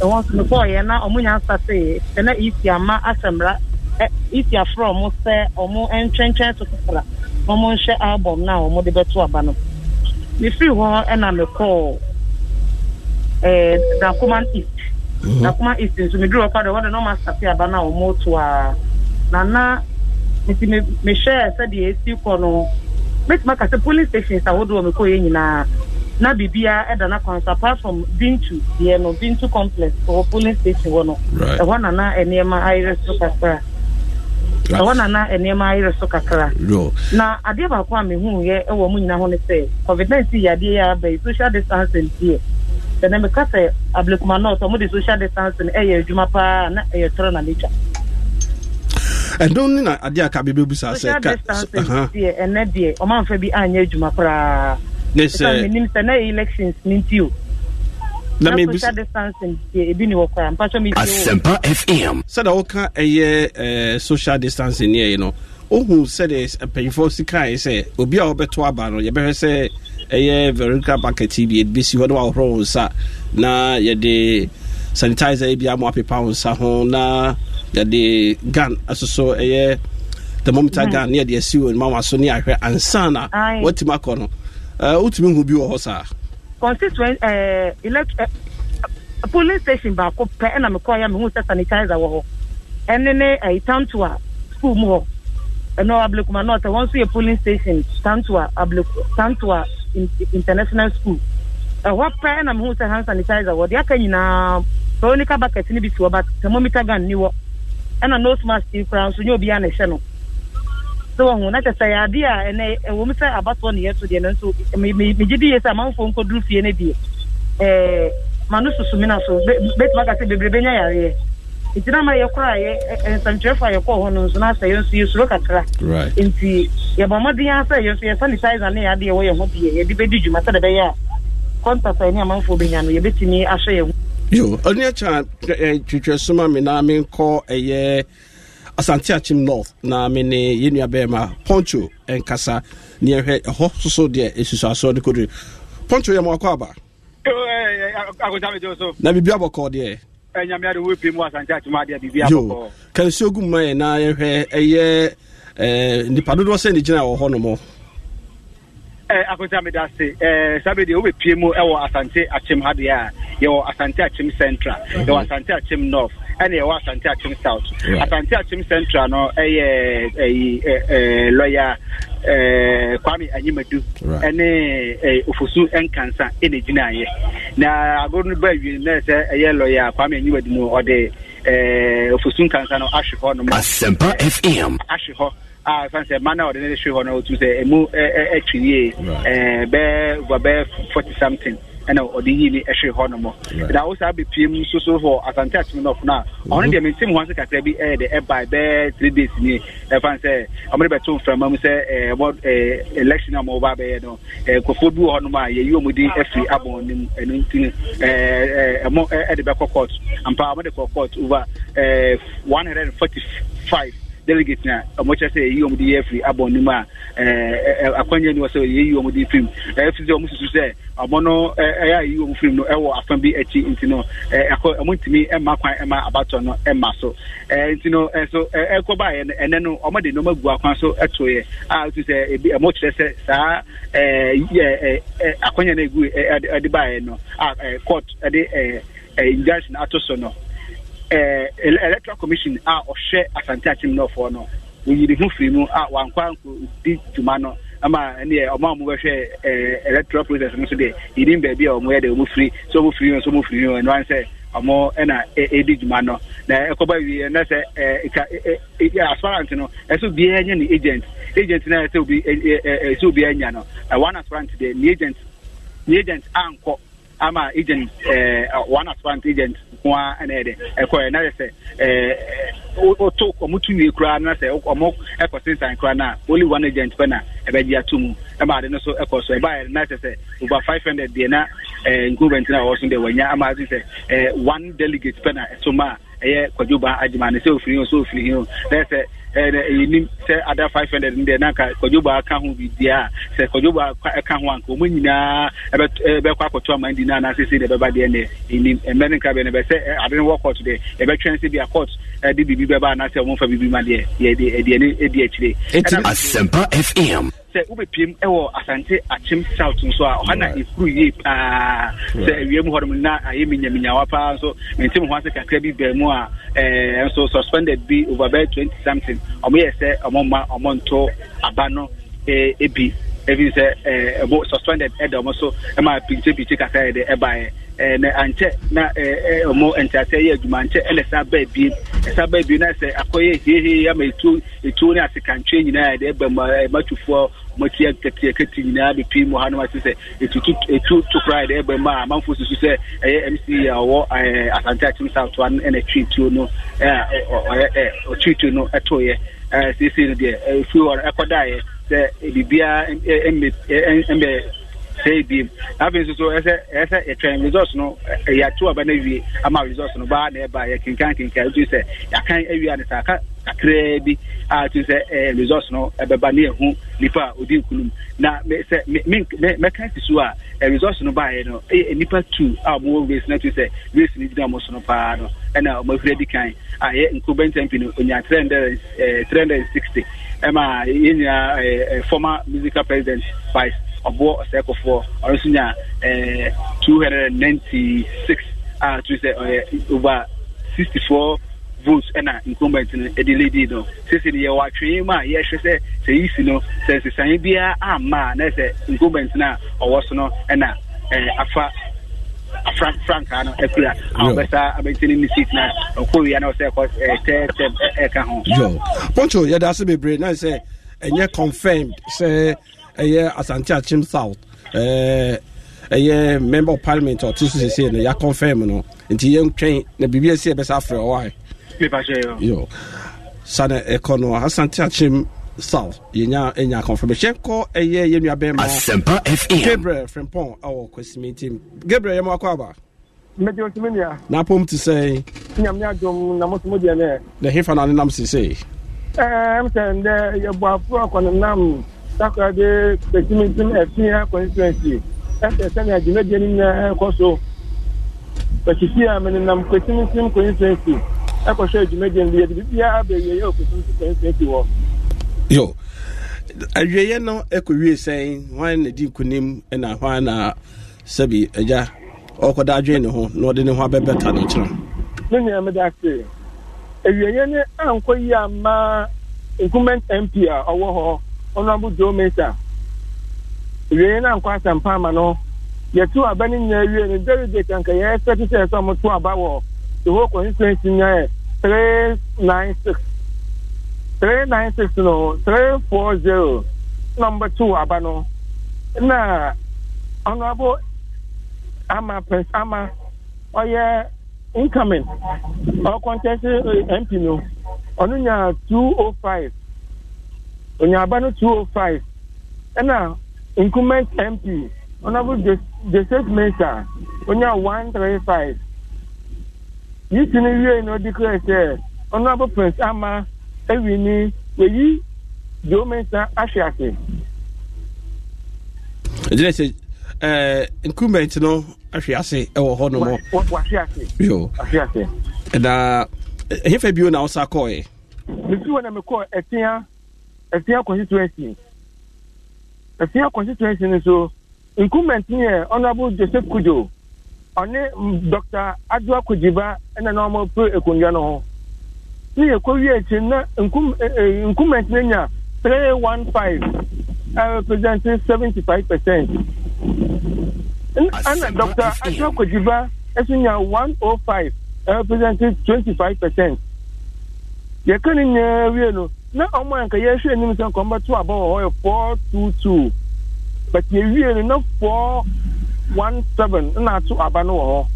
ɛwɔ nso mekɔɔ yɛ na ɔmo nyansa se ɛna esi ama asɛmra. Eh, isiafrɔ ɔmo sɛ ɔmo ntwɛntwɛn to kakra na ɔmo nhyɛ album na ɔmo de bɛto aba no mefiri hɔ ɛna eh, ɛɛ eh, east mhm. east nso wɔde na ɔmo aba na ɔmo to na na nti me mehyɛ sɛdeɛ esi kɔ no polling stations ahodoɔ na bibia na kwan apart from bintu deɛ no bintu complex polling station no ɛhɔ nneɛma ɛhɔ nana nneɛma ayerɛ so kakra na adeɛ baako a mehuyɛ wɔ mu nyina ho ne sɛ covid-19 yɛadeɛ yɛ aba yi social distancing deɛ sɛnɛ meka sɛ ablekuma nɔɔsɛ mode social distancing ɛyɛ adwuma paa na ɛyɛ toro na nature ɛno ne na adeɛ aka bɛbɛbu sa sɛ ɛnɛ deɛ ɔmamfa bi anyɛ adwuma koraa ɛsɛ menim sɛ na ɛyɛ elections ne nti o na asɛmpa fm sɛdeɛ woka ɛyɛ eh, social distancing neɛi no wohu sɛdeɛ mpanyimfoɔ sikaeɛ sɛ obi a wɔbɛto aba no yɛbɛhwɛ sɛ ɛyɛ verica bucket bi si hɔ na wahohoro wo nsa na yɛde sanitizer bi ama apepa wo nsa ho na yɛde gun asoso ɛyɛ thermometer gun ne yɛde asi wo ma waso ne ahwɛ ansa na watumi akɔ no eh, wotumi hu bi wɔ hɔ saa constituent ɛɛ elect ɛ polling station baako pɛ ɛna mekɔ ya mehu sɛ sanitizer wɔ hɔ ɛne ne ɛyi tantua school mu hɔ ɛnɔ abilekuma north wɔn nso yɛ polling station tantua abileku tantua international school ɛhɔ euh, pɛ ɛna mehu sɛ hand sanitizer wɔ deɛ aka nyinaa tɔnika bucket ne bi si wɔ but thermometer gun ni wɔ ɛna nose mask kura nso nye obi a na ɛhyɛ no. sɛ wɔhu na kyɛ sɛ yɛ a ɛnɛ ɛwɔ mu sɛ abasoɔ ne yɛto deɛ no nso megye di yɛ sɛ amanfoɔ nkɔduru fie no deɛ ma no susu na so bɛtumi aka sɛ bebree bɛnya yareɛ nti na ma yɛkora yɛ a yɛkɔɔ hɔ no nso na sɛ yɛ yɛsuro kakra nti yɛbɔ mmɔden a sɛ yɛ nso yɛ sanitizer ne yɛadeɛ wɔ yɛ ho deɛ yɛde bɛdi dwuma sɛde bɛyɛ a kɔntas a ɛne amanfoɔ bɛnya no yɛbɛtumi ahwɛ yɛ ho yo ɔne akya me na menkɔ ɛyɛ asante akyem north na me ne yɛ nua bɛrima poncho nkasa ne yɛhwɛ ɛhɔ soso deɛ ɛsusu asoɔ de kɔdure poncho yɛ mɔkɔ aba eh, eh, eh, na biribi abɔkɔ deɛ nyame ade wo pie mu asante akyem adeɛ biribi abɔkɔ ka nsuo gu mma yɛ na yɛhwɛ ɛyɛ nnipa dodoɔ sɛ ne gyina wɔ hɔ nom akotamede ase sabe deɛ wobɛpie mu ɛwɔ asante akyem hadeɛ a yɛwɔ asante akyem central yɛwɔ mhm. asante akyem north ɛna ɛwɔ asante akyem south asante akyem central no ɛyɛ ɛyi ɛɛ lɔya ɛɛ kwame anyimadu ɛne ofosu nkansa ɛna gyina ayɛ na agoro no ba awie na sɛ ɛyɛ lɔya kwame anyimadu mu ɔde ɛɛ ofosu nkansa no ahwe hɔ nom asɛmpa fm ahwe hɔ a fan sɛ mana ɔde ne de hwe hɔ no otu sɛ emu ɛɛ ɛtwi yie ɛɛ bɛɛ bɛɛ forty something ɛna ɔde yii ni ɛhwɛ hɔ nom ɛda awo saa bepie mu soso hɔ asante atum nɔfo no a mhm. ɔno deɛ mentim ho ase kakra bi ɛyɛ de ɛba bɛɛ three days ni ɛfa sɛ ɔmode bɛto mframa mu sɛ ɛbɔ election a mɔba bɛyɛ no nkurɔfoɔ bi wɔ hɔ nom a yɛyi ɔmu de afiri abɔn no ɛno nti ɛde bɛkɔ court ampa ɔmode kɔ court over one hundred forty five delegate na ɔmo kyerɛ sɛ yɛyi ɔmo de yɛ firi abɔ nim a ɛɛ akwanya ni wɔ sɛ yɛyi ɔmo de firim ɛɛ fi sɛ ɔmo susu sɛ ɔmo no ɛɛ yɛyi ɔmo firim no ɛwɔ afa bi akyi nti no ɛɛ akɔ ɔmo ntumi ɛma kwan ɛma eh, ah, eh, eh, abatɔ no ɛma ah, so ɛɛ nti no ɛso ɛɛ ɛkɔ ba yɛ no ɛnɛ no ɔmo de nneɛma gu akwan so ɛto yɛ a otu sɛ ebi ɔmo kyerɛ sɛ saa ɛɛ yɛ ɛɛ akwanya na egu ɛɛ ɛde ba yɛ no a ɛɛ court ɛde ɛɛ ɛɛ injunction ato so no Eh, electoral commission ah, a ɔhwɛ asante akyem nɔfoɔ no oyiri ho firi mu a wankwa di tuma no ama ɛneɛ ɔma ɔmo bɛhwɛ electoral process no so deɛ yɛnim baabi a ɔmo yɛ deɛ ɔmo firi sɛ ɔmo firi no sɛ ɔmo firi no ɛno an sɛ ɔmo ɛna ɛdi eh, eh, dwuma no na ɛkɔba wie na sɛ ɛka aspirant no ɛso biara nye ne agent agent na ɛsɛ obi ɛsɛ obi anya no na one aspirant deɛ ne agent ne agent ankɔ ah, ama agent eh, one advance agent nko a ɛna yɛ dɛ ɛkɔɛ na yɛ sɛ woto eh, ɔmo tu wie koraa na sɛ ɔmo ɛkɔ sensan koraa na only one agent pɛ na ɛbɛgye ato mu ɛma ade no so ɛkɔ so ɛba yɛ na sɛ sɛ over five hundred deɛ na nkurubentin eh, a wɔso deɛ wɔnya ama ase sɛ one delegate pɛ na ɛso ma a ɛyɛ kwadwoba agyima ne sɛ ofiri hɔ sɛ ofiri hɔ na sɛ ɛnim sɛ ada five hundred deɛ na nka kwadwoba ka ho bibia sɛ kwadwoba ka ho anka ɔmo nyinaa ɛbɛkɔ akɔto aman di naa n'asese deɛ ɛbɛba deɛ ne ɛnim mmɛ ne nka bɛ ne bɛ sɛ ade ne wɔ court deɛ ɛbɛtwɛn sɛ bia court ɛde bibi bɛba anaasɛ ɔmo fa bibi ma deɛ yɛ de ɛdeɛ akyire. Asempa FM sɛ wobɛpiem wɔ asante akyem south nso a ɔha na ɛfuru yie paa sɛ awia mu hɔnom na ayɛ minyaminyawa paa nso mentem ho ase kakra bi baa mu a nso suspended bi over bɛɛ 20 something ɔmoyɛ sɛ ɔmoma ɔmonto aba no ɛbi ɛfiri sɛ suspended ɛda ɔmo so ma pinkyɛpinkyɛ kakra yɛde ɛbaeɛ Eh, na ankyɛ na ɔmo eh, eh, ntaase yɛ adwuma ankyɛ ɛna ɛsa baa bie ɛsa baa bie na sɛ akɔyɛ hiehie ama etuo etuo ne asekantwe nyinaa yɛde ɛbɛn mu ɛmatufoɔ mɔti akati akati nyinaa bɛ pii mu ha nom ase sɛ etutu etu tukura yɛde ɛbɛn mu a amanfo susu sɛ ɛyɛ mc a ɔwɔ ɛɛ asante akyem sautoa no ɛna twi etuo no ɛɛ ɔyɛ ɛɛ ɔtwi etuo no ɛtoo yɛ ɛɛ siesie no deɛ ɛfiri hɔ no ɛkɔdaa yɛ sɛ biribiara ɛmɛ ɛmɛ sɛ ebiem afei nso so ɛsɛ ɛsɛ yɛtwɛn results no yɛato aba no awie ama results no baa na ɛba yɛkenkan kenkan wotu sɛ yɛakan awie a ne saa kakraa bi a tu sɛ ɛɛ results no ɛbɛba ne yɛhu nipa a odi nkunum na sɛ mɛka si so a results no baayɛ no ɛyɛ nipa two a wɔn wɔ race na tu sɛ race no gyina wɔn so no paa no ɛna wɔn afiri adi kan a yɛ nkurubɛn champion onya three hundred ɛɛ three hundred and sixty ɛma yɛn nyinaa ɛɛ former musical president vice ɔboɔ ɔsɛkɔfoɔ ɔno nso nya ɛɛ eh, two hundred and ninety six a to sɛ ɔyɛ over sixty four votes ɛna incumbent no ɛde lady no sisi no yɛwɔ atwene mu a yɛhwɛ sɛ sɛ yi si no sɛ sisan biara ama a na sɛ incumbent no a ɔwɔ so no ɛna ɛɛ eh, afa frank frankaa no akura awobɛsa abɛntini ne seat na ɔkɔwia na ɔsɛ eh, tɛɛtɛm ɛka ho poncho yɛda ase bebree na sɛ ɛnyɛ confirmed sɛ ɛyɛ asante akyem south ɛɛ eh, ɛyɛ member of parliament ɔte so sese no yɛ confirm no nti yɛ ntwɛn na biribi esi ɛbɛsa afrɛ ɔwa yɛ sani ɛkɔ no asante akyem south yɛnya ɛnya confirmation kɔ ɛyɛ yɛn nua bɛrɛ ma asɛmpa fm gabriel frimpong ɛwɔ kwesimintim gabriel yɛ mu akɔ aba mmedi osimi nia. n'apom ti sɛ. nyamia dum na mo sumu diɛ nɛ. na hefa na ne nam sise. ɛɛ n sɛ n dɛ yɛ bɔ afu akɔnenam. sakurade pesimintin efiya constituency ɛsɛ sɛnea dwumadie no nyinaa ɛkɔ so a menenam constituency ɛkɔhwɛ yɛde constituency yo no sɛn hwan na di nkonim ɛna hwan na sɛbi agya ɔkɔda adwene ne ho na ɔde ne ho abɛbɛta no kyerɛ me nua mede ase awieɛ ankɔ yi ama mp a ɔwɔ hɔ Honorable Joe Mesa wiei na nkwasa asɛmpa no aba no nyinaa wie no delegate anka yɛɛsɛte sɛ sɛ tu aba wɔ the whole constituency nyɛ three nine six three nine six no three four zero na mbɛto aba no na honorable ama prince ama ɔyɛ incoming ɔkɔntɛnse eh, mp no ɔno nyaa two oh five onyaaba no two oh five ɛna incumbent mp honourable joseph mensah onya one three five yìí ti ni wíwẹ̀ ní ọdí kúrẹ́ sẹ́ honourable prince ama ewì ni wèyí joe mensah ahyẹ ase. ɛgyina sɛ ɛɛ incumbent no ahwe ase ɛwɔ hɔ nom. wahwe ase. yoo ahwe ase. ɛdaa ɛhɛfɛ bio na ɔsa kɔɔ yɛ. mesu wɔ na mekɔ ɛtea ɛfia constituency ɛfia constituency ni so incumbent ni yɛ honourable joseph kujo ɔne mm, Doctor adua kujiba ɛna na wɔn pe ekondwa no ho ne yɛ kɔ wie akyi na nkum eh, eh, incumbent ne nya three one five ɛɛ representing seventy five percent ɛna Doctor adua kujiba ɛso nya one oh five ɛɛ representing twenty five percent yɛka ne nyinaa wie no na ɔmo anka yɛhwɛ anim sɛ nkɔm bɛto aba wɔ hɔ yɛ four two two but yɛwie no na four one seven na ato aba no wɔ hɔ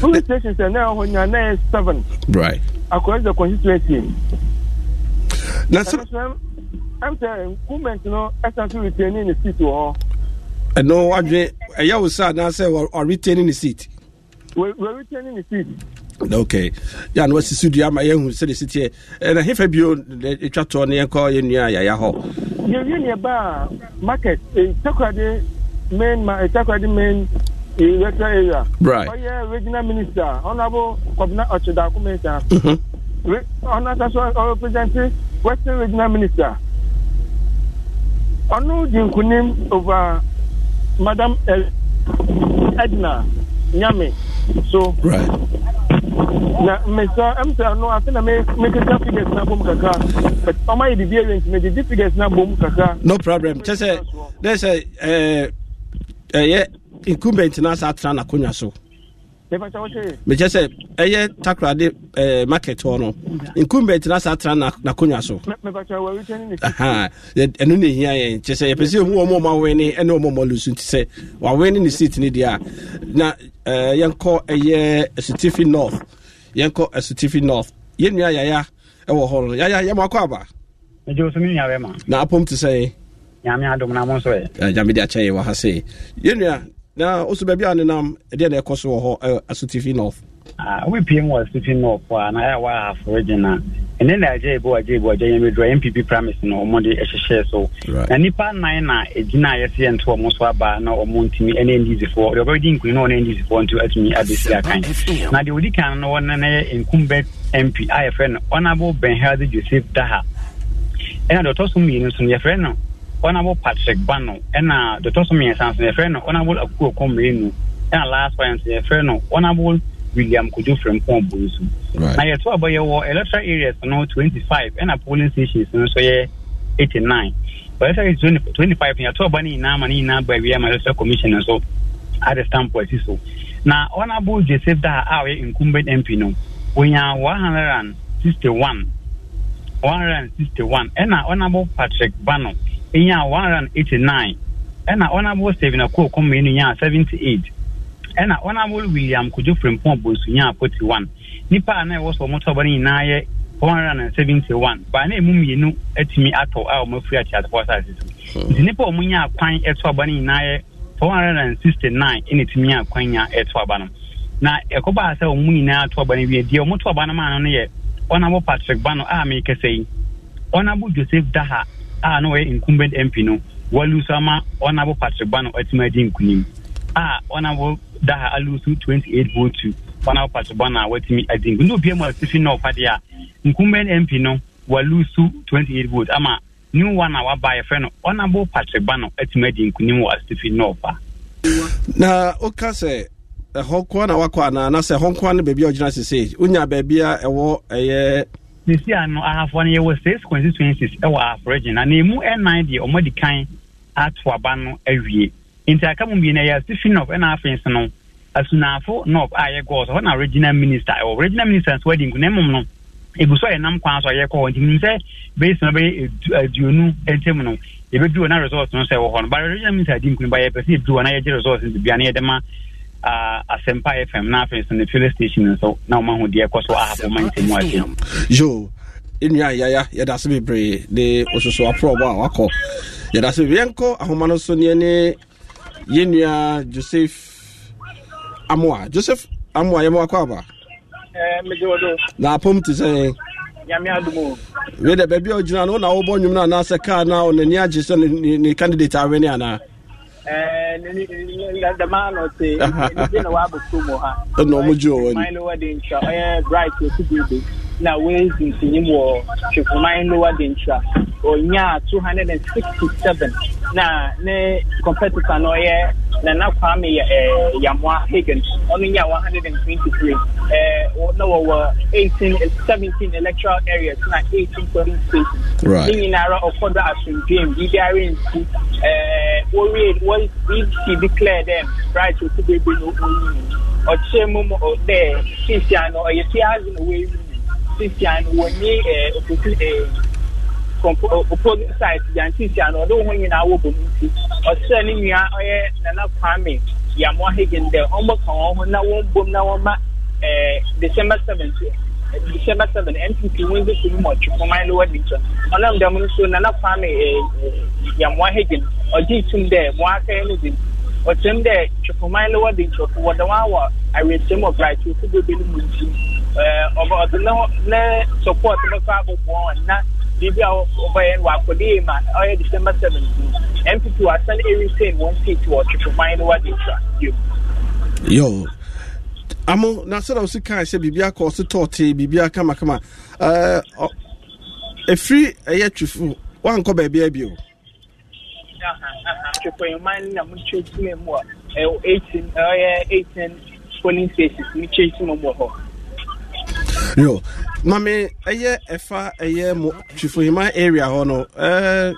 police station sɛ na ɛwɔ hɔ nyinaa na ɛyɛ e seven right akɔyɛ the constituency na sɛ ɛm sɛ government no ɛsan so retaining ne seat wɔ hɔ ɛno e adwe ɛyɛ e wo sɛ anaasɛ ɔretaining ne seat wɔ retaining ne seat ok ya na wasi studio ama yɛhu sɛde siteɛ ɛna eh, hefa bio na toɔ no yɛnkɔ yɛ ya ya hɔ yɛwie ne ɛba a market eh, takorade main eh, takorade main electoral area right ɔyɛ regional minister honorable kɔbina ɔkyedako mensa ɔnasa so ɔrepresente western regional minister ɔno di nkonim over madam edna nyame so right na mmesa msa no afe na mekeka figures na bom kakra but ɔma yɛ e biribi e awie nti megyegye figures na bom kakra no problem kyɛ sɛ dɛ sɛ ɛyɛ incumbent na asa atena n'akonnwa so mekyɛ sɛ ɛyɛ takorade eh, market hɔ no incumbent na saa tra nakonnwa so ɛno ne ɛhia yɛn kyɛ sɛ yɛpɛ sɛ ɛhu ɔma ɔma wene ɛne ɔma ɔma lusu nti sɛ wawene ne seat no deɛ a na eh, yɛnkɔ ɛyɛ asutifi north yɛnkɔ asutifi north yɛnnua yaya ɛwɔ e hɔ no yaya yɛma e akɔ aba na apɔm te sɛ na mo nso ɛ e. eh, nyame de akyɛ yɛ wɔ ha se yɛnnua na osu baabi a nenam ɛdeɛ na ɛkɔ so wɔ hɔ asutifi north ah, wopiem wɔ asutifi north a na ɛyɛ wɔ ahafo gyina ɛne na agya ebi wagya ebi wagya yɛn bedura npp promise no wɔn de ɛhyehyɛ so na nipa nnan na egyina a yɛsi yɛn to wɔn so aba na wɔn ntumi ɛne ndizifoɔ deɛ ɔbɛdi nkunni na wɔn ndizifoɔ nto atumi abesi akan na deɛ odi kan no wɔn nan yɛ nkumbɛ mp a yɛfrɛ no honourable benhazi joseph daha ɛna deɛ ɔtɔ so mmienu nso yɛfrɛ no honorable patrick bano ɛna dɔtɔ so mmiɛnsa nso yɛfrɛ no honorable akuo kɔmmire ɛna uh, last one nso yɛfrɛ no honorable william kojo frempɔn bonsu na yɛto aba yɛwɔ electoral areas no 25 five ɛna polling stations no nso yɛ eighty nine electoral areas twenty five yɛto aba ne nyinaa ma ne nyinaa ba awia ma electoral commission nso the stamp ɛsi so na honorable joseph da a ɔyɛ incumbent mp no wonya 161 161 and sixty ɛna honorable patrick bano nyaa one hundred and eighty nine ɛna honourable stephen akol kɔmɔ enu nyaa seventy eight ɛna honorable william kojú frimpong bonsu nyaa forty one nipa a na ɛwɔ so nyinaa yɛ one hundred and seventy one baa na emu mmienu atumi atɔ a wɔn afiri ati nti nipa a wɔn nyaa kwan ɛtɔ aba nyinaa yɛ one ɛna etumi ɛtɔ aba na ɛkɔba asɛ wɔn nyinaa atɔ aba no wie deɛ no yɛ daha a na wɔyɛ incumbent mp no walusu ama ɔnabo patrick bano ɔtumi adi nkunim a ah, ɔnabo daha alusu 28 votes ɔnabo patrick bano a watumi adi nkunim na obiara mu asifi na ɔfa a incumbent mp no walusu 28 votes ama new one a waba yɛfrɛ no ɔnabo patrick bano atumi adi nkunim wɔ asifi na ɔfa. Eh, na oka sɛ ɛhɔ koa na wakɔ anaa anasɛ ɛhɔ nkoa no baabi a ɔgyina sesei wonya baabi a ɛwɔ ɛyɛ sisi ano ahafoɔ no yɛwɔ six constituencies wɔ ahafo region na emu nnan deɛ wɔn adi kan ato aba no awie nti aka mu mmienu yɛ stephen of ɛna afei nso no asunafo north a yɛ gɔɔso hɔ regional minister ɛwɔ regional minister nso adi nkuna mmom no egu so a yɛnam kwan so a yɛkɔ hɔ nti nim sɛ bɛyisi no bɛyɛ aduonu ntam no yɛbɛduru na resɔɔso no sɛ ɛwɔ hɔ no ba regional minister adi nkuna ba yɛpɛ sɛ yɛduru hɔ na yɛgye resɔɔso no Uh, asɛmpa fm na afei so ne fuel station nso na ɔma ho deɛ kɔ so ma ntɛmu yo nnua yaya yɛda se bebree de ososo aporɔbɔ a wakɔ yɛda se yɛnkɔ ahoma no so neɛ ne joseph amoa joseph amoa yɛma wakɔ aba eh, na te sɛ baabi a ogyina no wona wobɔ no anaasɛ kar na ɔnani agye sɛ ne candidate anaa ɛna ɔmo gye ɔwɔ ni na woazi nsinyim wɔ twekuman lower dentra ɔnyaa two hundred and sixty seven na ne competitor no ɔyɛ nana kwame yɛ eh, ɛɛ yamoa hagen ɔno nyaa one hundred and twenty three ɛɛ eh, na wɔwɔ eighteen seventeen electoral areas na eighteen twenty stations. right ne nyinara ɔkɔdɔ asundiem bibiara nsi ɛɛ eh, wɔwie wɔn ec declare them right otu bebree na ɔkɔyi mu ɔkyerɛ mu mu ɔdɛ sisi ano ɔyɛ fi azu na wɔewu. sisi a no wɔnyi oposi opposing side yan sisi ɔde wɔn nyinaa wɔ bɔ mu ne nana kwame yamu dɛ wɔn na wɔn bom na wɔn ma eh, december seventh eh, december seven npp wɔn bɛ sunu kɔman nkyɛn ɔnam dɛm nana kwame eh, yamu tum dɛ aka yɛ no di. ɔkyɛm dɛ twekɔman no wɔde nkyɛfo wɔde wɔn awɔ awɛkyɛm wɔ kraatwo so bebe no mu nti ɔba ɔde ne ne support no fa aboboa wɔn na biribi a ɔbɛyɛ no wakɔde yie ma ɔyɛ december seventeen npp wasan eritain wɔn seat wɔ twekɔman no wɔde nkyɛfo yom. yo amo na sɛdeɛ wosi kae sɛ biribi akɔ ɔse tɔɔte biribi akamakama ɛfiri ɛyɛ twefo woankɔ baabia bio yo maame ɛyɛ ɛfa ɛyɛ mo twepɔnman area hɔ no ɛɛ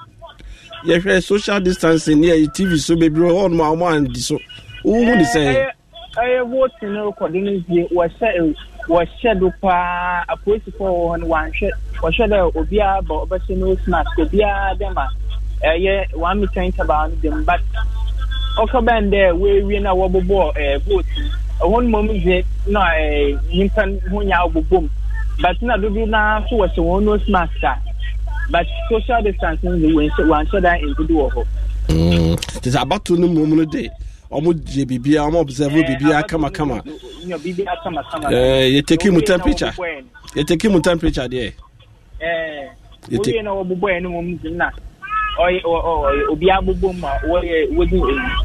yɛhwɛ social distancing ni ɛyɛ tv so bebree hɔ nom a wɔn andi so wohu ne sɛn. ɛyɛ voting no rekɔdo no die wɔhyɛ wɔhyɛ do paa apolisifoɔ wɔ hɔ no wɔanhwɛ wɔhyɛ dɛ obiara bɔ ɔbɛhyɛ nose mask obiara dɛ mask. ɛyɛ one meter ntaban no dɛm but ɔkɔbɛn dɛ wɔawie na wɔbobɔ ɛɛ boat ɛhɔ no mu dze na ɛɛ nyimpa ho nya mu but na dodow na so wɔhyɛ wɔn nose mask a but social distancing de wɔnhyɛ wɔanhyɛ dan nkudu wɔ hɔ. Mm, te sɛ abato no mmom no de ɔmo gye biribia ɔmo observe biribia kamakama yɛteki mu temperature yɛteki mu temperature deɛ. na no na obi agbogbo ma wɔyɛ wɔdi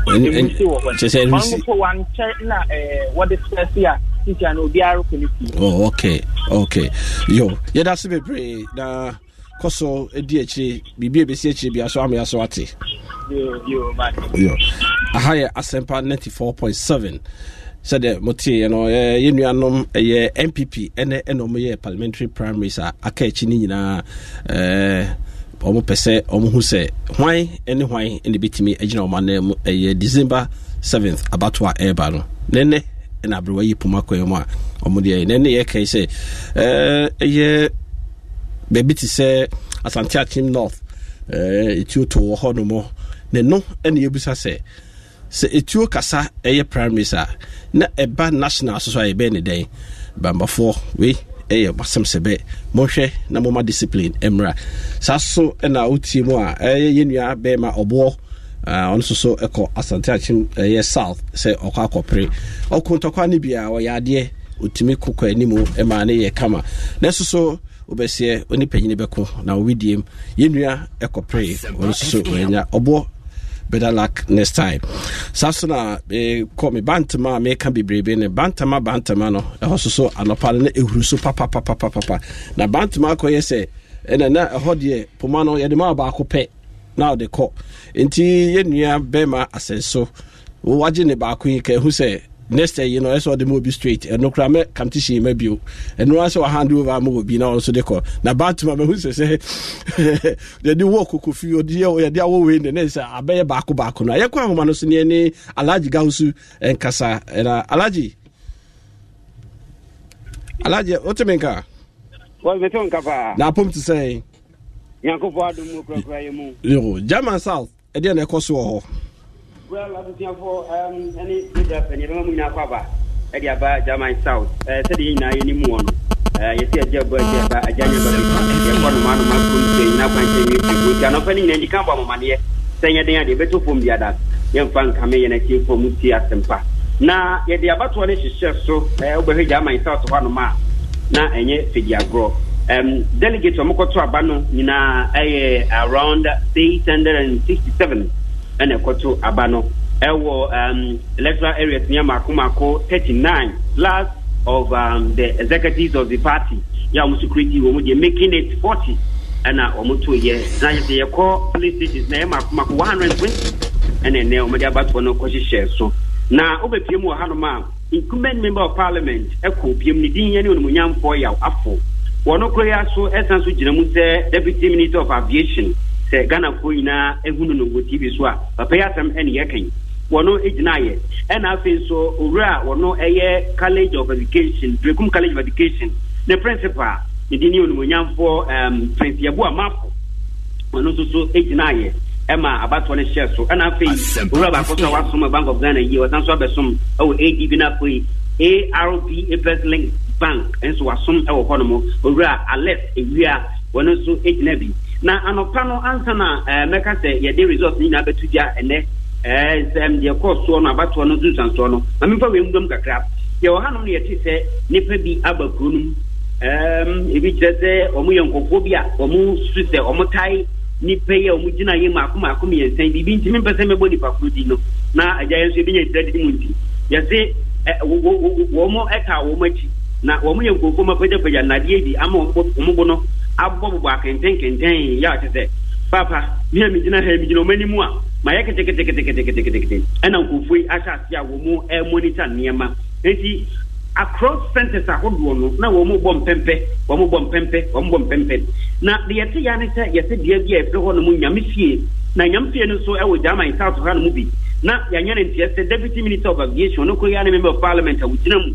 emusi wɔ hɔ ɔno po wa nkyɛn na eh, wɔde sɛsi a titi a na obi arokɔ ne fi. ɔ oh, okay. ok yo yɛda se bebree na kɔsɔ edi eh, akyire biribi a ebesi akyire bi aso amia so ate. yo yo yo aha yɛ asɛmpa ninety four point seven sɛdeɛ moteeɛ no eh, yɛ nuanom ɛyɛ npp ɛne ɛna ɔmo yɛ parliamentary primaries a ah, aka akyi ne nyinaa ɔmopɛ sɛ ɔmohu sɛ hwan ne hwan ne bɛtumi agyina ɔmanan mu ɛyɛ december 7th abato a ɛreba eh, eh, no nene ɛna aberewa yi poma kɔɛ mu a wɔn deɛ nene yɛ yɛkae sɛ ɛyɛ baabi te sɛ asante akyem north ɛtuo to wɔ hɔ nom mu na ɛno ɛna yɛbusa sɛ sɛ etuo kasa ɛyɛ primaries a na ɛba national so a yɛbɛn ne dɛn bambafoɔ wei ɛyɛ basɛm sɛ bɛ mohwɛ na moma discipline mmra eh, saa so ɛna eh, eh, ah, wotie mu a ɛyɛ yɛ nua bɛɛma ɔboɔ ɔno nso so ɛkɔ asante akyem ɛyɛ south sɛ ɔkɔ akɔpere ɔko ntɔkwa no bia ɔyɛ adeɛ ɔtumi kokɔ anim ma ne yɛ kama nanso so wobɛseɛ ɔne bɛko na ɔwediem yɛnnua ɛkɔpere ɔno nso so ɔanya ɔboɔ better luck next time saa so na kɔ eh, me bantama a meka in a bantama bantama no ɛhɔ eh, so eh, so anɔpa no papa papa so papapapapapa na bantama akɔyɛ sɛ ɛna na ɛhɔ deɛ poma no yɛde ma baako pɛ na ɔde kɔ nti yɛnnua bɛrima asɛnso wagye ne baako yi ka ɛhu sɛ next time you know ɛsɛ ɔde ma obi straight ɛno kora mɛ kamte hyee ma bio ɛno a sɛ wahande over ama obi na ɔno so de kɔ na batoma mahu sɛ sɛ yɛde wɔ kokofiri yɛde awɔ wei ne ne sɛ abɛyɛ baako baako na a yɛkɔ ahoma no so neɛ ne alagye nkasa ɛna eh, alaji alagye woteme nka nka na apom te sɛn nyankopɔn adom mu kurakura yɛ mu german south ɛdeɛ na ɛkɔ so wɔ hɔ Well, abusuafoɔ mu nyinaa kɔ aba ɛde aba german south sɛdeɛ nyinaa yɛnim bɔ agya yɛde abatoɔ no hyehyɛ so wobɛhwɛ german south hɔ anoma a na ɛnyɛ fediagorɔ delegate a aba no nyinaa ɛyɛ around 867 ɛna ɛkɔto aba no ɛwɔ um, electoral areas ní amaako mako thirty nine last of um, the executives of the party yà wɔn security wɔn deɛ making it forty ɛna wɔn to yɛ na yɛ sɛ yɛkɔ police stations na yɛ mako maako one hundred and twenty ɛna ɛnɛ wɔn de abatoɔ no kɔhyehyɛ so na ɔbɛpiem wɔ hanom a incumbent member of parliament ɛkɔ piem ne din yɛ ne onimunyamfoɔ yaw afɔ wɔn koro yɛ aso ɛsan so gyina mu sɛ deputy minister of aviation. sɛ ghana ko nyinaa ehu no nongoti bi so a papa yi asɛm ɛne yɛkan wɔno gyinaeɛ ɛna afei nso owura a ɛyɛ college of education drakum college of education ne principal ne din ne onimonyamfoɔ um, prince yabu amafo ɔno nso so gyinaeɛ ɛma abatoɔ no hyɛ so ɛna afei owura baako so wasom bank of ghana yie wɔsan so abɛsom ɛwɔ adb no afei arb apes link bank nso wasom ɛwɔ hɔnom owura alex ewia wɔno nso gyina bi na anọpa no ansa na eh, mɛka sɛ yɛde resort no nyinaa bɛto gya ɛnɛ eh, sɛm mm, deɛ kɔɔ soɔ no abatoɔ no nsunsansoɔ no ma memfa wei mudam kakra yɛwɔ hanom no yɛte sɛ nnipa bi aba kuro no mu ehm, ebi kyerɛ sɛ ɔmo yɛ nkɔfoɔ bi a ɔmo su sɛ ɔmo tae yi a ɔmo gyina yɛ maako maako mmiɛnsa nti mempɛ sɛ mɛbɔ di no na agya yɛ nso ebi nya ntira di mu nti yɛse eh, wɔmo ɛka wɔmo akyi na wɔmo yɛ nkɔfoɔ ma nnadeɛ bi ama abobɔbobɔ akɛntɛnkɛntɛn yɛ ate sɛ papa ne a megyina ha megyina ɔma anim a mayɛ keteketeketeketeketekete ɛna nkurɔfoɔ yi ahyɛ ase a wɔ mu monitor nneɛma nti across centers ahodoɔ no na wɔn bɔ mpɛmpɛ wɔn bɔ mpɛmpɛ wɔn bɔ mpɛmpɛ na deɛ yɛte ya ne sɛ yɛte deɛ bi a yɛfrɛ hɔ nom nyame fie na nyame fie no nso wɔ german south ha no mu bi na yɛanyɛ ne nteɛ sɛ deputy minister of aviation no kɔ yi ne member of parliament a wɔgyina mu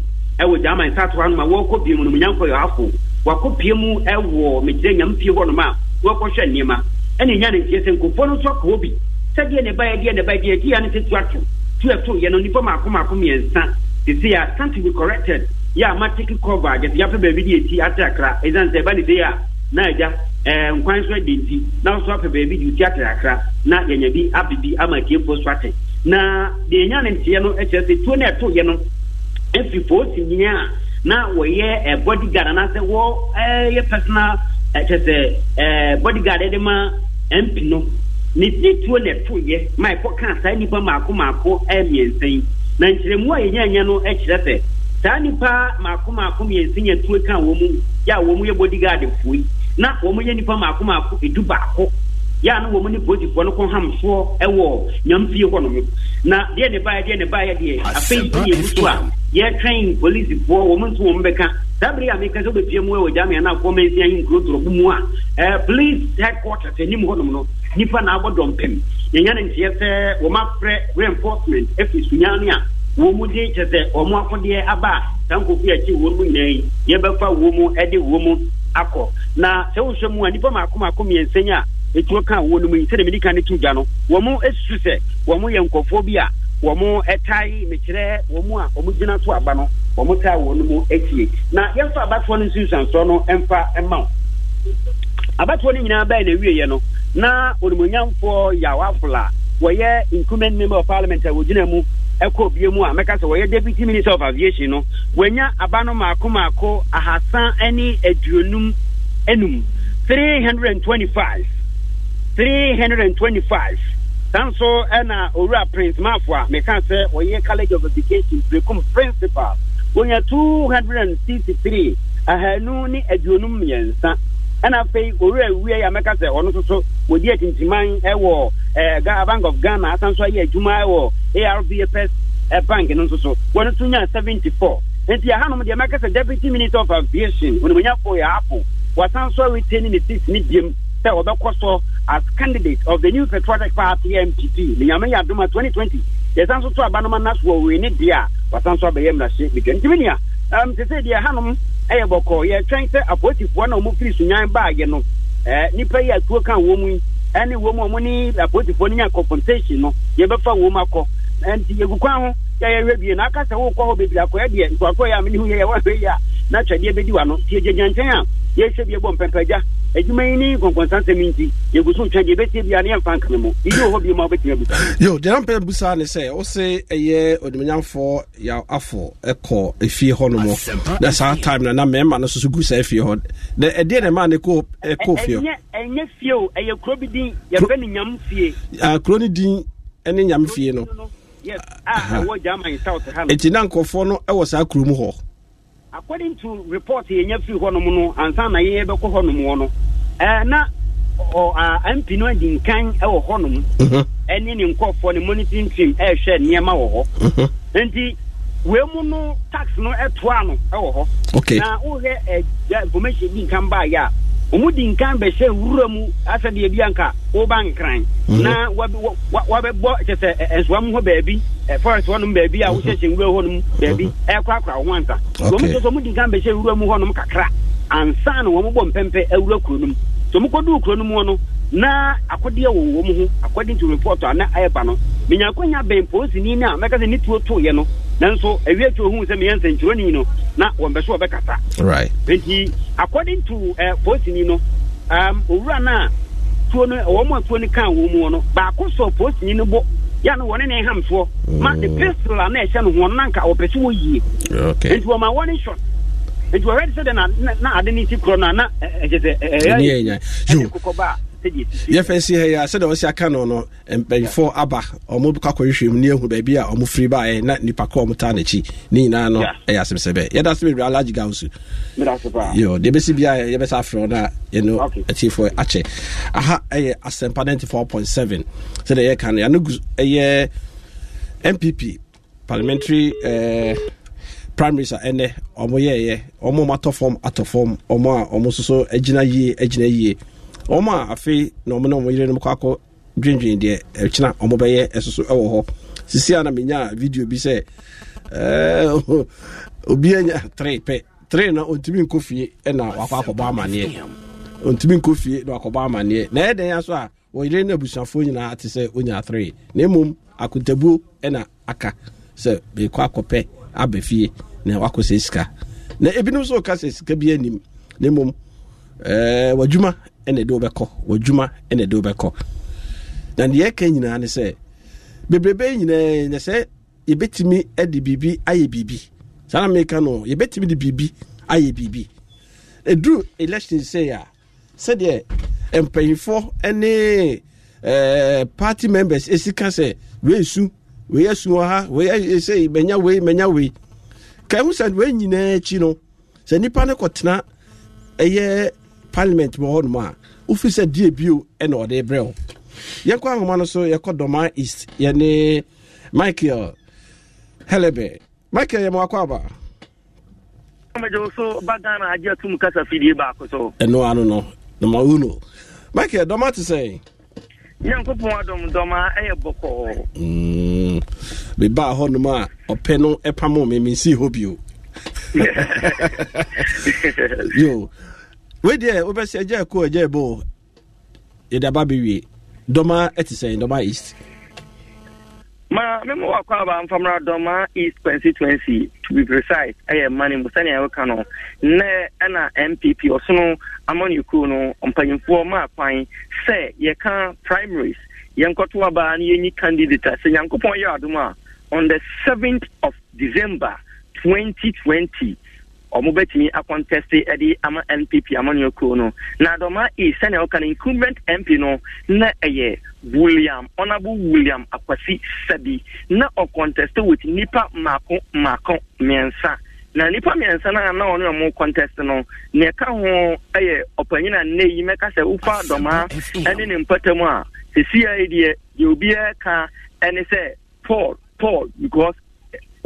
wɔ german south ha no ma wɔrekɔ bie mu no mu nyankɔ yɛ afo wakɔpie mu ɛwɔ megyina nyame fie hɔ nom a wɔkɔhwɛ nneɛma ɛne nya ne nteɛ sɛ nkurɔfoɔ no nso aka hɔ bi sɛdeɛ ne baɛ deɛ ne baɛ deɛ ɛtiya ne tetu ato tu ɛto yɛ no nnipa maako maako mmiɛnsa te sɛ yɛ stand to be corrected yɛ ama take cover agye yɛapɛ baabi de ɛti ate akra ɛsiane sɛ ɛba ne sɛ yɛ a na agya ɛɛ nkwan so ɛde nti na wɔso apɛ baabi de ɛti ate akra na yɛnya bi abibi ama atiefoɔ so ate na deɛ nya ne nteɛ no ɛkyerɛ sɛ tuo no ɛto yɛ no ɛfiri fo si nyinaa na wɔyɛ eh, bodyguard anaasɛ wɔyɛ eh, personal eh, kyɛ sɛ bodyguard de ma mp no ne tituo na ɛtoyɛ ma ɛkɔ kaa saa nnipa maako maako mmiɛnsa yi na nkyerɛmu a yɛnyanya no kyerɛ sɛ saa nnipa maako maako mmiɛnsa yi atuo kaa wɔn mu yɛ a wɔn yɛ bodyguard foɔ yi na wɔn yɛ nnipa maako maako edu baako yà no wɔn ne polisifoɔ no kɔ hamfoɔ wɔ nyamfie hɔ nom na deɛ ne baayɛ deɛ ne baayɛ deɛ afei bi yɛ mutu a yɛtwɛn polisifoɔ wɔn nso wɔn bɛka saa bere a meka sɛ wobɛpia mu wɔ gyamea no akɔ yi nkuro mu a police headquarters anim eh, hɔ nom no nnipa na abɔ dɔmpem yɛnya no nteɛ sɛ wɔma frɛ reinforcement afiri sunya no a wɔn mu de kyerɛ sɛ wɔn akɔdeɛ aba a saa nkɔfu akyi wɔn mu nyinaa yi yɛbɛfa wɔn mu de wɔn mu akɔ na sɛ wohwɛ mu a nnipa maako mmiɛnsa yi a ɛturo ka wɔ no mu yi sɛdeɛ medi ka ne to gya no wɔ mo ɛsusu sɛ wɔ mo yɛ nkɔfoɔ bi a wɔ mo ɛtae mekyerɛ wɔ mo a wɔn gyina so aba no wɔn mo taa wɔn mu atie na yɛmfa abatoɔ no nsunsuansoɔ no ɛmfa ɛma wo abatoɔ no nyinaa bɛyɛ na awieɛ no na onimonyamfoɔ yawafola wɔyɛ incumbent member of parliament a wɔgyina mu ɛkɔ bie mu a mɛka sɛ wɔyɛ deputy minister of aviation no wɔanya aba no maako maako ahasa ne aduonum anum three hundred and twenty five three hundred and twenty-five sanso ɛna owura prince mafua meka sɛ ɔyɛ college of education brekum principal wonya two hundred and sixty-three ahanu ne aduonum mmiɛnsa ɛna afei owura awia yi a meka sɛ ɔno soso wɔdi atintiman ɛwɔ ɛɛ eh, bank of ghana asanso ayɛ adwuma ɛwɔ arbfs eh, bank no nso so wɔn nso nya seventy-four nti ahanom deɛ meka sɛ deputy minister of aviation onimonyafo yɛ apple wasanso retain ne seat ne biem sɛ ɔbɛkɔ so as candidate of the new patriotic party npp ne nyame yɛ adoma 2020 yɛsan so to aba noma nas wɔ wei ne deɛ a wasan so abɛyɛ mmarahyɛ badwa ntimi nea um, te sɛ deɛ hanom ɛyɛ bɔkɔɔ yɛtwɛn sɛ apolitifoɔ na ɔmofiri sunyan baayɛ no nnipa yi atuo ka wɔ mu yi ɛne wɔ mu ɔmo ne apolitifoɔ no nya confrontation no yɛbɛfa wɔ mu akɔ e, nti yɛgu kwan ho yɛyɛhwɛ bie na aka sɛ wokɔ hɔ bebree akɔyɛ deɛ ntoakɔ yɛ a mene hu yɛyɛwɔ hwɛ yi a na twɛdeɛ bɛdi wa no nti yɛgyagyankyɛn a yɛhwɛ bie bɔ mpɛmpɛgya edwuma yi ni nkɔnkɔnsansɛm yi nti yɛgu so ntwɛn deɛ ɛbɛtie bia ne yɛmfa nkame mu bibi wɔ hɔ bi ma wobɛtumi abusa yo deɛ nampɛ busa ne sɛ wo se ɛyɛ onimunyamfoɔ yaw afo ɛkɔ efie hɔ nom na saa time na na mmarima no soso gu saa efie hɔ na ɛdeɛ na ɛmaa ne kɔ ɛkɔ fie hɔ ɛnyɛ fie o ɛyɛ kuro bi din yɛfɛ ne e, e, nyam fie ah, kuro ne din ɛne nyam fie no ɛti ah, na nkɔfoɔ no ɛwɔ saa kuro mu hɔ according to report yɛnya firi hɔnom no ansa na yɛyɛbɛkɔ hɔnom wɔ no na mp no adi nkan wɔ hɔnom mhm. ɛne ne nkɔfoɔ ne monitoring team ɛrehwɛ nneɛma wɔ hɔ mhm. nti wee mu no tax no ɛtoa no ɛwɔ hɔ na wohwɛ information di nkan baayɛ a ɔmu di nkan bɛhyɛ wura mu asɛdeɛ bi anka woba nkran mhm. na wabɛbɔ kyɛ sɛ nsoa mu hɔ baabi forest hɔnom baabi a wohyɛhyɛ nwura hɔnom baabi ɛkorakora wo ho ansa wɔm so sɛ mudi nka bɛhyɛ nwura mu hɔnom kakra ansa na wɔm bɔ mpɛmpɛ awura kuro kuro hɔ no na akɔdeɛ wɔ wɔ ho according to a na ɛɛba no menya bɛn a mɛka sɛ ne tuo no nanso tuo sɛ meyɛ nsɛnkyerɛni no na so tuo no ya no wɔne ne hamfoɔ ma ne mm. pistol a na ɛhyɛ no wɔn nanka wɔpɛ sɛ wɔyie nti wɔma wɔne shot nti wɔhwɛ de sɛ dɛ na ade ne ti korɔ no a na ɛkyɛ sɛ ɛyɛ kokɔba a yɛfɛ si ha yi a sɛdeɛ aka no no mpanyinfoɔ aba ɔmo kakɔhwehwɛ mu ne ehu baabi a ɔmo firi na nipa kɔ ɔmo taa n'akyi ne nyinaa no ɛyɛ asɛm sɛ bɛɛ yɛda sɛ bebree alaagye gaw so deɛ bi a aha ɛyɛ asɛmpa ninety four point seven sɛdeɛ yɛka no gu npp parliamentary ɛɛ. Eh, primaries a ɛnɛ ɔmo yɛɛyɛ ɔmo ɔmo atɔ fam atɔ wɔn a afei na wɔn na wɔn yere no kɔ akɔ dwendwen deɛ ɛkyina wɔn bɛyɛ ɛsoso ɛwɔ hɔ sisi a na menya video bi sɛ ɛɛ obi anya three pɛ three na ontumi nkɔ fie ɛna wakɔ akɔbɔ amaneɛ ontumi nkɔ fie na wakɔbɔ amaneɛ na ɛyɛ ya aso a wɔn yere no abusuafoɔ nyinaa te sɛ onya three na emom akontabuo ɛna aka sɛ beekɔ akɔpɛ aba fie na wakɔ sɛ sika na ebinom nso ka sɛ sika bi anim na emom ɛɛ wadwuma ɛna ɛde wobɛkɔ w'adwuma ɛna ɛde wobɛkɔ na deɛ ɛka nyinaa ne sɛ bebrebe nyinaa nyɛ sɛ yɛbɛtumi de biribi ayɛ biribi saa na meka no yɛbɛtumi de biribi ayɛ biribi ɛduru election sei a sɛdeɛ mpanyinfoɔ ne party members esika sɛ wei su wei asu wɔ ha wei ɛsɛ e, mɛnya wei mɛnya wei kɛhu sɛ wei nyinaa akyi no sɛ nipa ne kɔtena ɛyɛ parliament wɔ hɔnom a wofiri sɛ die bio ɛna ɔde brɛ wo yɛnkɔ ahoma no so yɛkɔ dɔma east yɛne michael helebe michael yɛma wakɔ aba ɛno ano no nama wu no michael dɔma te sɛ nyankopɔn adɔm dɔma ɛyɛ bɔkɔɔ mm, mebaa hɔnom a ɔpɛ no ɛpamo me mensi hɔ bio wei deɛ wobɛsɛ agya ɛkɔ agya ɛbɔ yɛde aba bɛwie dɔma ɛte sɛn dɔma east ma me mo wakɔ aba mfamra dɔma east constituency to be precise ɛyɛ ma ne mu sɛnea ɛwoka no nnɛ ɛna mpp ɔsono amanyɛkuo no mpanyimfoɔ maa kwan sɛ yɛka primaries yɛnkɔto abaa no yɛnyi candidate a sɛ nyankopɔn yɛ adom a on the 7th of december 2020 ɔmo bɛtumi akɔntɛste ɛde ama npp amanyɔ kuro no na adɔma e sɛnea ɔka no incumbent mp no na ɛyɛ william honorable william akwasi sabi na ɔkɔntɛste with nipa mako mako mmiɛnsa na nipa mmiɛnsa no a na ɔne ɔmo contest no nea ɛka ho yɛ ɔpanyin a nnɛ yi mɛka sɛ wofa dɔmaa ne ne mpata mu a sesia yi deɛ deɛ obiara ka ne sɛ paul paul because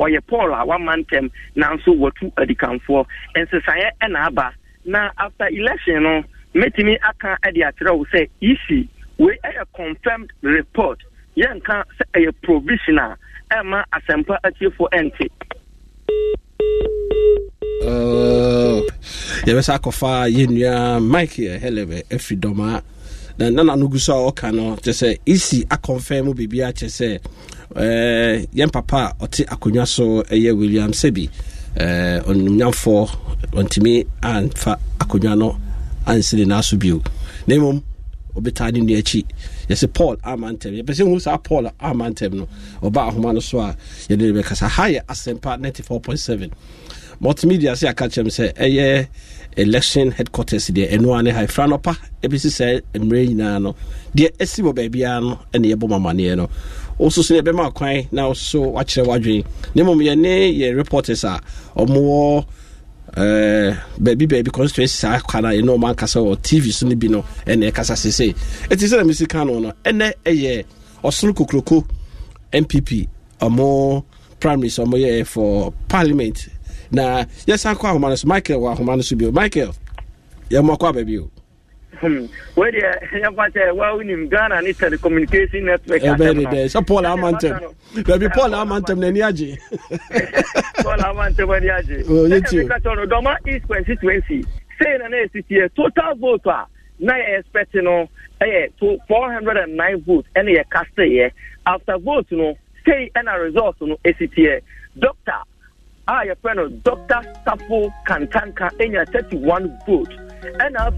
ɔyɛ paul a wama ntɛm nanso watu adikanfoɔ nsesaeɛ ɛna aba na after election no mɛtumi aka de akyerɛ wo sɛ ec wei ɛyɛ confirmed report yɛnka sɛ ɛyɛ provisional ɛma asɛmpa atiefoɔ ɛnte uh, yɛbɛsɛ akɔfa yɛ nua mike eh, helebe eh, afiri dɔm na nana no gu so a ɔka no kyɛ sɛ ec akɔmfɛn mu kyɛ sɛ eh, yɛn papa a ɔte akonnwa so ɛyɛ william sebi eh, ɔnumnyamfoɔ ɔntumi amfa akonnwa no ansene n'aso bio na mmom ɔbɛtaa ne nua akyi yɛsɛ paul amantɛm yɛpɛ sɛ hu saa paul amantɛm no ɔba ahoma no so a yɛde ne bɛkasa ha yɛ asɛmpa 94.7 multimedia sɛ aka kyerɛm sɛ ɛyɛ election headquarters deɛ ɛno a ne ha ɛfra no pa ɛbɛsi sɛ mmerɛ nyinaa no deɛ ɛsi wɔ baabiara no ɛne yɛbɔ mamanneɛ no wososo ne ɛbɛma kwan na wososo wakyerɛ w'adwene na mmom yɛne yɛ reporters a ɔmowɔ eh, baabi baabi constituency saa ka no ɛne ɔma ankasa wɔ tv so no bi no ɛne ɛkasa sesei ɛti sɛ na mesi ka no no ɛnɛ ɛyɛ ɔsoro kokroko npp ɔmo primaries ɔmo yɛ for parliament na yɛsan kɔ ahoma no so michael wɔ ahoma no so bio michael yɛmmɔkɔ aba bio wọ́n yẹ ẹ̀yàn pàṣẹ wa ó ní ghana ní telecommunication network. ẹ eh, bẹ́ẹ̀ paul amantem bẹẹbi paul amantem nani àjẹ. paul amantem nani àjẹ. o yẹ ti o. ẹ kẹkẹ sọrọ dọmọ east constituency sẹyìn náà ẹ sisi total vote a náà no ẹ eh, yẹ four hundred and nine vote ẹni cast yẹ eh, after vote no sẹyìn ẹna result no ẹ sisi yẹ doctor a yẹ fẹ no doctor safo kantanka ẹ nya thirty one vote ẹna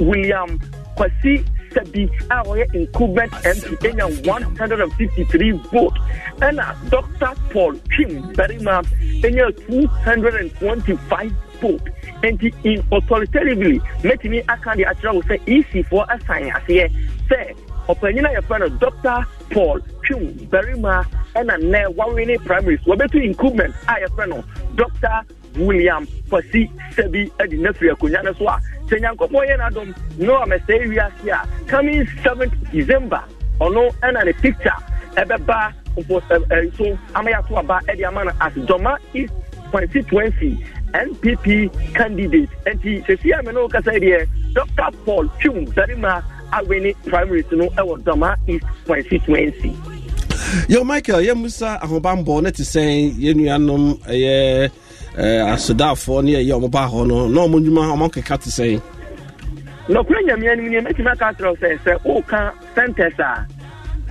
william kwasi sabi a ɔyɛ incumbent mp enya one hundred and fifty three vote ɛna dr paul twim barima enya two hundred and twenty five vote nti in authoritatively mɛtumi aka de akyerɛ wo sɛ ec foɔ asan aseɛ sɛ ɔpanyin a yɛfrɛ no dr paul twim barima ɛna nnɛ wawene primaries wɔbɛtu incumbent a yɛfrɛ no dr william kwasi sabi adi nafiri akonnwa no so a sɛ nyankopɔn yɛ n'adɔm noa mɛsɛe wiase a coming seventh december ɔno ɛna ne picture ɛbɛba mpo nso amayɛto aba ɛde ama no as dɔma is 2020 npp candidate nti sɛsi a me ne wo kasa deɛ dr paul twum barima awene primaries no ɛwɔ dɔma is 2020. yo michael yɛ musa ahobanbɔ ne te sɛn yɛ nuanom ɛyɛ eh, Eh, asedaafoɔ ne ɛyɛ ɔmo ba hɔ no na ɔmo nnwuma ɔmo keka te sɛn. nɔkura nyamia no mu nneɛma tumi aka akyerɛw sɛ sɛ ɔreka centers a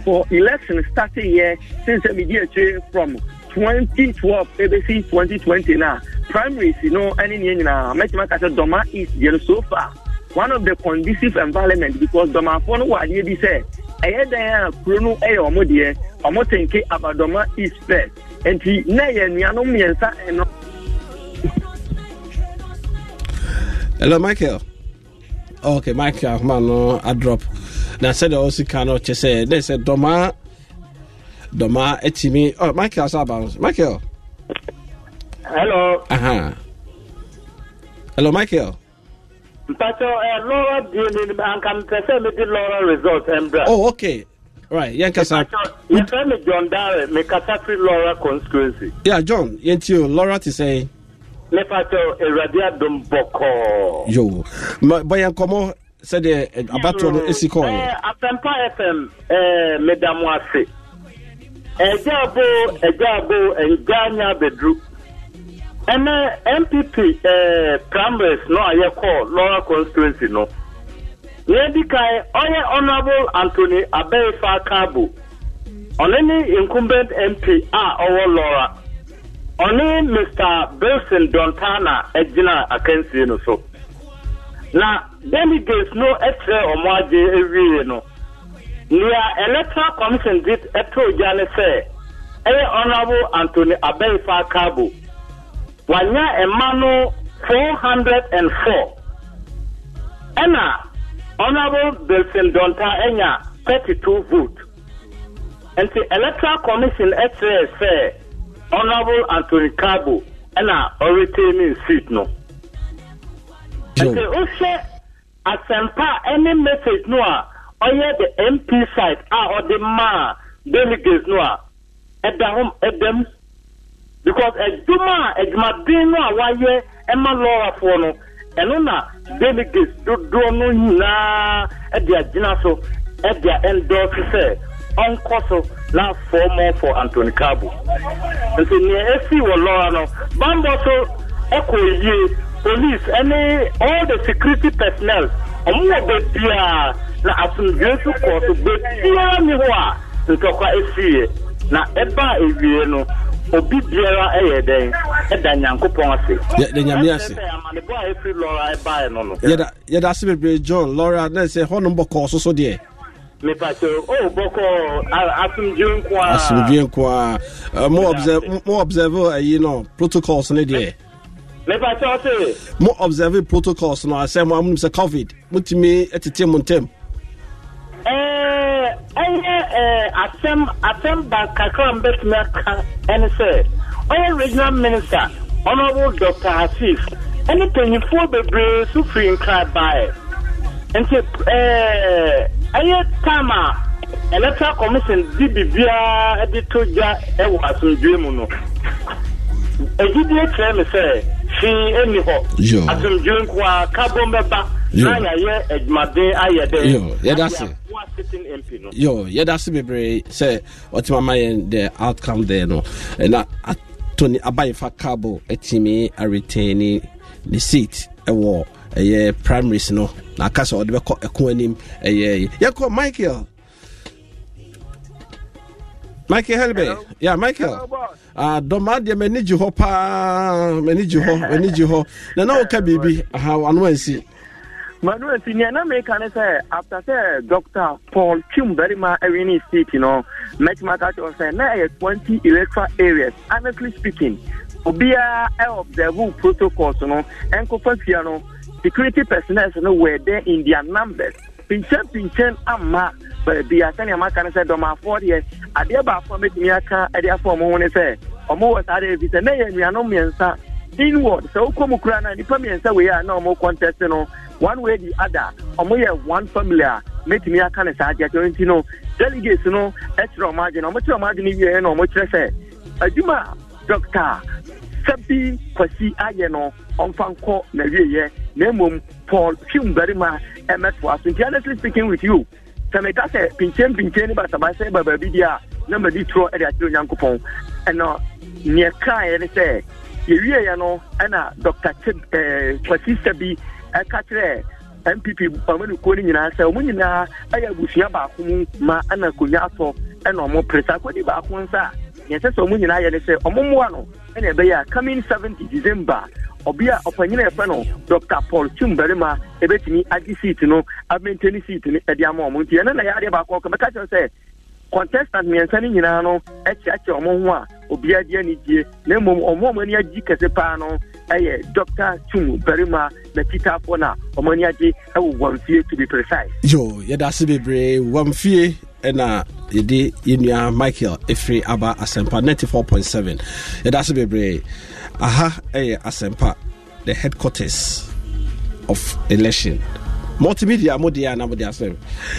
for election starting yɛ since ɛmi di akyire from twenty twelve ebesi twenty twenty na primaries no ɛne nea nyinaa mɛtumi aka sɛ dɔma east deɛ so far one of the conducive environment because dɔmafoɔ no wɔ adeɛ bi sɛ ɛyɛ dan a kuro no yɛ ɔmo deɛ ɔmo tenke abadɔma east first nti na yɛ nuanom mmiɛnsa ɛno. hello michael oh, okay michael ahoma no adrop na sɛdeɛ ɔsi ka no kyɛ sɛ ne sɛ dɔmaa dɔmaa atumi oh, michael asɛ aba no michael hello Uh huh. hello michael mpatɔ ɛ eh, lɔra die ni anka mpɛ sɛ mede lɔra result ɛmbra oh okay right yɛn kasa yɛfɛ me john dare mekasa firi lɔra constituency yeah john yɛnti o lɔra te sɛn mepakyɛ awurade adom bɔkɔɔ yo bɔyɛ nkɔmmɔ sɛdeɛ eh, abatoɔ no ɛsi kɔɔɛ eh, asɛmpa fm eh, meda mo ase ɛgyaabo ɛgyaabo ɛgyaa nya abɛduru ɛnɛ npp primaries no a yɛkɔɔ lora constituency no yɛdi kae ɔyɛ honorable anthony abɛifa kaabo ɔno ne incumbent mp a ɔwɔ lora ɔne mr belson dɔnta na ɛgyina akansie no so na delegates no ɛkyerɛ ɔmo agye ewie no nea electoral commission did ɛto ogya ne sɛ ɛyɛ honourable anthony abɛyifa kaabo wanya ɛma no four hundred and four ɛna honourable belson dɔnta ɛnya thirty two vote nti electoral commission ɛkyerɛ sɛ. honourable anthony kabo ɛna ɔretaining seat no ɛsɛ wohwɛ asɛmpa ɛne message no a ɔyɛ the mp site a ɔde maa delegates no a ɛda ho ɛdam because adwuma a adwumaden no a wayɛ ɛma lɔrafoɔ no ɛno na delegates dodoɔ no nyinaa ɛde agyina so ɛde a ɛndɔɔso sɛ ɔnkɔ so n'afọ mọ for antoni kaabo nti nea esi wɔ lɔra no bambɔ so ɛkɔ yie police ɛne all the security personnel ɔmo wɔ beebiaa na asomdwe so kɔ so beebiaa ni hɔ a ntɔkwa esie na ɛbaa ewie no obi biara ɛyɛ dɛn ɛda nyankopɔn ase. yɛda nyame ase. amanebɔ a efiri lɔra ɛbaa yɛ no no. yɛda yɛda ase bebree john lɔra na ɛsɛ hɔnom bɔ kɔɔ soso deɛ. mepato oh bɔkɔ asomdwe nko a asomdwe nko a uh, mo observe mo observe ayi uh, no protocols ne deɛ mepato sɛ mo observe protocols no asɛ mo amunim sɛ covid motumi eh, tete mo ntam ɛyɛ eh, eh, asɛm asɛm ba kakra mbɛtumi aka ɛne sɛ ɔyɛ regional minister honorable dr hasif ɛne panyimfoɔ bebree so firi nkra baeɛ nti ɛɛ eh, ɛyɛ tam a electoral commission di biribiara de to gya wɔ asomdwe mu no agyidie kyerɛ me sɛ fii ɛni hɔ asomdwe nko a kabom bɛba na yɛayɛ adwumaden ayɛ dɛ yɛda se yo yɛda se bebree sɛ ɔtemama yɛn the outcome there no na atoni abayefa kabo atumi aretani ne seat ɛwɔ ɛyɛ primaries no na aka sɛ ɔde bɛkɔ ɛko anim ɛyɛ yɛkɔ michael michael helbe yeah michael ah, dɔma deɛ m'ani gye hɔ paa m'ani gye hɔ m'ani gye hɔ na na woka biribi aha ano ansi manu ansi nea na meka ne sɛ after sɛ Doctor paul twim barima awini state no mɛtumi aka kyerɛ sɛ na ɛyɛ twenty electoral areas honestly speaking obiara ɛ observe protocols no ɛnkɔfa fia no security personnel no were there in their numbers pinkyɛn pinkyɛn ama baabi a sɛnea maka no sɛ dɔmafoɔ deɛ adeɛ baako a mɛtumi aka de afa ɔmo ho ne sɛ ɔmo wɔ saa deɛ fi sɛ na yɛ nnuanom mmiɛnsa inward sɛ wokɔ mu koraa no a nnipa mmiɛnsa wei a na ɔmo contest no one way the other ɔmo yɛ one family a mɛtumi aka no saa deɛ nti no delegates no kyerɛ ɔmo adwene ɔmo kyerɛ ɔmo adwene wie na ɔmo kyerɛ sɛ adwuma dɔkta sɛbi kwasi ayɛ no ɔmfa nkɔ na wieɛ na mmom paul twim barima ɛmɛtoa eh, so nti honestly speaking with you sɛ meka sɛ pinkyenpinkyen ne basabasɛ ba baabi deɛ a na madi torɔ eh, de akyerɛ onyankopɔn ɛna neɛ kaeɛ ne sɛ yɛwieɛ no ɛna dr fasista eh, bi ɛka kyerɛ npp amanukuo no nyinaa sɛ ɔmo nyinaa ɛyɛ abusua baako mu ma ɛna akonnwa atɔ ɛna ɔmo pere saa akɔdi baako nsa a yɛn sɛ sɛ ɔmo nyinaa yɛ ne sɛ ɔmo mmoa no ɛna ɛbɛyɛ a coming 7 december ɔbea ɔpanyin a yɛfɛ no dr paul tum barima ebetumi agye seat no abenteni seat no ɛde ama ɔmo nti ɛno na yɛ adeɛ baako ɔka mɛka kyerɛ sɛ contestant mmiɛnsa no nyinaa no akyiakyia ɔmo ho a obiara de ani die na mmom ɔmo ɔmo ani agye kɛse paa no ɛyɛ dr tum barima na titaafoɔ no ɔmo ani agye ɛwɔ wɔmfie to be precise. yo yɛda ase bebree wɔmfie ɛna yɛde yɛnua michael efiri aba asɛmpa ninety four point seven yɛda ase bebree aha ɛyɛ eh, asɛmpa the headquarters of election multimedia mo deɛ anamode asɛm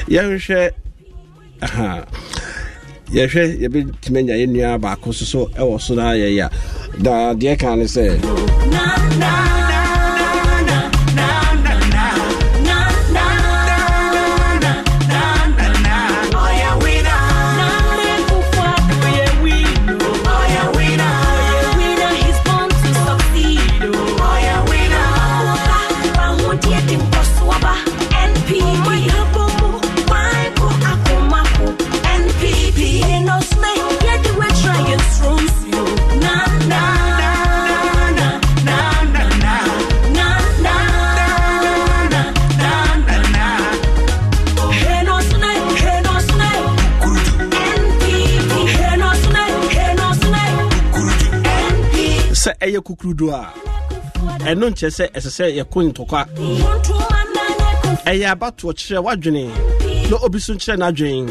yɛhwɛ aha yɛhwɛ yɛbɛtumi anya yɛnnua baako so so ɛwɔ so na yɛyɛ na deɛ ka ne sɛ sɛ ɛyɛ kukurudo a ɛno nkyerɛ sɛ ɛsɛ sɛ yɛko ntɔkwa ɛyɛ abatoɔ kyerɛ woadwene na obi so nkyerɛ n'adwene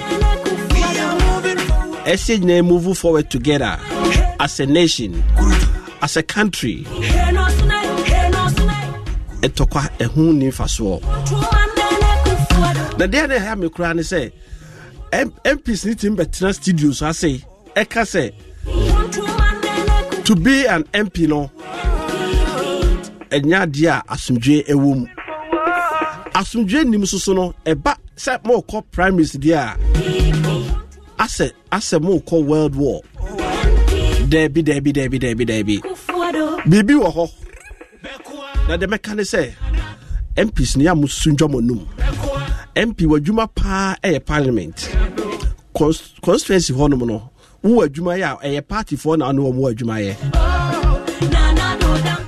ɛsɛ nyinaa move forward together as a nation as a country ɛtɔkwa ɛho ni mfasoɔ na deɛ ne ɛha me koraa ne sɛ mps ne tim bɛtena studio so ase ɛka sɛ to be an mp no ɛnyɛ adeɛ a asomdwe ɛwɔ mu asomdwe nim soso no ɛba sɛ mookɔ primaries deɛ a asɛ asɛ mookɔ world war daabi daabi daabi daabi daabi biribi wɔ hɔ na deɛ mɛka ne sɛ mps ne yɛ a mosundwa nom mp w'adwuma paa ɛyɛ parliament constituency hɔnom no wowɔ adwumayɛ a ɛyɛ partyfoɔ na ne wɔmwɔ adwumayɛ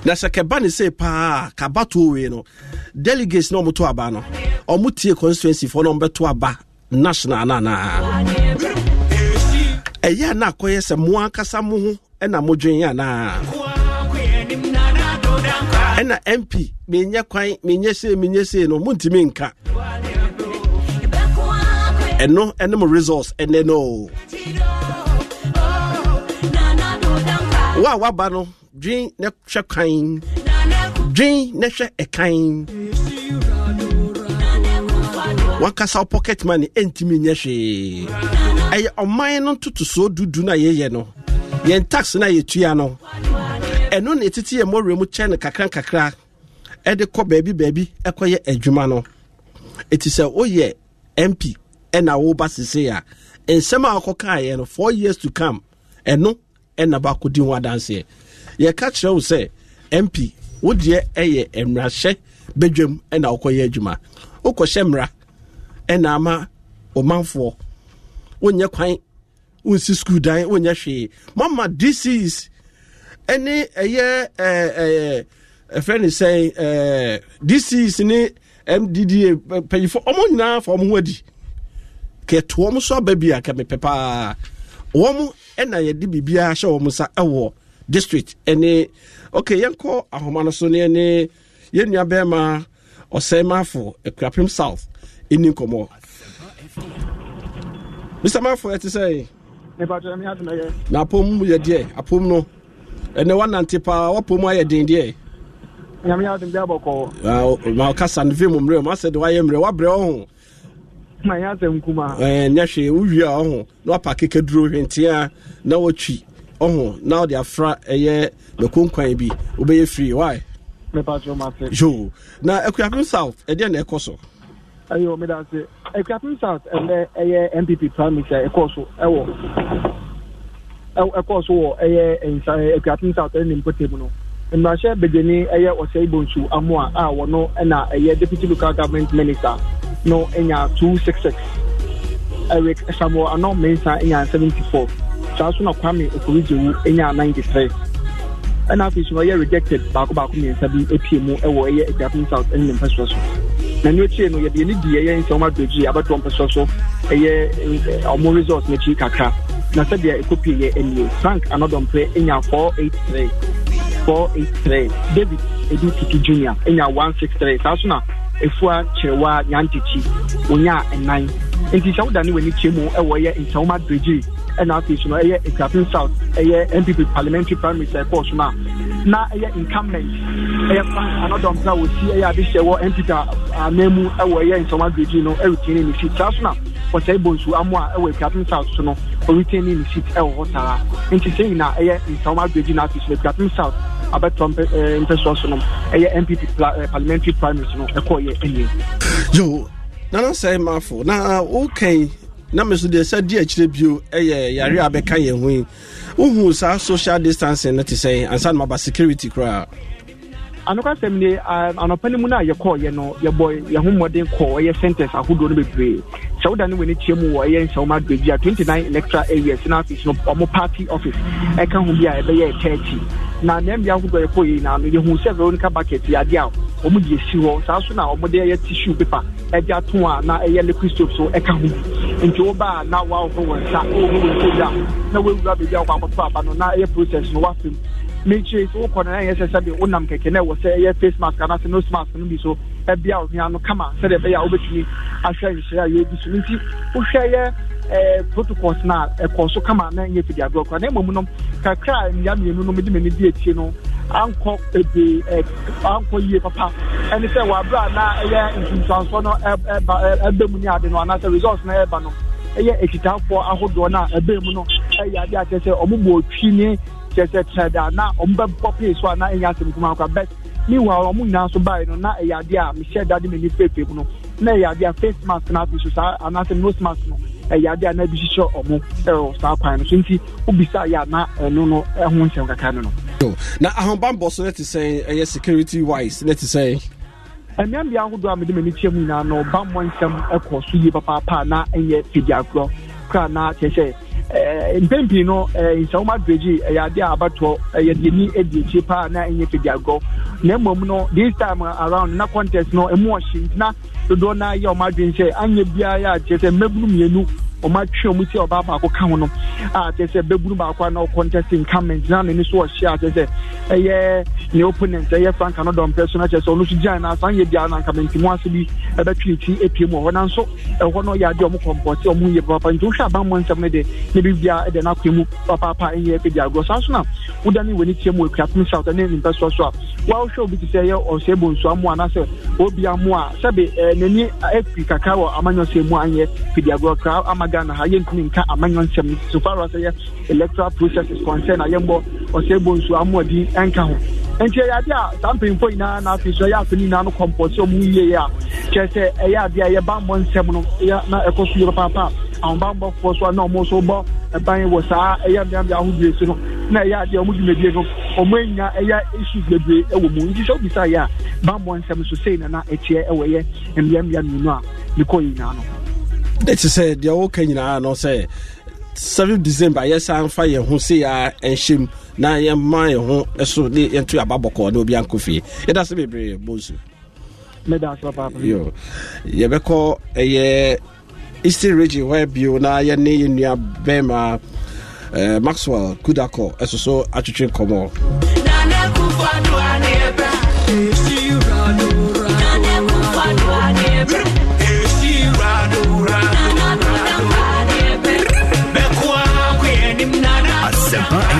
na sɛ kɛba ne sei paa kabatoɔ wei no delegates na ɔmoto aba no ɔmo tie constituencyfoɔ na ɔmbɛto aba national ananaa ɛyɛ a na akɔyɛ sɛ mo ankasa mo ho ɛna modwen anaa ɛna mp menyɛ kwan menyɛ sei menyɛ sei no montumi nka ɛno ɛne mo results ɛnɛ no wo a woaba no dwen ne hwɛ kwan dwen ne hwɛ ɛkan wankasa wo pocket money ɛntumi nyɛ hwee ɛyɛ ɔman no ntotosoɔ dudu no a yɛyɛ no yɛn tax no a yɛtua no ɛno na ɛtete yɛ mmɔwerɛ mu kyɛ no kakra kakra ɛde kɔ baabi baabi ɛkɔyɛ adwuma no ɛti sɛ woyɛ mp ɛna woba sesei a nsɛm a wɔkɔkaeɛ no four years to come ɛno ɛna bakɔdi ho adanseɛ yɛka kyerɛ wo sɛ mp wodeɛ ɛyɛ mmarahyɛ badwam ɛna wokɔyɛ adwuma wokɔhyɛ mmara ɛna ama ɔmanfoɔ wonyɛ kwan wonsi skul dan wonyɛ hwee mama dcs ɛne ɛyɛ ɛɛ ɛfrɛ ne sɛn dcs ne mdda mpanyinfoɔ ɔmo nyinaa fa ɔmo ho adi kɛtoɔ mo so aba bi a kɛmepɛ paa wɔn ɛna yɛde biribiara hyɛ wɔn nsa ɛwɔ district ɛne okay yɛnkɔ ahoma no so ne ɛne yɛn nua bɛrima ɔsɛmaafo akurapem south ɛni nkɔmɔ mr maafo ɛte sɛ na apom mu yɛ deɛ apom no ɛnɛ wanante paa wapom ayɛ den deɛ nyame adom bi abɔkɔɔ ma ɔkasa no vim mmerɛ mu asɛ de wayɛ mmerɛ wabrɛ wo ho na ya asɛm kuma ɛnyɛ hwee wowie a ɔho na wapake kaduro hwentea na watwi ɔho na wode afra ɛyɛ makonkwan bi wobɛyɛ firi wae yo na akuapem south ɛdeɛ na ɛkɔ so ɛyɛ meda ase akuapem south ɛnɛ ɛyɛ mpp primaries a ɛkɔɔ so ɛwɔ ɛkɔɔ so wɔ ɛyɛ akuapem south ɛne mpɔtam no mmarahyɛ badwani ɛyɛ ɔsɛe bonsu amoa a wɔno na ɛyɛ deputy local government minister no two six six eric samuel ano mensa nya 74 saa so na kwame okorigyewu nya 93 ɛna afei so no rejected baako baako mmiɛnsa bi apue mu wɔ ɛyɛ aduapem south ne ne mpɛsoɔ so na ne akyire no yɛde ne di ɛyɛ nsɛm adɔgyi abɛtoɔ mpɛsoɔ so ɛyɛ ɔmo eh, resource n'akyi kakra na sɛdeɛ ɛkɔpie yɛ nie frank four eight three four eight three david edu titi junior enya one six three saa so na efua kyerewa nyantikyi onya nnan nti sɛ woda ne w'ani kyerɛ mu ɛwɔ ɛyɛ nsɛwoma bridge ɛna afei so no ɛyɛ egrafin south ɛyɛ npp parliamentary primary sɛ ɛkɔɔ so no a na ɛyɛ incumbent ɛyɛ fan anɔdɔm na wɔsi ɛyɛ ade hyɛ wɔ npp anan mu ɛwɔ ɛyɛ nsɛwoma bridge no ɛretie ne ne seat saa so na wɔsɛ ɛbɔ nsu amu a ɛwɔ egrafin south so no ɔretie ne ne seat ɛwɔ hɔ saa nti sɛ nyinaa ɛyɛ nsɛwoma bridge na afei so no egrafin south abɛtɔ mpɛsoɔ so no ɛyɛ npp parliamentary primaries no ɛkɔ yɛ ɛnie yo nana sɛ mafo na wokan na me so deɛ sɛ di akyirɛ bio ɛyɛ yare a bɛka yɛn ho yi wohu saa social distancing no te sɛ ansa no maba security koraa anokwasɛm ne anɔpa no mu no a yɛkɔɔyɛ no yɛbɔ yɛho mmɔden kɔɔ ɛyɛ centers ahodoɔ no bebree sɛ woda ne w'ani kyerɛ mu wɔ ɛyɛ nsɛwoma adwadwi a 29 electoral areas na afei no ɔmo party office ɛka ho bi a ɛbɛyɛ 30 na mmea ahodoɔ yɛkɔ yɛ nyinaa no yɛhu sɛ veronica bucket yɛ adeɛ a wɔn de esi hɔ saa e e so e na wɔn de yɛ tissue paper ɛde ato a na ɛyɛ liquid soap so ɛka ho bi nti a na wɔahoro wɔn nsa wɔhoro wɔn nsa bi a na wɔawura beebi a aba no na ɛyɛ process no mekyire sɛ wokɔ no ɛyɛ sɛ sɛdeɛ wonam kɛkɛ na ɛwɔ sɛ ɛyɛ face mask anaasɛ nose mask no bi so ɛbia ɔhwea no kama sɛdeɛ ɛbɛyɛ a wobɛtumi ahwɛ nhyerɛ a yɛdi so no nti wohwɛ yɛ protocols no a ɛkɔ so kama na ɛnyɛ fidi adoɔ kora na mmom no kakra a mmea mmienu no mede m'ani di atie no ankɔ bebree ankɔ yie papa ɛne sɛ wɔaberɛ a na ɛyɛ nsunsuansoɔ no ɛba e, e, e, mu ne ade no anaasɛ results no ɛba no ɛyɛ akyitaafoɔ ahodoɔ no a ɛbaa mu no ɛyɛ ade akyɛ sɛ ɔmobɔ twi ne kyerɛ sɛ kyerɛ da na ɔmo bɛbɔ pii so a na ɛnyɛ asɛm kuma akora bɛt meanwhile ɔmo nyinaa so baeɛ no na ɛyɛ adeɛ a mehyɛ da de m'ani peepee mu no na ɛyɛ adeɛ a face mask na afei so saa anaasɛ nose mask no ɛyɛ adeɛ a na bi hyehyɛ ɔmo ɛwɔ saa kwan no so nti wobisa yɛ a na ɛno no ɛho nsɛm kakra no no na ahobanbɔ so na te sɛn ɛyɛ security wise na te sɛn ɛnneɛm deɛ ahodoɔ a mede m'ani kyerɛ mu nyinaa no ɔbammɔ nsɛm ɛkɔ so yie papaapa na ɛnyɛ fidi agorɔ kora na kyerɛ Eh, mpɛn no eh, nsawoma abiregyi ɛyɛ eh, adeɛ abatoɔ ɛyɛ deɛ ni edi paa na ɛnyɛ fidi agorɔ na mmom no this time around na contest no emu ɔhyɛ ntina dodoɔ naa yɛ ɔmo adwene sɛ anya biara yɛ akyerɛ mmienu. ɔma atwe ɔmo ti a ɔbaa baako ka ho no a kyerɛ sɛ bɛbunu baako a na ɔkɔntɛst incumbent na n'ani so ɔhyɛ a kyerɛ sɛ ɛyɛ ne opponent ɛyɛ frank ano dɔmpɛ so na kyerɛ sɛ ɔno nso gyan na san yɛ bia na nkamantimu ase bi ɛbɛtwe ti epie mu ɔhɔ nanso ɛhɔ no yɛ ade ɔmo kɔmpɔte ɔmo yɛ papa nti wohwɛ abammɔ nsɛm no de ne bi bia ɛde eh, na akɔɛ mu papaapa ɛyɛ ɛpɛ di agorɔ saa so na woda eh, ne w'ani tiɛ mu akuapem south ne nimpɛ soɔ so a woawohwɛ obi te sɛ ɛyɛ ɔsɛ bonsua mu anaasɛ obi amu a sɛbe n'ani afiri kakra wɔ amanyɔsɛ mu anyɛ fidi agorɔ kra ama ghana ha yɛntumi nka amanyɔ nsɛm so far as ɛyɛ electoral processes concern a yɛmbɔ ɔsɛ bɔ nsuo amoɔden ɛnka ho nti ɛyɛ adeɛ a saa mpanyinfo nyinaa na eh, afei so ɛyɛ afei nyinaa no kɔmpɔ sɛ ɔmo yie a kyerɛ sɛ ɛyɛ adeɛ a yɛbammɔ nsɛm no na ɛkɔ so yie paapa ahobanbɔfoɔ so a na ɔmo nso bɔ ɛban wɔ saa ɛyɛ mmeammea ahodoɔ so no na ɛyɛ adeɛ ɔmo dwumadie no ɔmo anya ɛyɛ issues bebree ɛwɔ mu nti sɛ obisa yɛ a bammɔ nsɛm so sei na na ɛteɛ ɛwɔ yɛ mmeammea mmienu a ne kɔ nyinaa no ah, ne te sɛ deɛ woka nyinaa no sɛ 7 december yɛsan fa yɛn ho se a ɛnhyɛm na yɛmma yɛn ho so ne yɛnto yɛaba bɔkɔɔ na obi ankɔ fie yɛda se bebree bonsu yɛbɛkɔ ɛyɛ eastern region hɔ bio na yɛne yɛ nua bɛrima maxwell kudakɔ ɛso so atwetwe nkɔmmɔ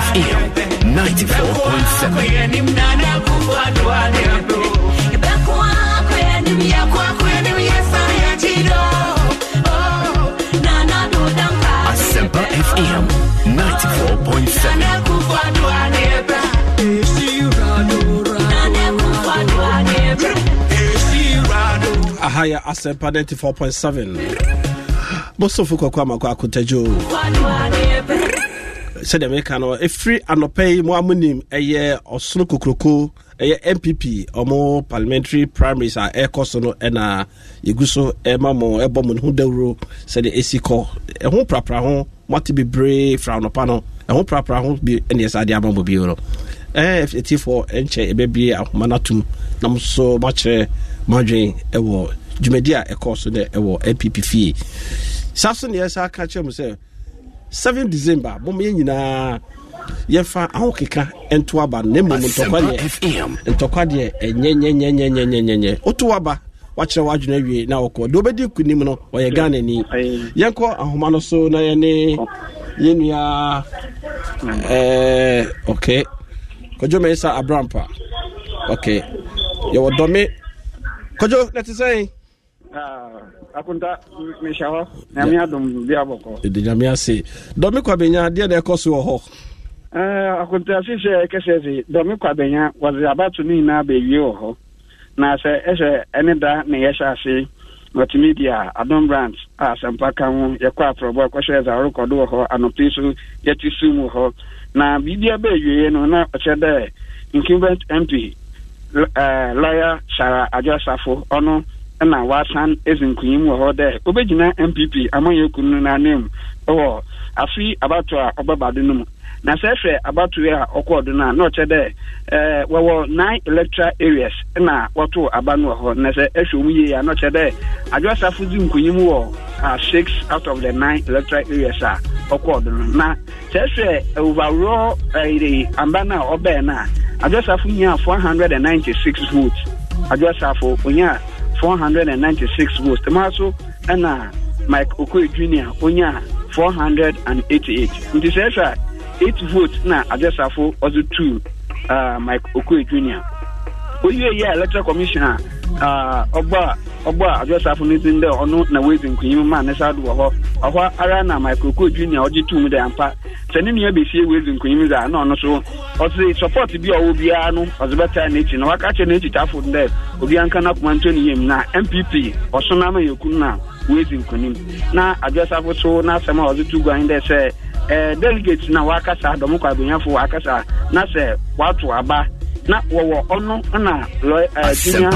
FM 94.7 94.7 Ahaya Asempa 94.7 Bosofu kwa kwa sɛdeɛ meka no ɛfiri anɔpɛ yi mo amonim ɛyɛ ɔsono kokuroko ɛyɛ npp ɔmo parliamentary primaries a ɛrekɔ so no ɛna yɛgu so ɛma mo ɛbɔ mo ne ho dawuro sɛdeɛ ɛsi kɔ ɛho prapra ho moate bebree fra anɔpa no ɛho prapra ho bi ɛneɛ saa de ama mo bio no ɛɛ ɛtifoɔ ɛnkyɛ ɛbɛbie ahoma no atom nam so moakyerɛ moadwen ɛwɔ dwumadi a ɛkɔɔ so no ɛwɔ npp fie saa so neɛ saa ka kyerɛ mo sɛ 7 december moma yɛ nyinaa yɛfa ahokeka nto aba na mmom ntɔkwa deɛ ɛnyɛnyɛnyɛnyɛnyɛnyɛnyɛ eh, woto aba wakyerɛ w'adwene awie na wɔkɔ deɛ wobɛdi kunim no ɔyɛ ghana yɛnkɔ ahoma no so na yɛne yɛnnua eh, ok kɔdwo mɛyɛ sa abrampa ok yɛwɔ dɔme kɔdwo na sɛn ah akunta mehyɛ nyame ase dɔme kwabɛnya deɛ na ɛkɔ so wɔ hɔ eh, akuntaase sɛ ɛkɛsɛ se dɔme kwabɛnya wɔde abato no nyinaa bɛwie wɔ hɔ na sɛ ɛsɛ ɛne da na yɛhyɛ ase multimedia adom branch a asɛmpa ka ho yɛkɔ aprɔbɔ ɛkɔhyɛ zaworekɔdo wɔ hɔ anɔpe so yɛte sum wɔ hɔ na biribia bɛawieɛ no na ɔkyɛ dɛ incumbent mp eh, lawyer sara adwasafo ɔno na wasan ezenkwenyi wɔ hɔ dɛ obɛgyina npp amanyɛku no n'anim wɔ afi abato a ɔbɛba do no mu na sɛ ɛhwɛ abato a ɔkɔɔ do no a na ɔkyɛ dɛ ɛɛ wɔwɔ nine electoral areas na wɔto aba no wɔ hɔ na sɛ ɛhwɛ wɔn yie a na ɔkyɛ dɛ adwasafo di nkonyi mu wɔ a six out of the nine electoral areas a ɔkɔɔ do no na sɛ ɛhwɛ overall ɛyɛ amba no a ɔbɛɛ no a adwasafo nyaa four hundred and ninety six votes adwasafo onyaa. 496 votes tema Maso ɛna mike Okoye junior onyaa 488 nti 8 votes na agyesafo ɔdze tuu uh, mike Okoye junior oyieyɛ electoral Commissioner. Ah, ọgbọ a abịasafo n'ezi ndị ọnụ na wezi nkwenye ma ne sa do wɔ hɔ ɔhɔ ara na michael cole junior ɔgye tum dị mpa sɛ ne nua besie wezi nkwenye mu dza na so ɔsi sɔpɔt bi a ɔwɔ biara no ɔdze bɛtaa na waka kyerɛ n'ekyi tafo ndị obi nka na kuma ntɔ ne yam na npp ọsọ na ama yɛkun na wezi nkwenye na abịasafo so n'asɛm a ɔdze tu anyị ndị sị ɛɛ eh, delegate na wakasa dɔm kɔ abonyafo wakasa na sị wato aba na wɔwɔ ɔno na eh, junior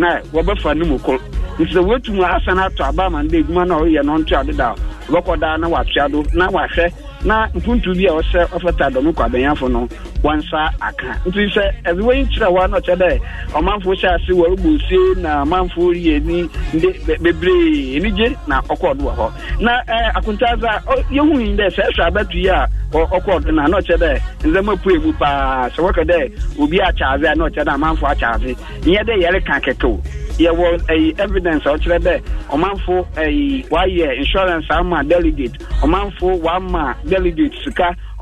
na wɔbɛfa na mu koro nti sɛ wɔatumi asan atɔ aba ama no dɛ adwuma no a ɔyɛ no ɔnto ade da wɔbɛkɔ daa na watoa do na wahwɛ na mpuntu bi a ɔsɛ ɔfata dɔm kɔ abɛnyafo no wansa aka nti sɛ ɛdiwɔ yi kyerɛ wɔn na dɛ ɔmanfo hyɛ ase na ɔmanfo yɛ ani nde bebree anigye na ɔkɔɔ do wɔ hɔ na ɛɛ akuntaaza yehu yi dɛ sɛ ɛsɛ abɛtu yi a ɔkɔɔ do na na dɛ paa sɛ dɛ obi a dɛ ɔmanfo nyɛ dɛ yɛwɔ ɛyi evidence a dɛ ɔmanfo ɛyi w'ayɛ insurance ama delegate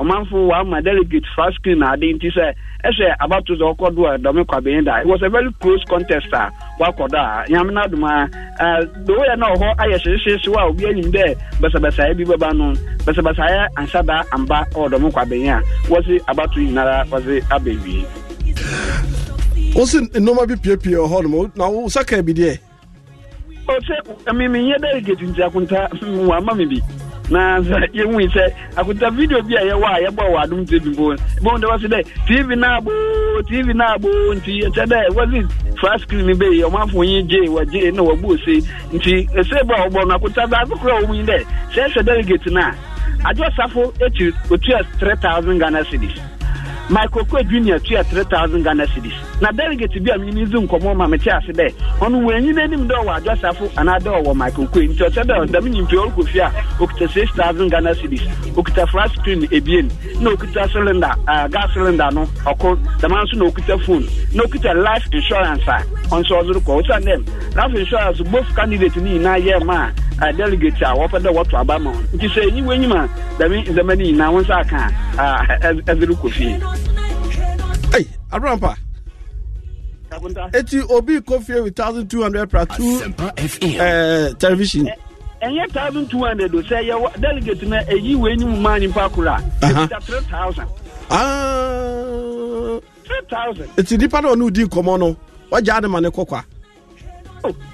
ɔmanfo wama delegate fast screen na ade nti sɛ ɛhyɛ abato sɛ ɔkɔdo a dɔme kwabɛn da it was a very close contest a wakɔdo a nyame no adom a dowoyɛ no ɔhɔ ayɛ hyehyehyewe a obi anim dɛ bɛsɛbɛsaeɛ bi bɛba no bɛsɛbɛsaeɛ ansaba amba ɔwɔ dɔme kwabɛn a wɔse abato nyinara wɔse abɛwie wosi nnoma bi piepie wɔ hɔnom na wo saka bi deɛ ɔsɛ memeyɛ delegate ntiakonta wama me bi na yɛhu sɛ akuta video bi e a yɛwɔ a yɛbɔ wɔ adom tv mpo bɛhu dɛ wɔse dɛ tv no aboo tv no aboo nti ɛkyɛ dɛ wɔse screen gye wɔgye na wɔbu ose nti ɛsɛ bɔ a wɔbɔ no akuta baako kora wɔ mu dɛ sɛ ɛhwɛ delegate no 3000 ghana cities michael kwe junior tuya three thousand ghana cedis na delegate bi a mi ni zu nkɔmɔ ma mi ti ase dɛ ɔno wɔn enyi n'anim dɛ ɔwɔ adwasafo anaa dɛ ɔwɔ michael kwe nti ɔsɛ dɛ ɔdɛm nyimpi ɔrekɔ fie a okuta six thousand ghana cedis okuta flat screen ebien na okuta cylinder uh, gas cylinder no ɔko dama nso na okuta phone na okuta life insurance a ɔnso ɔzoro kɔ ɔsan dɛm life insurance both candidate ni nyinaa yɛ maa a delegate a wɔpɛ dɛ wɔto aba ma wɔn nti sɛ enyi wɔn enyim a dɛm nsɛmɛ ne nyinaa wɔn nsa aka a ɛdiri kɔ fie. ɛyi adurampa eti obi kɔ fie with thousand two hundred pra two ɛɛ eh, television. ɛnyɛ thousand two hundred o sɛ yɛ delegate na eyi wɔn enyim maa nipa koro a ebisa three thousand. aa ah. three thousand. eti nipa náà ɔnu di nkɔmɔ no wagya adama ne kɔkɔa.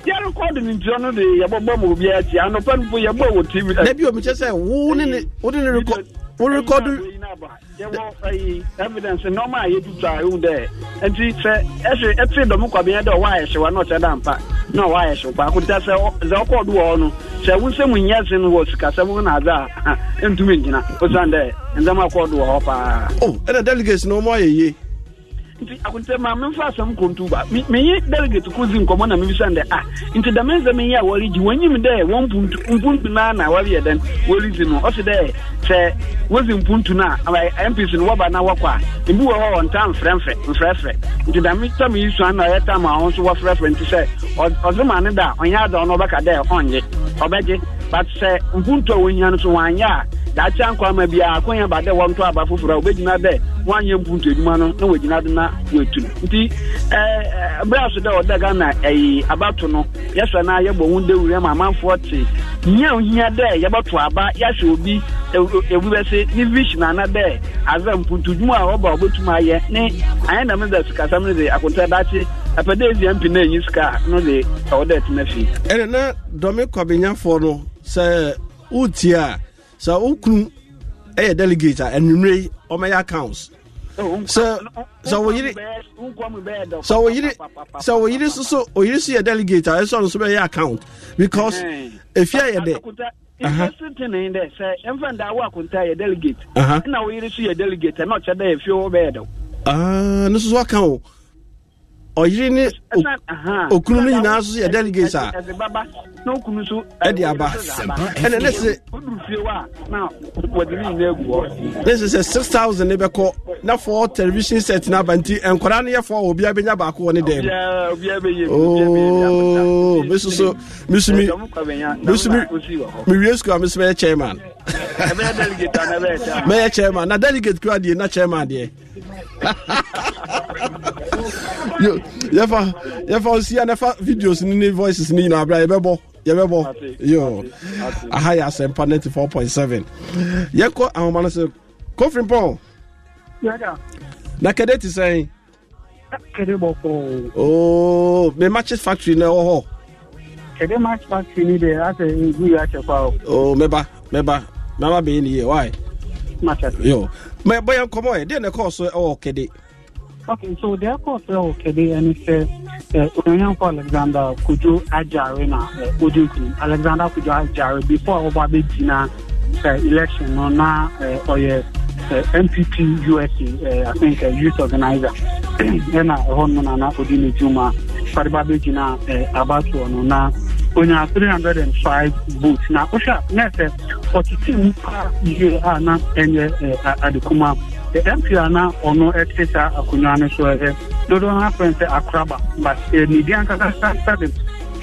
yɛre kɔɔde ne eh, ntua e e no de yɛbɔbɔ obi akyi anɔpa na bi omi kyɛ sɛ wo ne ne wode ne rekɔ wo rekɔdo yɛwɔ evidence nɔɔma a yɛtuta nti na mpa na wo nsɛm nyɛ se no wɔ sikasɛm no adze a ɛntumi ngyina paa delegates nti akuntɛma memfa asɛm kontu ba meye delegate kozi nkɔmmɔ na mebisa dɛ ah nti dɛme nsɛm yi a wɔregye wɔnyim dɛ wɔ mpuntu naa na wɔreyɛ dɛn wɔredi no ɔse dɛ sɛ wɔzi mpuntu no a mps no wɔba na wɔkɔ a ebi wɔ hɔ wɔ nta mfrɛmfrɛ mfrɛfrɛ nti dɛme tam yi sua na ɔyɛ tam a ɔho nso wɔfrɛfrɛ nti sɛ ɔdema ne da ɔnyɛ ada ɔno ɔbɛka dɛ ɔnye ɔbɛgye but sɛ mpuntu a wɔnya no so wanyɛ a daakye nkwama ba dɛ wɔntɔ aba foforɔ a wobɛgyina dɛ woanyɛ adwuma no na wɔgyina do nti eh, eh, berɛ so dɛ ɔda ghana ɛyi abato no yɛsɛ yɛbɔ wo ma amanfoɔ te hia ohia dɛ yɛbɛto aba obi ne vision ana dɛ mpuntu dwuma a wɔba wɔbɛtumi ayɛ ne ayɛ sikasɛm no de na ɛnyi sika no de ɛwɔ sɛ wotie a sɛ wokunu ɛyɛ eh, delegate a eh, anwummere ɔmɛyɛ accounts sɛ sɛ woyere sɛ woyere sɛ woyere soso oyere so yɛ delegate a ɛsɛ ɔno nso bɛyɛ account because efi a yɛ dɛ interesting thing in there sɛ ɛnfɛn da awo akunta yɛ delegate ɛna oyere so yɛ delegate ɛna ɔkyɛ dɛ efi o bɛyɛ dɛ. ne soso aka o ɔyere ne okunu no nyinaa nso yɛ delegates a ɛde aba ɛna ne se ne se sɛ six thousand ne bɛkɔ na fɔ television set no aba nti nkwadaa no yɛ fɔ obiara bɛnya baako wɔ ne dɛm ooo oh, mesu so mesu mi mesu mi mewie sukuu a mesu mɛyɛ chairman mɛyɛ chairman na delegate kura deɛ na chairman deɛ. yo yɛfa yɛfa osia na ɛfa videos ni ne voices ni nyinaa abira yɛbɛbɔ yɛbɛbɔ yo aha yɛ asɛmpa ninety four point seven yɛkɔ ahoma no sɛ kofin pɔn na kɛde ti sɛn. kɛde oh, matches factory na ɛwɔ hɔ. kɛde match factory ni de asɛ igu yɛ akyɛ kwa o. ooo oh, mɛba mɛba mɛba bɛ yen matches. yo mɛ bɔyɛ nkɔmɔ yɛ den ne kɔɔ so ɛwɔ kɛde. Okay, so the airport uh, okay, they and it's uh, uh, for Alexander Kujo ajari na uh, Alexander Kujo ajari. before over the dinner uh, election no na uh, or yes. Uh, MPP USA, uh, I think uh, youth organizer, ɛna ɛhɔ nom na na ɔdi ne dwuma fadeba bɛgyi na uh, abatoɔ no na onya 305 votes na wohwɛ uh, uh, na ɛsɛ ɔtete mu pa yie a na ɛnyɛ adekuma the a eh, eh, na ɔno te saa akonnwa no so ɛ dodoɔ no afrɛ sɛ akoraba but nidi ankasa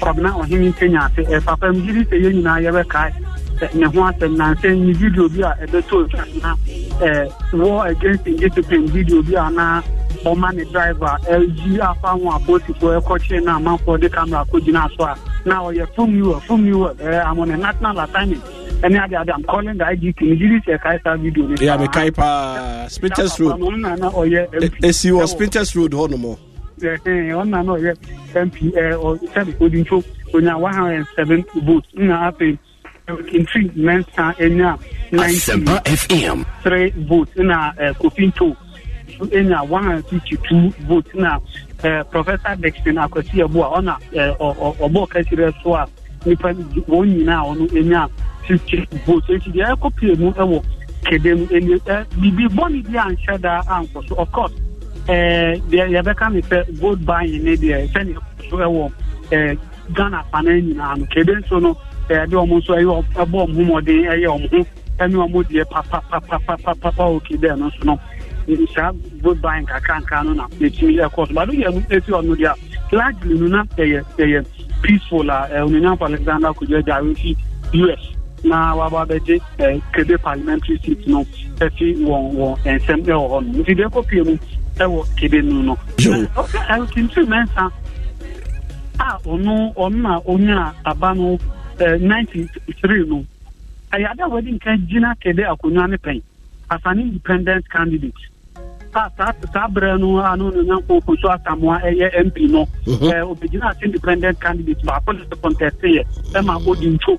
fam na ɔhene nkenya ase ɛpapa mgyiri sɛ yɛn nyinaa yɛbɛkae ne ho asɛm nansɛ ne video bi a na war against indiscipline video bi a na ɔma ne driver ɛyi afa ho apolisifoɔ na amanfoɔ de camera kɔgyina so a na ɔyɛ fom yiwɔ ɛɛ ɛne ade ade am calling the IGP megyiri sɛ ɛkae saa video no yeah mekae eh, paa sprinters road ɔno na ɔyɛ ɛsi wɔ sprinters road hɔ nom ɔno na na ɔyɛ mp sɛbe odintwo onya 107 votes na afei ntiri mensa ɛnya 90 3 votes na eh, kofinto ɛnya 152 votes na eh, professor dixon akwasi ɛbo ɔna ɔbɔɔ kasirɛ so a nipa wɔn nyinaa ɔno fifty votes nti deɛ ɛkɔ pie mu ɛwɔ kede mu ɛni ɛ bibi bɔnni bi anhyɛ da ankɔ so of course ɛɛ deɛ yɛbɛka ne sɛ vote buying ne deɛ sɛnea ɛkɔ so ɛwɔ ɛɛ ghana fanan nyinaa no kede eh, oh, eh, nso eh, no ɛɛde wɔn nso ɛyɛ ɛbɔ wɔn ho mɔden ɛyɛ wɔn ho ɛne wɔn deɛ papapapapapa oke dɛ no nso oh, no saa vote buying kakranka no na ɛtumi ɛkɔ so bado yɛ mu esi ɔno deɛ largely no na ɛyɛ ɛyɛ peaceful a ɛɛ onimnyafo alexander kojú ɛgya awefi us na waba abɛgye eh, kebe parliamentary seat no afi e wɔn wɔn nsɛm ɛwɔ e hɔ no nti deɛ kɔpie mu ɛwɔ e kebe nu no eh, ntintim mɛnsa a ɔno ɔno na ɔnya aba no ninety three no ayade ade a wɔde nka gyina kebe akonnwa ne pɛn as an independent candidate a saa saa berɛ no a no no nyanko koso asamoa ɛyɛ mp no ɛɛ mhm. eh, obegyina as independent candidate baako ne contest yɛ ɛma odi ntwo.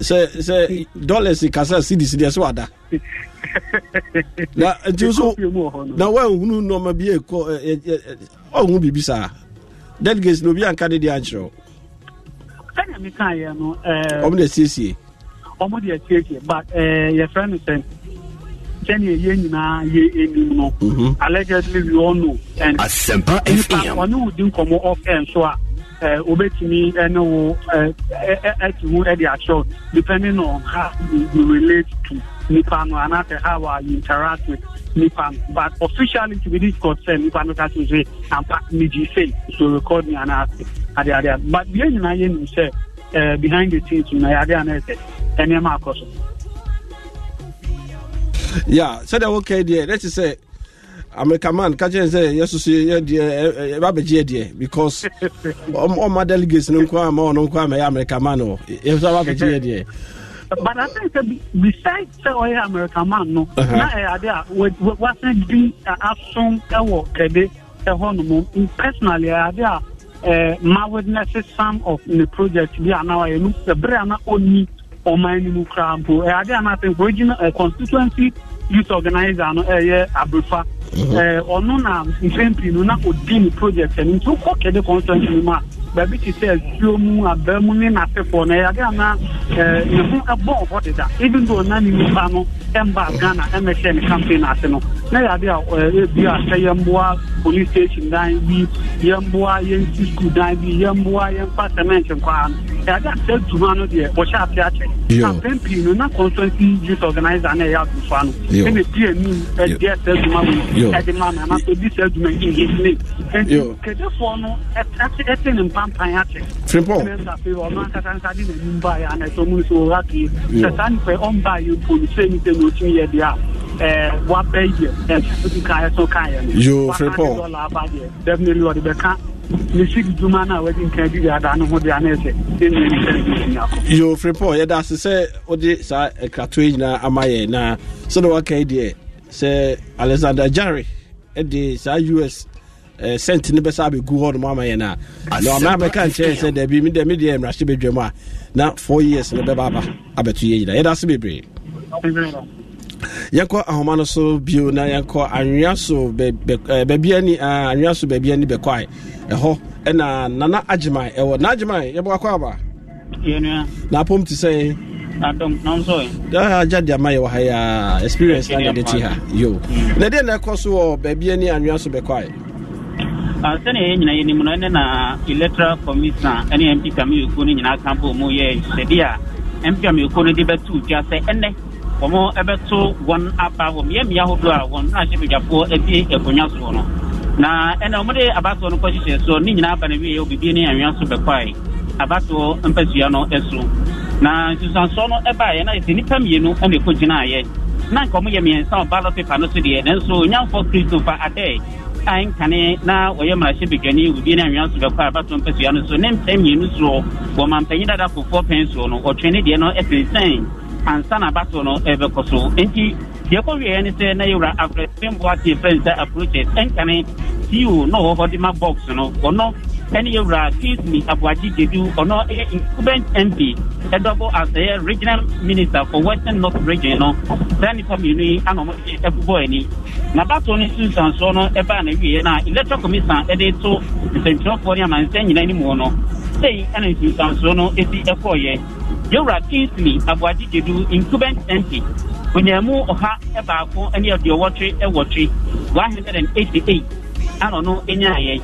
sɛ sɛ dollars kasa cds deɛ sɛ wada na nti so na woanhunu nɔɔma bi ɛkɔ ɔhu biribi saa delegates na obi anka ne deɛ ankyerɛ wo sɛnea mekaeɛ no ɔmo de asiesie ɔmo de asiesie but yɛfrɛ no sɛ sɛnea yɛ nyinaa yɛ anim no mhm. allegedly we all know and asɛmpa fm ɔne wodi nkɔmmɔ off air nso a wobɛtumi ne wo ɛte ho de akyerɛw depending on how you relate to nipa no anaasɛ how are you interact with nipa no but officially to be this concern nipa no ka kyerɛ sɛ ampa megye sei so record me anaasɛ adeadeɛ but deɛ nyinaa yɛnim sɛ behind the scenes no and a na ɛsɛ ɛnneɛma akɔ so that okay, wokae Let's just say. america man ka kyerɛ sɛ yɛso so yɛdeɛ ɛba bɛgye yɛdeɛ because ɔma delegates no nko a ma ɔno nko a ma america man wɔ yɛso aba bɛgye yɛdeɛ but I think that besides sɛ eh, ɔyɛ oh, america man no uh-huh. na ɛyɛ eh, ade a wasan di asom ɛwɔ kɛde ɛhɔ nom personally ɛyɛ eh, ade a ah, ma witness some of the project bi a ah, na wayɛ no ɛbere a ah, na ɔni ɔman no mu koraa mpo a na I original regional constituency youth organizer no ɛyɛ abrifa. ɔno mhm. eh, na mpɛn na odi ne project ɛno nti wokɔ kɛde consultant mu a baabi te sɛ asuo mu abaa ne n'asefoɔ no ɛyɛ ana ne ho ɛbɔ hɔ deda even though na ne nipa no ɛmba ghana ɛmɛhyɛ campaign ase no na yɛade a bi a sɛ yɛmboa police station dan bi yɛmboa yɛnsi school dan bi yɛmboa yɛmfa cement nkwaa no yɛade a sɛ no deɛ ase akyɛ campaign pii no na youth na ɛyɛ no di sɛ ɛde ma me anaasɛ obi saa adwuma yi yɛ ne nti kɛdɛfoɔ no ɛte ne mpampan ate frimpɔnsafe ɔno ankasa nsa de n'anim baeɛ anaɛsɛ ɔmu no sɛ ɔwura pii sɛ Yo. nipa ɔmbaa yɛ mpo no sɛ ni sɛ na ɔtumi yɛ deɛ a wabɛ yɛ ɛsoso kaeɛ so kaeɛ no yo frimpɔn dɔla aba deɛ definitely ɔde bɛka ne sig dwuma no a wadi nka bi biada no ho deɛ ana ɛsɛ ɛnua ne sɛ ne bɛsua kɔ yo frimpɔn yɛda ase sɛ wode saa ɛkratoe nyinaa ama yɛ na sɛde waka yi deɛ sɛ alexander jare de saa us eh, sent no bɛsa abɛgu hɔ nom ama yɛ no a na ɔma bɛka nkyerɛ sɛ dabi medɛ medeɛ mmarahyɛ bɛdwa a na four years no bɛba aba abɛto yɛ nyina yɛda se bebree yɛnkɔ ahoma no so bio na yɛnkɔ anwea so baabia ni anwea so baabia ni bɛkɔe ɛhɔ ɛna eh, nana agyeman ɛwɔ na agyeman yɛbɛwakɔ aba na apɔm te sɛ agya de ama yɛ wɔ ha yi ah, experience na yɛde ti ha yo mm. na deɛ na ɛkɔ so wɔ baabi ani anwea so bɛkɔe ah, nyina no ɛne na electoral commission ɛne mp nyinaa bɔ a mp de sɛ ɛnɛ wɔn aba ahodoɔ a wɔn no na ɛna wɔde abasoɔ no kɔhyehyɛ soɔ ne nyinaa na abatoɔ mpasua no so na nsusuansoɔ no baeɛ na yɛsɛ nnipa mmienu na ɛkɔgyinaeɛ na nka ɔmo yɛ mmiɛnsa wɔ ballot paper no so deɛ nanso nyamfoɔ christopher adɛ a nkane na wɔyɛ mmarahyɛbadwani obi ne anwea so bɛkɔ abatoɔ mpasua no so ne mpɛ mmienu soɔ wɔ mampanyin dada fofoɔ pɛn soɔ no ɔtwene deɛ no sensɛn ansa na abatoɔ no ɛbɛkɔ so nti deɛ kɔwieɛ ne sɛ na yɛwura afrɛsɛmboa teɛ fɛn sɛ approaches nkane ceo na ɔwɔ hɔ de ma box no ɔno ɛne yɛwura kismi aboagye gyedu ɔno ɛyɛ incumbent mp ɛdɔbɔ asɛyɛ regional minister for western north region no saa nnipa mmienu yi ana ɔmɔde ɛbobɔ ani n'abato no sunsansoɔ no ɛbaa eh, eh, n'awieɛ eh. no a electoral commission ɛde to nsɛntwerɛfoɔ ne amansɛn nyinaa anim wɔ no sei ɛna nsunsansoɔ no ɛsi ɛkɔɔyɛ yɛwura kismi aboagye gyedu incumbent mp onyamu ɔha ɛbaako ɛne ɛdeɛ wɔtwe ɛwɔtwe one hundred and eighty eight ana ɔno ɛnyaayɛ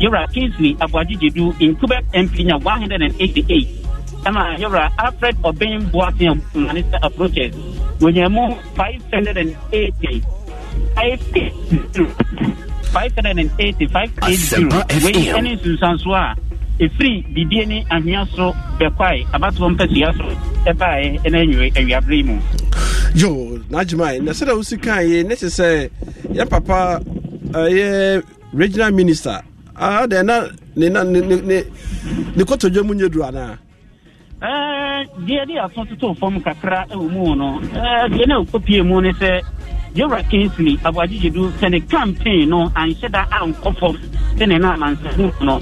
yɛwura kingsway aboagyegedu nkubɛ mp nya 188 ɛna yɛwura alfred ɔbɛn boasen mane sɛ approaches wɔnya mu 580 580 580 580 wei ɛne nsunsansoɔ a ɛfiri bidie ne ahwea so bɛkwae abatoɔ mpasua so ɛbaeɛ ɛna anwere awiaberɛ yi mu yo nagyemae na sɛdɛ wosi kaeɛ ne te sɛ yɛ papa ɛyɛ regional minister adɛn ah, na ne kɔtɔdwa mu nyɛ duru anaa Eh, deɛ ne yɛaso totoo fam kakra wɔ mu no eh, deɛ ne ɛkɔpie mu ne sɛ yɛwura kinsley aboagyegyedu sɛ ne campaign no anhyɛ da ankɔ fam sɛne na amansahu no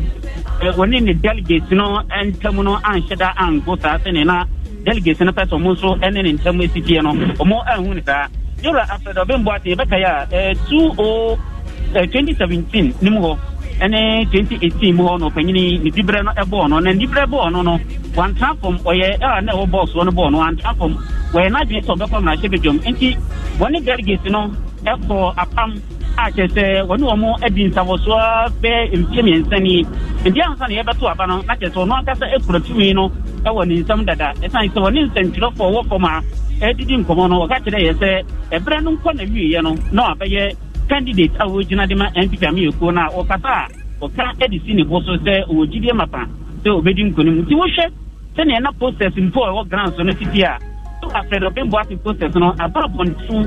eh, wɔne ne delegate no ntam no anhyɛ da ankɔ saa sɛne na delegate no pɛ sɛ ɔmo nso ne ne ntam asifie no ɔmo anhu ne saa yɛwura afrɛdɛ ɔbɛmboa te yɛbɛkaeɛ a 2017 no mu hɔ ɛne 2018 mu hɔ no panyini ne diberɛ no ɛbɔɔ no na diberɛ bɔɔ no no wantra fam ɔyɛ ɛra na ɛwɔ bɔɔsoɔ no bɔɔ no wantra fam wɔyɛ n'adwene sɛ ɔbɛkɔ mmarahyɛ badwam nti wɔne delegates no ɛkɔ apam a kyerɛ sɛ wɔne wɔ mo adi nsabɔsoɔ bɛɛ mfie mmiɛnsa ni nti ansa na yɛbɛto aba no na kyerɛ sɛ ɔno ankasa ɛkura tumi no ɛwɔ ne nsam dada ɛsiane sɛ wɔne nsɛntwerɛfoɔ wɔ fam a ɛdidi nkɔmmɔ no wɔka kyerɛ yɛ sɛ ɛberɛ no nkɔ na wieɛ no na wabɛyɛ candidate a wɔgyina de ma npp ameyɛkuo no a wɔkasa a wɔka de si ne bo so sɛ ɔwɔ gyidie mapa sɛ ɔbɛdi nkonim nti wohwɛ sɛnea na posters mpo a ɛwɔ grant so no titi a afrɛd ɔbɛmboa se posters no aba abɔnten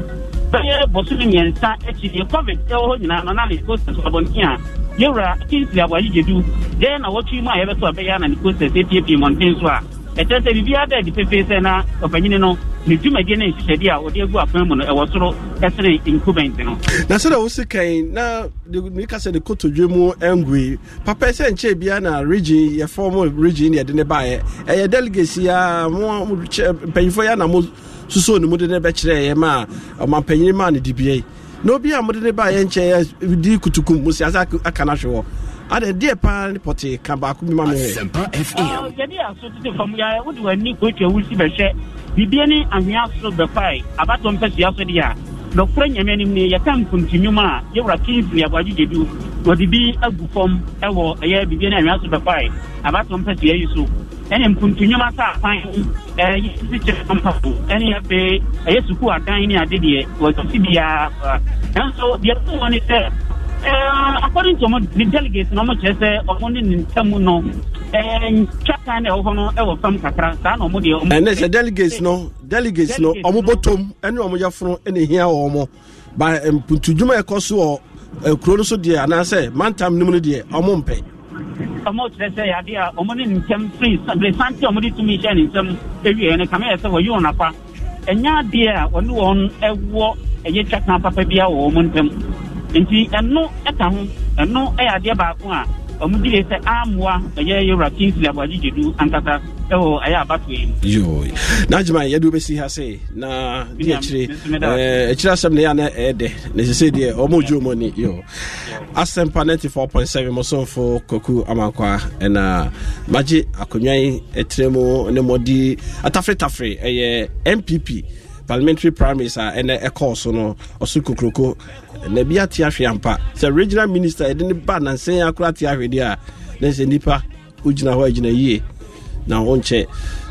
bɛyɛ bɔsome mmiɛnsa akyi deɛ covid ɛwɔ hɔ nyinaa no na ne posters abɔnten a yɛwura kinsley aboayigyedu dɛn na wɔtwi mu a yɛbɛsɛ ɔbɛyɛ ana ne posters apiepie mmɔnten so a ɛkyɛ sɛ biribiara da adi pefee sɛ na ɔpanyini no ne dwumadie ne nhyehyɛdeɛ a wɔde agu apɔn mu no ɛwɔ soro ɛsene incumbent no na sɛdɛ wo se kan na meka sɛ ne kotodwe mu angui papa sɛ nkyɛ biara na region yɛfɔ mo region ne yɛde ne baeɛ ɛyɛ delegacy a mo mpanyimfoɔ yɛ na mo susoo ne mu de ne bɛkyerɛ yɛ ma a ɔmampanyini ma ne dibea yi na obi a mode ne baeɛ nkyɛ di kutukum mu si asa aka no ahwe hɔ ada deɛ paa ne pɔte ka baako bi ma me ah, yɛde aso tete fam yɛ wode w'ani koatwa wosi bɛhwɛ biribia ne ahwea so bɛfae abatɔ mpɛsua so deɛ a ni nyame anim ne yɛka nkontinwom a yɛwura ya aboagye gyadu Wadi bi agu fam ɛwɔ ɛyɛ biribia ne ahwea so bɛfae abatɔ mpɛsua yi so ɛne mpuntunwom asa apan ɛyɛ sikyerɛ ampapo ɛne afei ɛyɛ sukuu adan ne ade deɛ wɔsi biara nanso deɛ ɛwɔ ne sɛ according to the delegates na ọmọ kyerɛ sɛ ɔmo ne ne ntɛm no ntwa no ɛwɔ fam kakra saa na ɔmo deɛ ɔmo. ɛnɛ eh, sɛ delegates no delegates no ɔmo bɔ tom ɛne ɔmo yɛforo ɛne hia wɔn ba ntudwuma ɛkɔ e so e, kuro no so deɛ anaasɛ mantam no mu no deɛ ɔmo mpɛ. ɔmo kyerɛ sɛ yade a ɔmo ne ne ntɛm firi santi ɔmo de tumi hyɛ e ne ntɛm ewie no kame yɛ sɛ wɔyi wɔn afa ɛnya adeɛ a ɔne wɔn ɛwɔ papa bi a wɔ nti ɛno ɛka ho ɛno ɛyɛ adeɛ baako a ɔmo gyere sɛ amoa ɛyɛ yɛwura kingsley aboagye gyedu ankasa ɛwɔ ɛyɛ abatoɔ yi mu. yoo n'adwuma yɛ de obesi ha se na di akyire ɛɛ eh, akyire asɛm ne yɛ anɛ ɛyɛ dɛ na sese deɛ ɔmo gye ɔmo ani yoo asɛmpa ninety four point seven mosonfo koku amankwa ɛna magye akonnwa yi ɛtire mu ne mɔdi atafretafre ɛyɛ npp parliamentary primaries a ɛnɛ ɛkɔɔ so no ɔso kokroko na bi ate ahwe ampa sɛ regional minister yɛde ne ba nansɛn akora ate ahwe deɛ a na sɛ nipa wogyina hɔ agyina yie na ho nkyɛ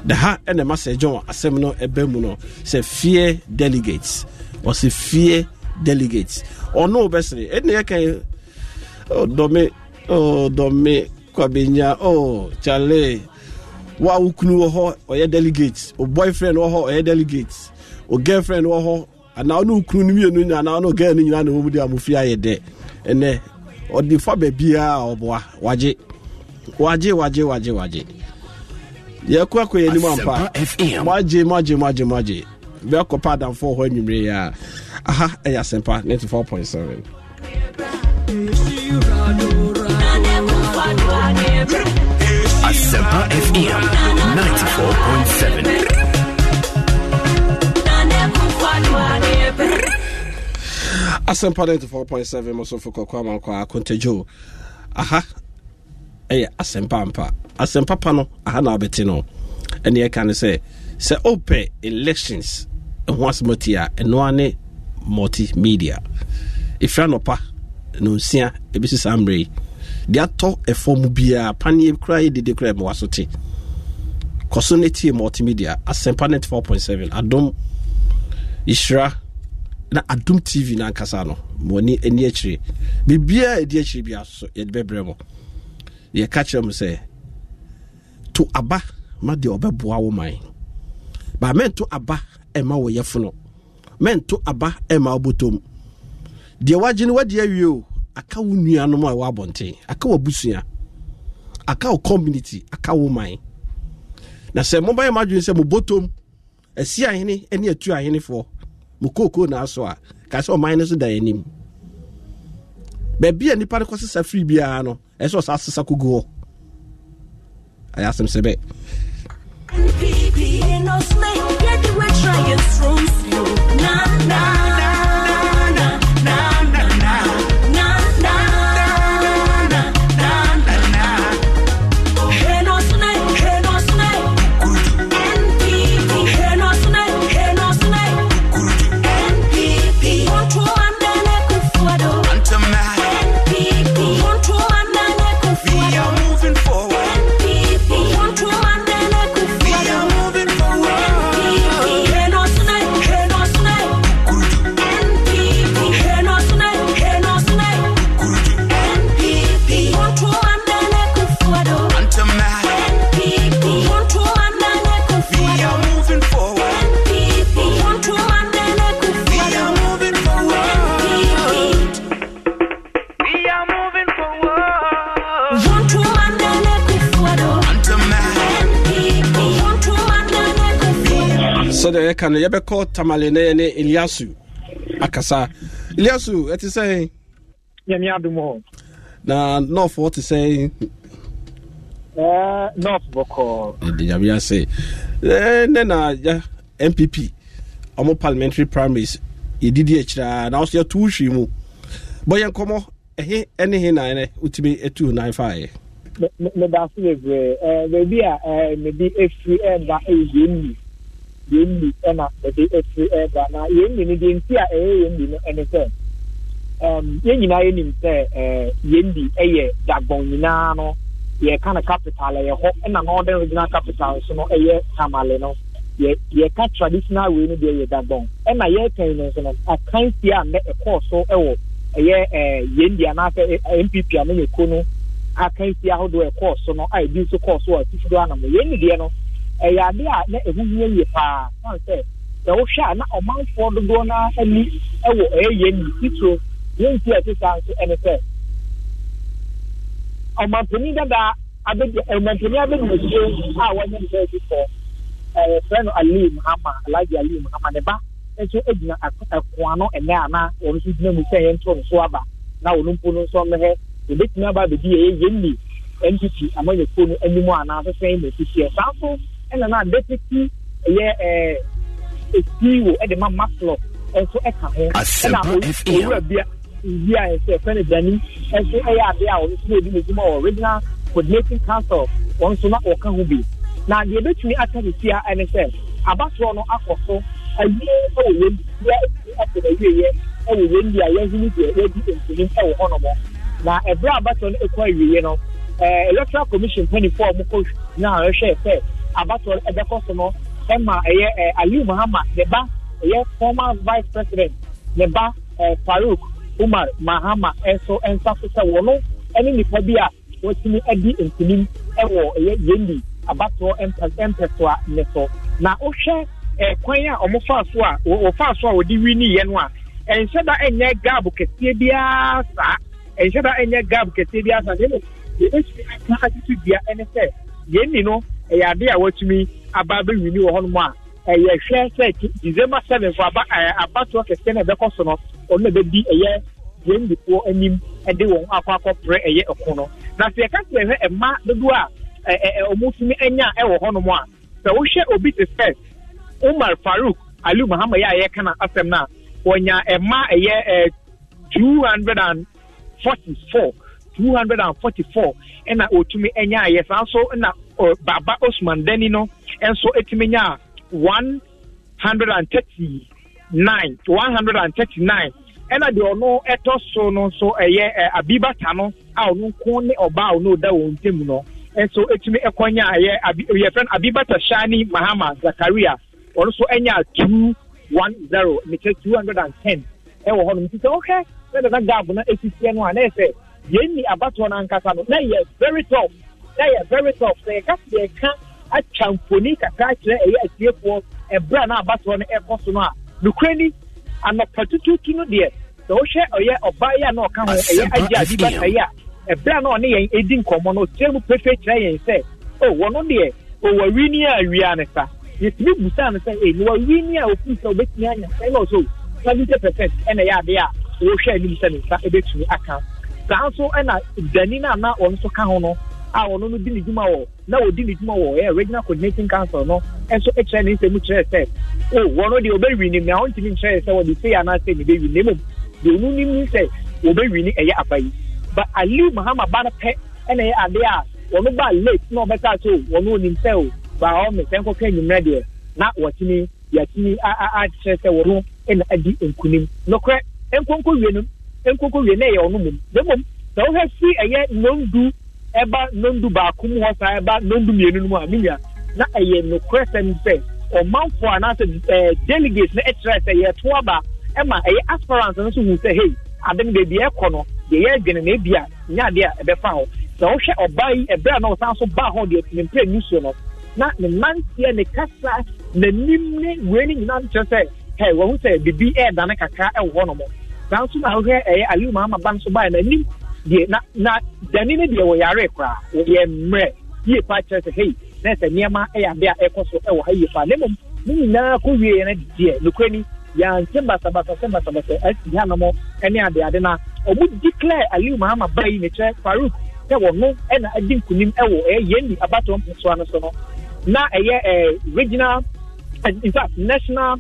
da ha ɛna ma sɛ john asɛm no ɛbɛ mu no sɛ fear delegates ɔsɛ fear delegates ɔno wobɛsere ɛne yɛka oh, dɔme oh, dɔme kwabenya o oh, kyale wa wokunu wɔ hɔ ɔyɛ delegate o boyfriend wɔ hɔ ɔyɛ delegate o girlfriend wɔ hɔ anaa ɔne okunu no mmienu nyinaa anaa girl no nyinaa na wɔn mu de amofie ayɛ dɛ ɛnɛ ɔde fa baabiara ɔboa wagye wagye wagye wagye wagye yɛkɔ akɔ yɛn anim ampa magye pa adamfo hɔ yɛ a aha 94.7 Asempa FM 94.7 asɛmpa 94.7 mu sofo kɔkɔ amankɔ akontagyo aha ɛyɛ asɛmpa mpa asɛmpa pa no aha na wobɛte no ɛne ɛka ne sɛ sɛ wopɛ elections ɛho asɛm ati a ne multimedia ɛfira nɔpa nonsia ɛbɛsi saa mmerɛ yi deɛ atɔ ɛfɔ mu biara paneɛ koraa yɛ dede koraa ɛmɛwa so te kɔ so no tie multimedia asɛmpa 94.7 adom yɛhyira na adum tv na ankasa no ni ani akyire biribiaa ɛdi akyire bi aso yɛde bɛbrɛ mo yɛka kyerɛ mu sɛ to aba ma deɛ ɔbɛboa wo man ba mɛnto aba ɛma wo yɛfono mɛnto aba ɛma wobɔtɔm deɛ wagye no wade awie o aka wo nuanom a ɛwɔ abɔnten aka wabusua aka wo community aka wo man na sɛ mo madwene sɛ mobɔtɔm asi ahene ne atu ahenefoɔ mo kookoo na aso a ka ɔman no so da anim baabi a nipa no kɔ firi biara no ɛsɛ ɔsa sesa kogu hɔ ayɛ asɛm NPP, no smile, get away, try it from slow. Nah, sɛdeɛ yɛka no yɛbɛkɔ tamale na yɛne eliasu akasa eliasu ɛte sɛ nyame adom hɔ na nɔfoɔ te sɛ nɔf bɔkɔɔ ɛde nyame ase ne na ya mpp ɔmo parliamentary primaries yɛdidi akyiraa na wɔso yɛto wo hwii mu bɔ yɛ nkɔmmɔ ɛhe ɛne he na ɛnɛ wotumi atu nan faeɛ medaase bebree baabi a mede ɛfiri ɛba ɛyɛ mu yɛn mu ɛna yɛde efiri ɛɛba na yɛn mu no deɛ nti a ɛyɛ yɛn mu no ɛne sɛ ɛm yɛn nyinaa yɛnim sɛ ɛɛ yɛn mu ɛyɛ dagbɔn nyinaa no yɛka no capital ɛyɛ hɔ ɛna na regional capital so no ɛyɛ tamale no yɛ yɛka traditional way no deɛ yɛ dagbɔn ɛna yɛrekɛn no nso no akansie a nɛ ɛkɔɔ e so ɛwɔ ɛyɛ ɛɛ yɛn mu anaasɛ npp a no e, yɛ ko no akansie ahodoɔ ɛkɔɔ so no a ebi nso kɔɔ so wɔ do anam yɛn mu ɛyɛ ade a na ɛho hia yie paa ɔn sɛ sɛ a na ɔmanfoɔ dodoɔ no ani wɔ ɛyɛ yɛn ni titiro yɛn ti ɛte saa nso ɛne sɛ ɔmampanin dadaa abɛdi ɔmampanin abɛdi nsuo a wɔnyɛ ne bɛɛ bifɔ ɛɛ fɛn no ali muhammad alhaji ali muhammad ne ba nso gyina ɛkoano ɛnɛ ana wɔn nso gyina mu sɛ yɛn nto ne aba na wɔn mpo no nso mɛhɛ yɛbɛtumi aba abɛdi ɛyɛ yɛn ni npp amanyɔkuo no anim anaa sɛsɛn na ɛsisi ɛsan so ɛna na deputy ɛyɛ ɛɛ etiwo ɛde ma maslɔ ɛnso ɛka ho ɛna e owura bia bia ɛsɛ ɛfɛ ne dani ɛnso ɛyɛ ade a ɔno nso edi ne dwuma wɔ regional coordinating council wɔn nso na ɔka ho bi na deɛ ebetumi aka ne fia ɛne sɛ abasoɔ no akɔ so ɛyɛ ɛwɔ wɔn bia ɛtumi ɛfɛ na ɛwie yɛ ɛwɔ wɔn bia yɛn ho deɛ yɛdi ntunim ɛwɔ hɔnom na ɛbrɛ abasoɔ no ɛkɔ awie no ɛɛ eh, electoral commission mpanyinfoɔ a wɔkɔ nyinaa ɛhwɛ sɛ abatɔ ɛbɛkɔ so no ɛma ɛyɛ ɛ aliu mahama ne ba ɛyɛ former vice president ne ba ɛ farouk umar mahama ɛnso ɛnsa so sɛ wɔn ɛne nipa bi a wɔtumi ɛdi nkunim ɛwɔ ɛyɛ yendi abatɔ ɛmpɛ ɛmpɛsoa ne so na wohwɛ ɛ kwan a wɔn fa so a wɔfa so a wɔde wi ne yɛ no a ɛnhyɛ da ɛnyɛ gab kɛseɛ biara saa ɛnhyɛ da ɛnyɛ gab kɛseɛ biara saa deɛ ɛsi aka atutu dua ɛne sɛ yendi no. ɛyɛ ade a watumi aba abɛwini wɔ hɔnom a ɛyɛ hwɛ sɛ december seven fo aba ɛɛ abatoɔ kɛseɛ na ɛbɛkɔ so no ɔno na ɛbɛdi ɛyɛ gyendifoɔ anim ɛde wɔn akɔ akɔpere ɛyɛ ɛko no na sɛ yɛka sɛ ɛhwɛ ɛma dodoɔ a ɛɛ ɔmo tumi anya ɛwɔ hɔnom a sɛ wohwɛ obi te first umar farouk ali muhammad yɛ a yɛka na asɛm na a wɔnya ɛma ɛyɛ ɛɛ two hundred and forty four two hundred and forty four ɛna otumi ɛnya ayɛ saa nso ɛna baba osman dani no nso etumi nya one hundred and thirty nine one hundred and thirty nine ɛna deɛ ɔno ɛtɔ so no nso ɛyɛ eh, abibata no a ɔno nko ne ɔbaa a ɔno da wɔn ntam no nso etumi ɛkɔnya ɛyɛ abi yɛfrɛ no abibata shani mahama zakaria ɔno nso ɛnya two one zero ne two hundred and ten ɛwɔ hɔ nom nti sɛ ɔhwɛ sɛ dada gaabo na esisi ɛno a na yɛ sɛ yɛn ni abatoɔ no ankasa no na yɛ very tough. na yɛ very tough sɛ yɛka sɛ yɛka atwa mfoni kakra kyerɛ ɛyɛ a na abatoɔ oh, oh, oh, no ɛkɔ so no a nokorɛ ni no deɛ sɛ ɔyɛ na ɔka ho ɛyɛ agye adi bata a na ɔne yɛn no mu kyerɛ yɛn sɛ o wɔno deɛ ɔwɔwi ni awia ne sa yɛtumi busa no sɛ ee na wɔwi ni a ofiri sɛ ɔbɛtumi anya sɛ ɛna percent ɛna ɛyɛ adeɛ a anim sɛ ne nsa a ɔno no di ne dwuma wɔ na ɔdi ne dwuma wɔ ɛyɛ regional coordinating council no ɛnso kyerɛ ne nsɛm kyerɛ sɛ o wɔn deɛ ɔbɛwi ne mea ɔntumi nkyerɛ sɛ wɔde se anaasɛ ne bɛwi ne mu deɛ ɔno nim ne sɛ ɔbɛwi ne ɛyɛ afa yi but aliu mahama ba no pɛ ɛna ɛyɛ adeɛ a wɔn ba late na ɔbɛka so wɔn onim sɛ o ba ɔmo sɛ nkɔkɛ enyimrɛ deɛ na ɛba nondu baako mu hɔ saa ɛba nondu mmienu mu a na ɛyɛ nokorɛ sɛm sɛ ɔmanfoɔ anaasɛ ɛɛ delegate na ɛkyerɛ sɛ aba ɛma ɛyɛ aspirant no nso hu sɛ hey ade beebi ɛkɔ no na ebi a adeɛ a ɛbɛfa hɔ Na wohwɛ ɔbaa yi ɛbɛrɛ na ɔsan so baa hɔ deɛ ne mpire no na ne mmeranteɛ ne kasa ne wei ne nyinaa sɛ wɔn sɛ ɛɛdane kakra ɛwɔ na deɛ na na dani ne deɛ wɔyare koraa wɔyɛ mmerɛ yie pa kyerɛ sɛ hei na sɛ nneɛma yɛ abe a ɛkɔ so wɔ ha yie pa ne mmom ne nyinaa kɔ wie no deɛ nokorɛ ni yɛanse basabasa sɛ basabasa ha hanom ne adeade no a ɔmo declare ali mahama ba yi ne kyerɛ faruk sɛ e wɔno e na adi e nkonim wɔ ɛyɛ yɛndi abatɔ mposoa no so no na ɛyɛ ɛɛ regional in fact national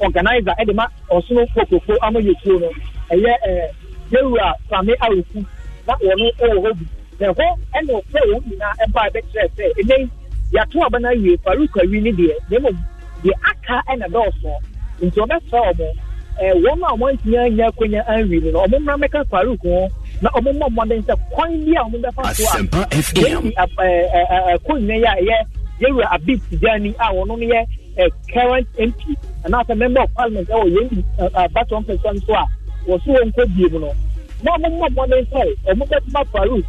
organiser de ma ɔsono foforofo ama yɛtuo no ɛyɛ ɛɛ yɛwura same awofu na wɔn wɔ hɔ bi na ɛhɔ ɛna ɔfrɛ wɔn nyinaa ɛbaa bɛkyerɛ sɛ ɛnɛ yàtò abana yie faruku awi ni deɛ na mmom deɛ aka ɛna dɔɔso nti ɔbɛfrɛ wɔn ɛɛ wɔn a wɔn ntumi anya akonya anwi no na wɔn mɛka faruku ho na wɔn mmɔ mmɔden sɛ kwan bi a wɔn bɛfa so a wɔn ɛɛ ɛkonnwa a ɛyɛ yɛwura abib tijani a wɔn no yɛ current mp anaasɛ member of parliament ɛwɔ yɛn bi ɛɛ pɛsɛn so a wɔso wɔn nkɔ bie mu no na ọmụ mma mmụọ na nsa ọmụmụ e mma faruk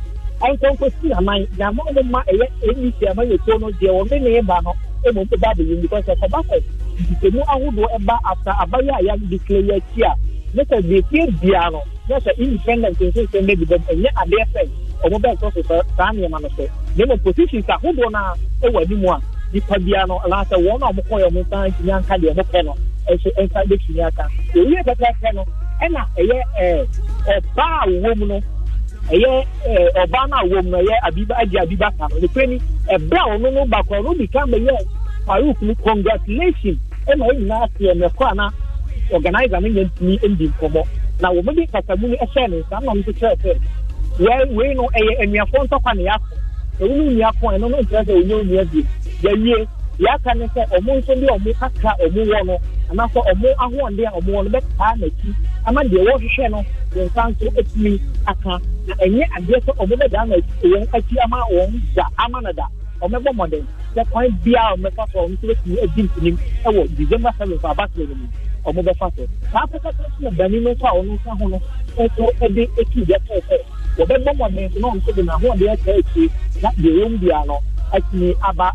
ankonkosi aman na ama ọmụ e e mma ɛyɛ ndc aman ekuo no deɛ wɔn ne ba no ɛmu nso ba abɛyi mu kɔsɛ kɔba kɔ nkitemu ahodoɔ ɛba afta abayɛ a yɛn de kile yɛ akyi a ne sɛ deetie bia no ne sɛ independent nso nsɛm ne bi bɛm ɛnyɛ adeɛ fɛn wɔn bɛn sɔ so saa nneɛma no so na ɛmu positions ahodoɔ no a ɛwɔ anim a nipa bia no anaasɛ wɔn a wɔn kɔ yɛ wɔn nsa ntumi anka deɛ wɔn pɛ no ɛnso nsa bɛtumi aka ewie pɛpɛɛpɛ no ɛna ɛyɛ ɛɛ ɔbaa a wɔwɔ mu no ɛyɛ ɛɛ ɔbaa a wɔwɔ mu no ɛyɛ abiba agye abiba kan no nipɛ ni ɛbra ɔno no ba kora no bi ka ma yɛ farouk no congratulation ɛna ɛyɛ nyinaa seɛ mɛkɔ ana organizer no nyɛ ntumi ndi nkɔmɔ na wɔn de kasamu no ɛhyɛ ne na wɔn nso kyerɛ sɛ wei wei no ɛyɛ enuafoɔ ntɔkwa na yɛakɔ ɛwɔ mu eze ɛno no nkyerɛ sɛ onye onua bi yɛwie yɛaka ne sɛ anaasɛ ɔmo ahoɔden a ɔmo wɔ no bɛtaa n'akyi ama deɛ wɔrehwehwɛ no wɔn nsa nso atumi aka na ɛnyɛ adeɛ sɛ ɔmo bɛdaa n'akyi wɔn akyi ama wɔn da ama no da ɔmɛbɔ mmɔden sɛ kwan biara ɔmɛfa so ɔmo nso bɛtumi adi ntunim ɛwɔ december seven for abatiri no mu ɔmo bɛfa so saa akɔkɔ sɛ ɔmo bani no nso a ɔno nsa ho no nso ɛde eti deɛ kɔɔ sɛ wɔbɛbɔ mmɔden so na ɔmo nso de n'ahoɔden akyerɛ akyire na deɛ wɔn biara no atumi aba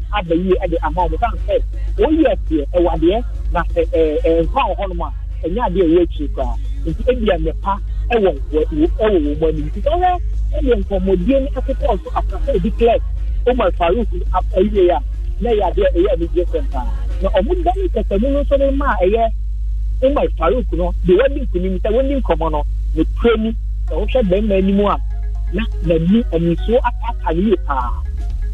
na nkwa eh, eh, eh, wɔ hɔnom a ɛnyɛ adeɛ ɛwɔ akyire koraa nti ebia mmepa ɛwɔ wɔ ɛwɔ wɔn mu anim nti ɔwɔ ɛyɛ nkɔmɔdie no ɛkokɔ so akasa ebi clear omar farouk ɛyɛ a na ɛyɛ adeɛ ɛyɛ anigye sɛm paa na ɔmo dan kɛsɛmu no nso ne mma a ɛyɛ umar farouk no de wɔn di nkunim sɛ wɔn di nkɔmɔ no ne kura mu na wɔhwɛ bɛrima anim a na n'ani anisuo ataata ne yie paa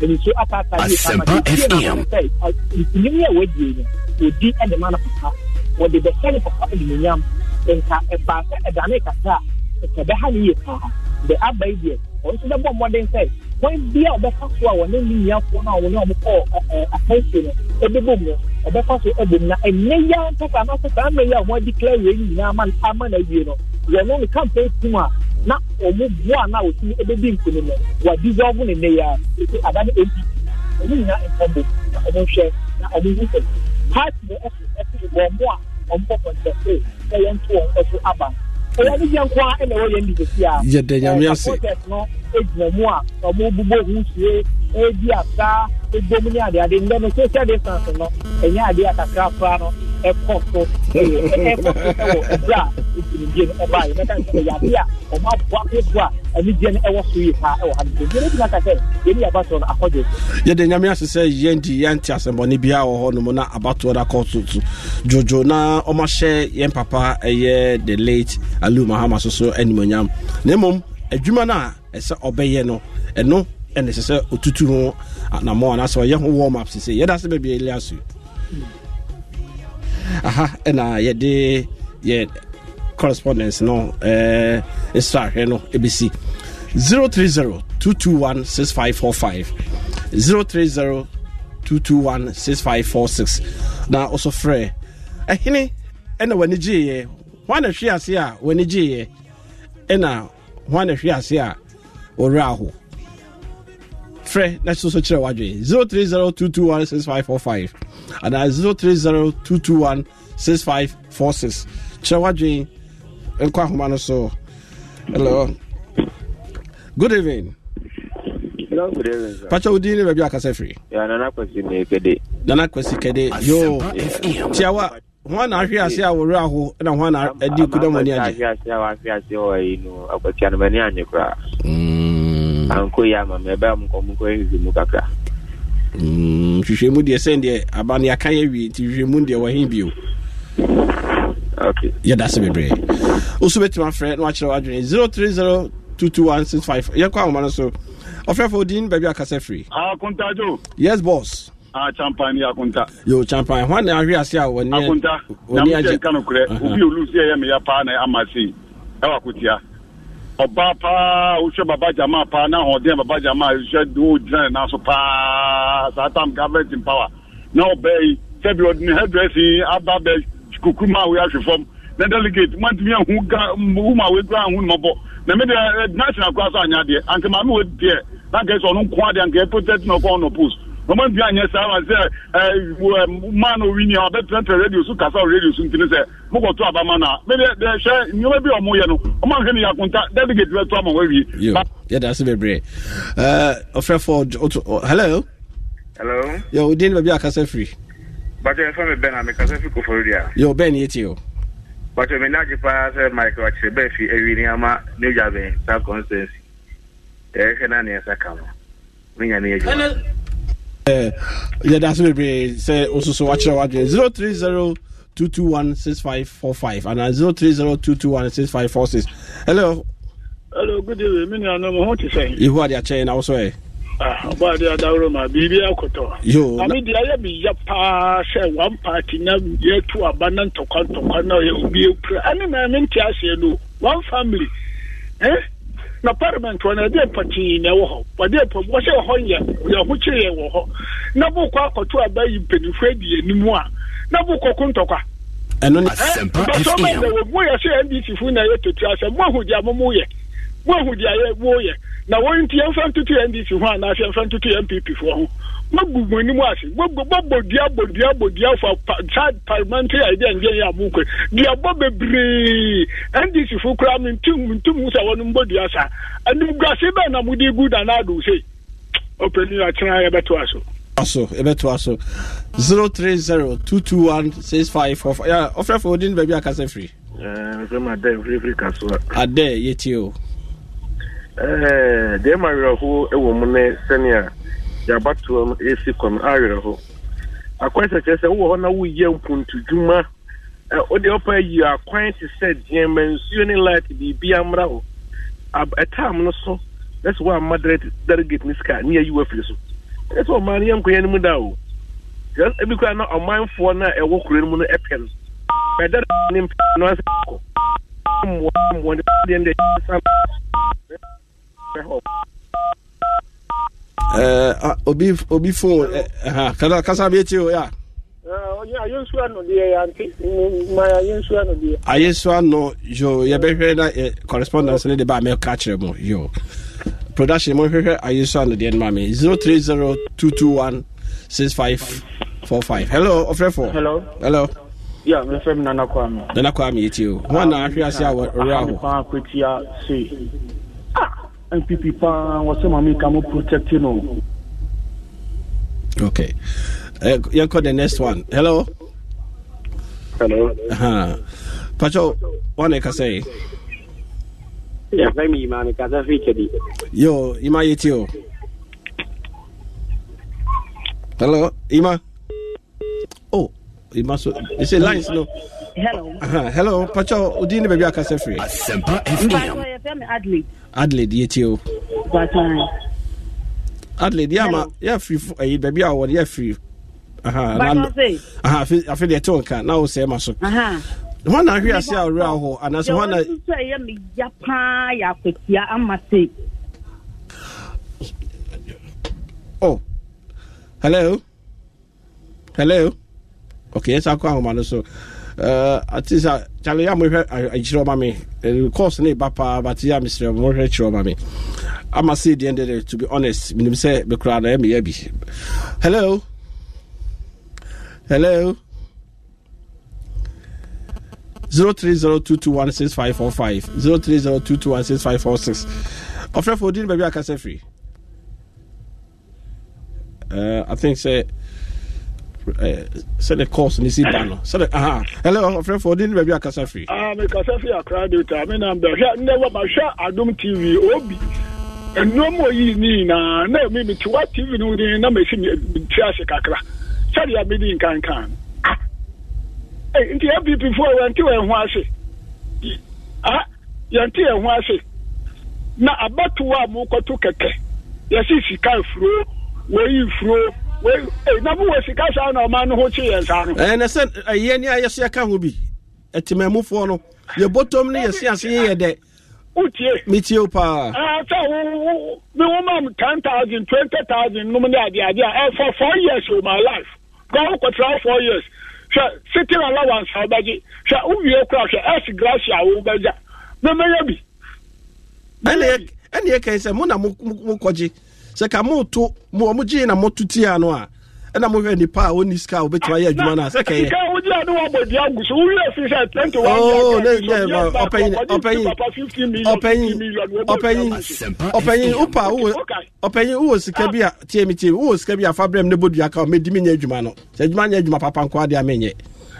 anisuo ataata ne yie paa na ebi yɛ na wɔn sɛ nkunim yɛ wɔadi yɛ no odi de ma no papa wɔde bɛhyɛ ne papa animonyam nka ɛbaa sɛ ɛdane kakra a ɛsɛ bɛha ne yie paa de aba yi deɛ wɔn nso bɛbɔ mmɔden sɛ wɔn bia ɔbɛfa so a wɔne ne nuafoɔ no a wɔne wɔn kɔɔ akansie no ɛbɛbɔ mu ɔbɛfa so ɛbɔ mu na ɛnɛ yia mpɛsɛ anaasɛ saa mmerɛ yi a wɔn adi kila wei nyinaa ama ama na awie no wɔn ne kampa tum a na wɔn boa na wɔsi ɛbɛbi nkunim no wɔadi zɔɔbo ne nne yia ɛti ada ne ɛmpi ɛmu nyinaa bom, na wɔn hwɛ na wɔn hu sɛ paati na ɛfiri ɛfiri wɔn mo a wɔn kɔ kɔntɛnse na yɛn to wɔn ɛso aba ɛyɛ ne yɛn nko a ɛna ɛwɔ yɛn ne besi a yɛdɛ nyame ase ɛɛ no egyina mu a wɔn bubɔ ohun sie ebi asa ebom ne adeade ndɛ no social distance no ɛnyɛ adeɛ akakra koraa no ɛkɔ so ɛkɔ so ɛwɔ ɛbra nkunimdie no ɛbaa yɛ bɛka nsɛm yade a ɔmo aboa ahodoɔ a anigyeɛ no ɛwɔ so yi paa ɛwɔ ha nso yɛn ebi n'aka sɛ yɛn ni abatoɔ no yɛde nyame ase yɛn di yɛn ti asɛmɔni biara wɔ hɔ na abatoɔ no akɔ tutu dzodzo na ɔmo ahyɛ yɛn papa ɛyɛ the late alu mahama soso ɛnumonyam na mmom adwuma no ɛsɛ ɔbɛyɛ no ɛno ɛna ɛsɛ sɛ otutu ho anamɔ anaasɛ ɔyɛ ho warm up sise yɛda se baabi a yɛlɛ aso aha ɛna yɛde yɛ correspondence no ɛɛ ɛsra ahwɛ no ɛbɛsi zero three zero two two one six five four five zero three zero two two one six five four six na ɔsɔ frɛ ɛhene ɛna wɔn ani gye yɛ wɔn ana hwe ase a wɔn ani gye yɛ ɛna wɔn ana ase a wɔwura aho. frɛ na kyerɛ so kyerɛ wadwe 0302216545 anaa 0302216546 kyerɛ wadwe nkɔ ahoma no so hello good evening good evening, sir. Pacha Udini, yeah, baby, akasa free. Yeah, nana kwasi ne kede. Nana kwasi kede. Yo, yeah. tiawa, wọn na ahwe ase a wòre aho na wọn na adi kudamani i Ama ase ase i w'ase ase wɔ yi no, akwatia no mani anyi koraa. Mm. Mm. anko yi ama mɛ ɛbɛn mu nkɔ mu nkɔ ehwehwɛ mu kakra. Mm, hwehwɛ mu deɛ sɛn deɛ aba ne aka yɛ wie nti hwehwɛ mu deɛ wɔhe bio yɛda se bebree wo so bɛtumi afrɛ na wakyerɛ w'adwene 030 22165 yɛnkɔ ahoma no so ɔfrɛfo odin baabi akasɛ firi akontajo yes boss Ah, champan ni akunta. Yo, champagne, Hwan na ahwe ase a wɔne akunta. Na mo kan no kure. Obi olu se ye me ya pa na amasi. Ɛwɔ akutia ɔbaa paa wohwɛ baba gyamaa paa na ahoɔden baba gyamaa wohwɛ wogyina ne nan so paa Satam tam government in power na ɔbaa yi sɛbi ɔde ne headdress yi aba bɛ kuku ma wo ahwe fam na delegate mantumi ahu ga woma woagura ahu nomɔbɔ na mede national kora so anyɛ adeɛ anka maame wɔ deɛ na anka sɛ ɔno nko adeɛ anka ɛprotect na ɔkɔ post ọmọ ntí ànyẹ sá wà sẹ ẹ ẹ man owi ni ọbẹ tẹrẹtẹrẹ rédíò sùn kásá rédíò sùn tìǹ sẹ mo kò tó àbámá náà bẹẹ bẹẹ ṣẹ nneọma bi ọmọ yẹ no ọmọ nhwẹ ni yakunta dẹdigẹti bẹ tó ọmọ wẹ wie. yóò yẹ da ase bebree ọfẹ fọ ọtọ hello. hello. yọ o den bẹbi akasa firi. bàtà ẹ fẹ́ mi bẹ́ẹ̀ na mi kasa fi kò fọ́ rí a. yọ bẹ́ẹ̀ ni etí o. bàtà mi náà jẹ paa sẹ michael akyerẹ bẹẹ fi ewi ní ama new japan sub constancy ẹ ẹ hẹ náà ni ẹ sá kàn mi nyà ni ẹ jù yɛda so bebree sɛ wo soso wakyerɛ wadwene 030 2216545 ana 030226546 hello hello good evening me nua no mo ho te sɛn yehowa de akyɛn na wo so Ah, ɔbaa de adaworo ma biribi akɔtɔ yo na me de ayɛ bi ya paa sɛ one party na yɛtu aba na ntɔkwa ntɔkwa na obi ekura ɛne na me nte aseɛ no one family eh na parliament wɔ na ɛdeɛ pɔtii na ɛwɔ hɔ wɔdeɛ pɔ wɔhyɛ wɔ hɔ nyɛ yɛ ho kyerɛ yɛ wɔ hɔ na bokɔ akɔto abayi mpanyinfo adi anim a na bokɔ ko ntɔkwa. ɛno ne asɛmpa fm ɛɛ bɛtɔ bɛ mo yɛ sɛ ndc fo na yɛ tètè asɛ mo ahu di a mo mo yɛ mo ahu di a yɛ mo yɛ na wɔn ti yɛn fɛn tutu ndc ho anaasɛ yɛn fɛn tutu npp fo ho gbogbo wọn ni mu ase gbogbo gbogbo dia bɔ dua bɔ dua fa pa saa parliamentary idea njɛ yɛ amu nkɔ dua bɔ bebree ndc fo kura mi ntum ntum sa wɔn mbɔ dua sa anugase bɛɛ na mu de gu na n'adu se ɔpɛni akyerɛ yɛ to aso. aso ɛbɛto aso zero three zero two two one six five four five yaa ɔfrɛ fo odi ni baabi akasa firi. ɛɛ nfɛn mu adɛ nfirifiri kasuwa. adɛ yɛ tie o. ɛɛ deɛ ma werɛ ho wɔ mu ne sɛnea yɛabatoɔ no ɛsi kɔ no awerɛ hɔ akwanhyɛ kyerɛ sɛ wowɔ hɔ na woyɛ mpuntudwuma wode wɔpa ayi akwan te sɛ deɛma nsuo ne light biribia mmra hɔ ɛtam no so na sɛ woamma delegate ne sika ne ayi wafiri so ɛɛ sɛ ɔmaa no yɛnkɔyɛ no mu da o ebi koraa na ɔmanfoɔ no a ɛwɔ kuro no mu no ɛpɛ no bɛda ne mpɛ no asɛ kɔ mmoa mmoa deɛ deɛ ɛsan hɔ obi obi phone kana kasa bi ekyir o ya. ayesuwa no deɛ yanti ma ayesuwa no deɛ. ayesuwa no yo de ba mi ka kyerɛ mu yo production mo hwehwɛ ayesuwa no deɛ no ma mi zero three zero two two one six five four five hello ɔfrɛfo. hello. hello. Yeah, my friend Nana Kwame. Nana Kwame, it's you. One, I hear I say, I will. Nana Kwame, it's you. NPP paa wɔsɛ ma meka mo protect no okay uh, eh, yɛnkɔ the next one hello hello pacho huh patwɛ wane ka sɛ yɛfrɛ me yima mekasa fii kyɛdi yo yima yɛti o hello yima oh yima so ɛsɛ lines no hello pacho huh hello patwɛ wodin ne baabi akasɛ firi asɛmpa adelaide yɛtie o adelaide yɛama yɛafiri ayi baabi a wɔde yɛafiri afe deɛ ɛte wo nka na wo sɛɛ ma so hɔ na ahwe ase a ɔwerɛ hɔ anaasɛ hɔ na ɛyɛ meya paa yɛ akwatia ama se oh hello hello okay yɛsa kɔ ahoma no so ati sa kyale ya mohwɛ akyerɛ ɔma me course ne, ɛba paa but ya mesrɛ mohwɛ kyerɛ ɔma me ama sɛ deɛ ndɛ to be honest menim sɛ mekora na ɛmeyɛ bi hello hello 0302216545 0302216546 ɔfrɛfo odi ne baabi akasɛ firi uh, i think sɛ Eh, sɛde course ne si da no sɛde aha ɛlɛ ɔfrɛ fo ɔde ne baabi akasa firi mekasa firi akra data me nam bɛhwɛ nnɛ wabahwɛ adom tv obi nnuom ɔyii ne nyinaa na mi mete wa tv no ne na masi mete ase kakra sɛdeɛ medi nkankan no ah. nti eh, fpp foɔ yɛnte yɛn ho ase yɛnte yɛn ho ase na abatoɔ a mokɔto kɛkɛ yɛse sika afuro wɔyi furo na mo na ɔman no ho kye yɛn saa no ɛnɛ sɛ ɛyɛ ne a yɛso yɛka ho bi atimamufoɔ no yɛbɔtɔm no yɛse ase yɛyɛ dɛ wotie metie wo paa sɛ me woma m ten thousand twenty thousand nom ne adeade a for four years of my life ga wokɔtra four years hwɛ sitting allowance a wobɛgye hwɛ wowie kora hwɛ s gracia a wobɛgya memɛyɛ bi ɛne yɛkae sɛ mo na mokɔgye sɛ ka moto ɔmo gyee na moto tia no a ɛna mohwɛ nipa a ɔni sika a wobɛtumi ayɛ adwuma no a sɛ kɛyɛ ɔpanyin wopa ɔpanyin wowɔ sika bi a tie me tie wowɔ sika bi a fa berɛ m ne bɔdua ka mɛdi menyɛ adwuma no sɛ adwuma nyɛ adwuma papa nkoa deɛ menyɛ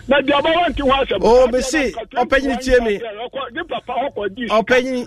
na deɛ ɔbɛwɔ nte ho asɛm o mese ɔpanyin tie me ɔpanyin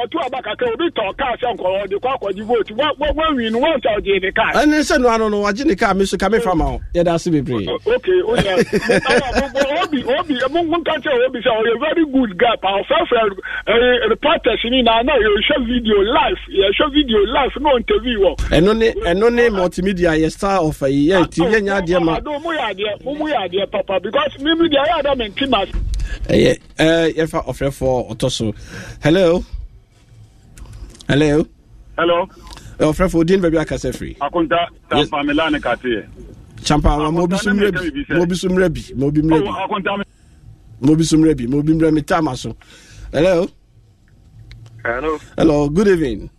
akɔto aba kakra obi tɔ kaa sɛ nkɔwɔ de kɔ akɔgye vote wɔwi no wɔn sɛ ɔgye ne kaa. ɛne sɛ noa no no wagye ne kaa me so ka mefa ma wo yɛda ase bebree. ok onya obi obi monka kyerɛ obi sɛ ɔyɛ very good guy pa ɔfrɛfrɛ reporters ni na na yɛhwɛ video live yɛhwɛ video live na ɔntavi wɔ. ɛno ne ɛno ne multimedia yɛ star of yi yɛ ti yɛ nya adeɛ ma. mo yɛ adeɛ mo yɛ adeɛ papa because mi mi deɛ yɛ ada mi nti ma. ɛyɛ ɛɛ yɛfa ɔfrɛfoɔ ɔtɔ so hello hello. hello. ɔfrɛfo odin baabi akasa firi. akunta tampa milan kateɛ. champa wa mo bi so mmerɛ bi mo bi so mmerɛ bi mo bi mmerɛ bi oh, mo bi so mmerɛ bi mo bi mmerɛ mi taama so hello. hello. hello good evening.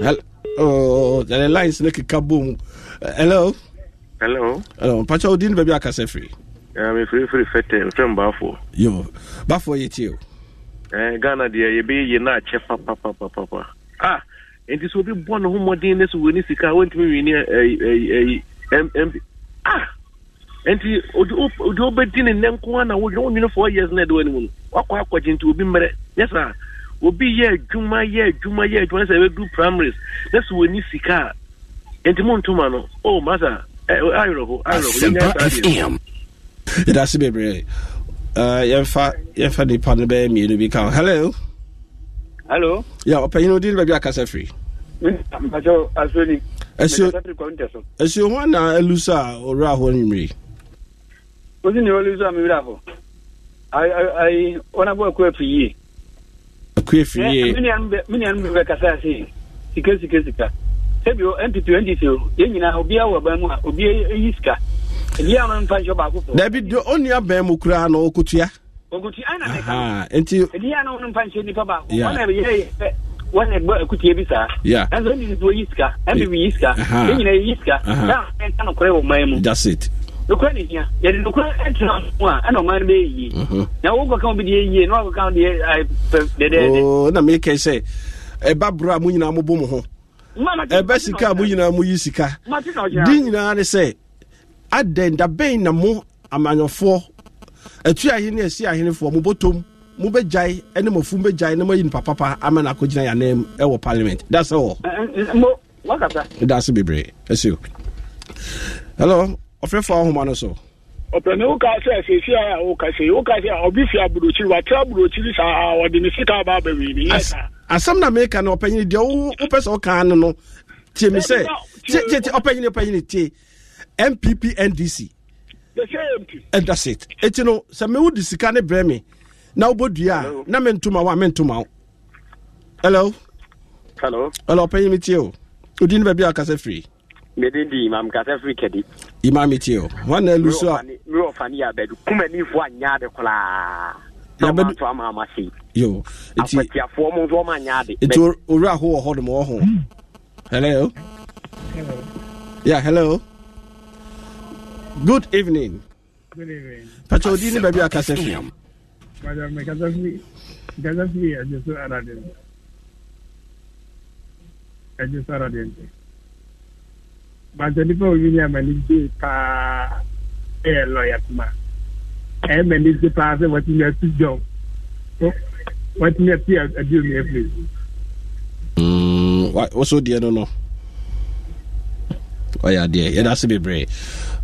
hello. Oh, the lines ne keka bom. Hello. Hello. Hello. Pacha odin baabi akasa firi. ɛmefirifiri fɛtɛ mfrɛ m baafo yo baafo yɛ tie o Eh, ghana deɛ yɛbɛyɛ no akyɛ papapapapa ah nti sɛ obi bɔ ne ho mmɔden ne so wɔ ne sika wontumi wini ayi mp ah nti ode wobɛdi ne nnɛ nko a na wodwene wonwene four years na ɛde wɔ anim no wakɔ akɔgye nti obi mmerɛ nyɛ saa obi yɛ adwuma yɛ adwuma yɛ adwuma sɛ ɛbɛdu primaries na so wɔ sika a nti montoma no o oh, masa eh, ayerɛho ayerɛho yɛnyɛ saa deɛ ɛda se bebree Eh, yɛmfa yɛmfa nipa no bɛyɛ mmienu bi ka hello hello ya ɔpanyin odi baabi akasa firi asuo ho ana alu so a ɔwura hɔ nwummere wosi ne ɔlu so a mewerɛ hɔ ɔnabɔ akɔ afiri yie akɔ afiri eh, yie menuanom bɛ bɛkasa ase sika sika sika sɛbio npp ndc o yɛn obiaa wɔ ban mu a obiaa e, e yi sika dabi ɔni abɛn mu koraa na ɔkutua nti wọn na gbọ ẹkutu ebi saa. ya ẹnso ẹni tuntun oyi sika ẹni bi yi sika ẹni nyina yi sika náà ẹn kan nukuri wọ mmaa mu. that's it. nukuri ni hia yẹdi nukuri ẹtena mu a ẹna ọman bẹ yie. na wọn kọ kan bi di yie na wọn kọ kan di ẹ dẹdẹẹdẹ. ooo na mi kẹ sẹ ẹ bá buru a mu nyinaa mu bọ mu ho ẹ sika a mu nyinaa mu yi sika di nyinaa ni sẹ. adɛn dabɛn na mo amanyɔfoɔ atu ahene ɛsi ahenefoɔ mobɔtom mobɛgyae ne mafum bɛgyae na mayi nipa papa ama no akɔgyina yɛanam ɛwɔ parliament da bebree hello ɔfrɛfoɔ ahoma no so ɔpɛni woka sɛ sɛsi a o. ɔbi fi aburokyiri aburokyiri ɔde ne sika na meka no deɛ sɛ no no tie sɛ npp ndc and that's it eti no sɛ mewu di sika ne brɛ me na wobɔ dua a na mentoma wo a mentoma wo hello hello hello ɔpɛyi me tie o odi ne baabi a kasɛ firi mede di imam kasɛ firi kɛdi imam me tie o wana alu so a merɛ ɔfane yɛ abɛdu kumanifoɔ anyɛ ade koraa yabɛdu ama ama se yo eti akwatiafoɔ mo nso ɔma anyɛ ade eti owura wɔ hɔ nom wɔ ho hello yeah hello good evening good evening pàtó odi ní bẹẹbi akasẹ fi. pàtó mi kasa fi kasa fi ẹjẹ sọ ara de ẹjẹ sọ ara de pàtó nípa òbí ni àmàlí gbé paa ẹ yẹ lọ́ọ̀yà kuma ẹ mẹ́ni gbé paa sẹ wọ́n ti ní ẹtú jọ wọ́n ti ní ẹtú ẹdí omi ẹfẹ. wọ́n so deɛ no no ɔyɛ adeɛ yɛda ase bebree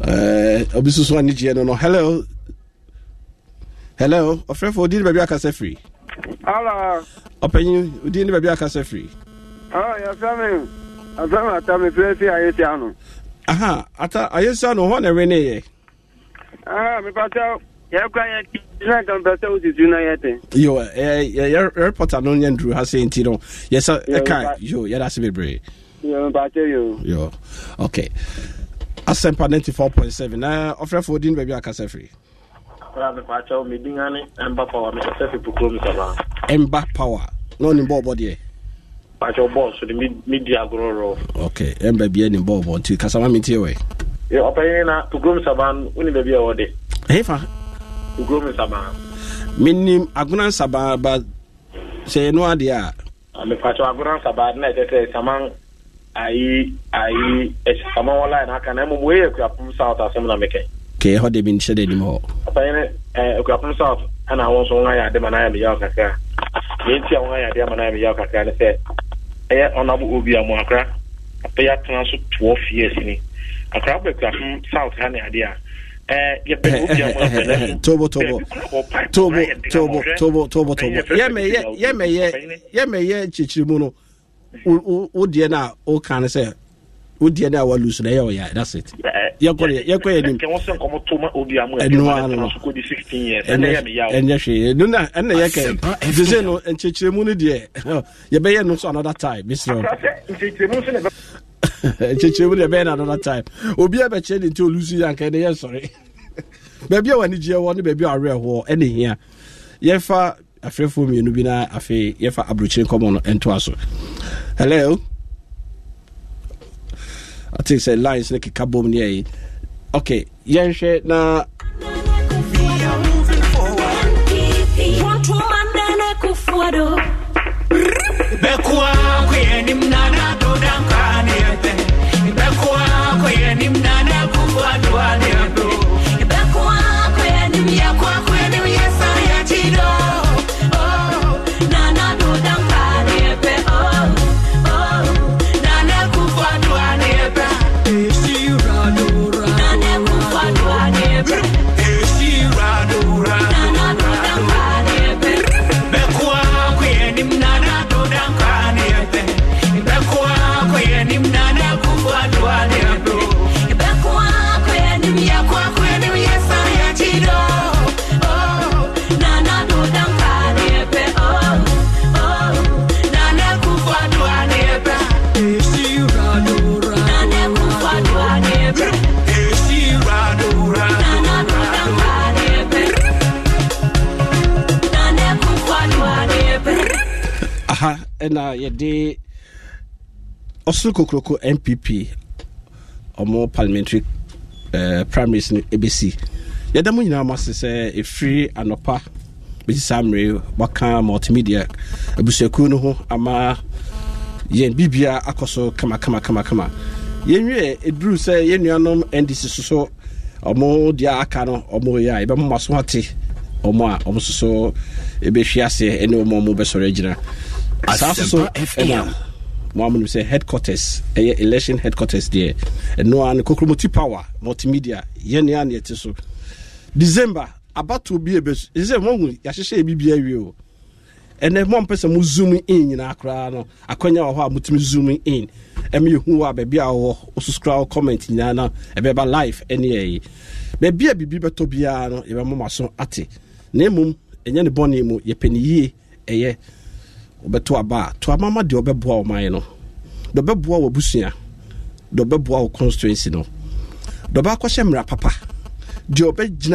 Eh, obi soso ani gyeɛ no no hello hello ɔfrɛfo odi ne baabi akasa firi ɔpanyin odi ne baabi akasa firi oh, aha ata ayɛsia no hɔ na ɛwe ne yɛ mepatɛ yɛkora yɛkyerɛ kampɛsɛ wosisiw na yɛte yo yɛrepɔta eh, eh, no nyɛ nduru ha sɛ nti no yɛsɛ ɛka yo yɛda ase bebree yo mepatɛ yo yo okay asɛmpa 94.7 na ɔfrɛfoɔ din baabi akasa firi mba power na ɔne bɔɔbɔ deɛ pakyɛw bɔɔl so de medi agorɔrɔ ok ɛmba bia ne bɔɔbɔ nti kasama metie wɛ ɔpɛyɛ na pogrom saban wone baabi a ɛwɔ de ɛhefa pogrom saban menim agona nsaban ba sɛ ɛno adeɛ a ah, mepakyɛw agona nsaban na ɛkyɛ sɛ saman ayi ayi ɛsama wɔla yɛ n'aka na mmom wɔyɛ akuapom south asɛm na mekɛ kɛɛ hɔ de bi nhyɛ de A hɔ ne akuapom south ɛna wɔn nso wɔn ayɛ ade ma n'ayɛ meyaw kakra yɛn ti a wɔn ayɛ ade ma n'ayɛ ka kakra ne ɛyɛ obi a mo akora apɛyɛ so years ni akora abɔ akuapom south ha ne a tobo tobo tobo tobo tobo tobo tobo yɛmɛyɛ yɛmɛyɛ yɛmɛyɛ kyekyere mu no wo deɛ no a woka no sɛ wo deɛ no a walus no ɛyɛ ɔyɛ that's it yɛkɔ yɛ nimɛnyɛ hwee no na ɛnna yɛka nti sɛ no nkyerɛkyerɛmu no deɛ yɛbɛyɛ no nso another time mesrɛ nkyerɛkyerɛmu no yɛbɛyɛ no another time obiaa bɛkyerɛ ne nti olusu yɛ anka ɛnɛ yɛnsɔre baabi a w'anigyeɛ wɔ ne baabi a awerɛhoɔ ɛne hia yɛfa afrɛfoɔ mmienu bi na afei yɛfa aburokyire nkɔmmɔ no ɛntoa so hello i think sɛ lines ne keka bom ne ɛyi okay yɛnhwɛ na bɛkoa kɔyɛ nim nana dodankwa ne ɛna yɛde ɔsoro kokoroko npp ɔmo parliamentary uh, primaries no ɛbɛsi yɛda mu nyinaa mo ase sɛ ɛfiri anɔpa bɛsi saa mmere waka multimedia abusuakuo no ho ama yɛn biribia akɔ so kamakamakamakama yɛnwie ɛduru sɛ yɛn ndc so so ɔmo deɛ aka no ɔmo yɛ a yɛbɛmoma so ate ɔmo a ɔmo soso so ɛbɛhwi ase ɛne ɔmo ɔmo bɛsɔre agyina saa soso ɛna mo amonim sɛ headquarters ɛyɛ election headquarters deɛ ɛno a no kokromoti power multimedia yɛne a ne yɛte so december abatoɔ bi ɛbɛs ɛsɛ sɛ mohu yɛahyehyɛ bibia awie o ɛnɛ m sɛ mo zoom in nyinaa koraa no akwanya wɔ hɔ a motumi zoom in ɛma yɛhu wɔ a baabi a wɔwɔ wososkora wɔ comment nyinaa no ɛbɛba live ɛne baabi a biribi bɛtɔ biara no yɛbɛmoma so ate na mmom ɛnyɛ ne bɔne mu yɛpɛ ne yie ɛyɛ wobɛto aba a to ama ma deɛ wɔbɛboa ɔman no deɛ ɔbɛboa wɔ abusua deɛ ɔbɛboa wɔ constituency no deɛ ɔbɛakɔhyɛ mmara papa deɛ ɔbɛgyina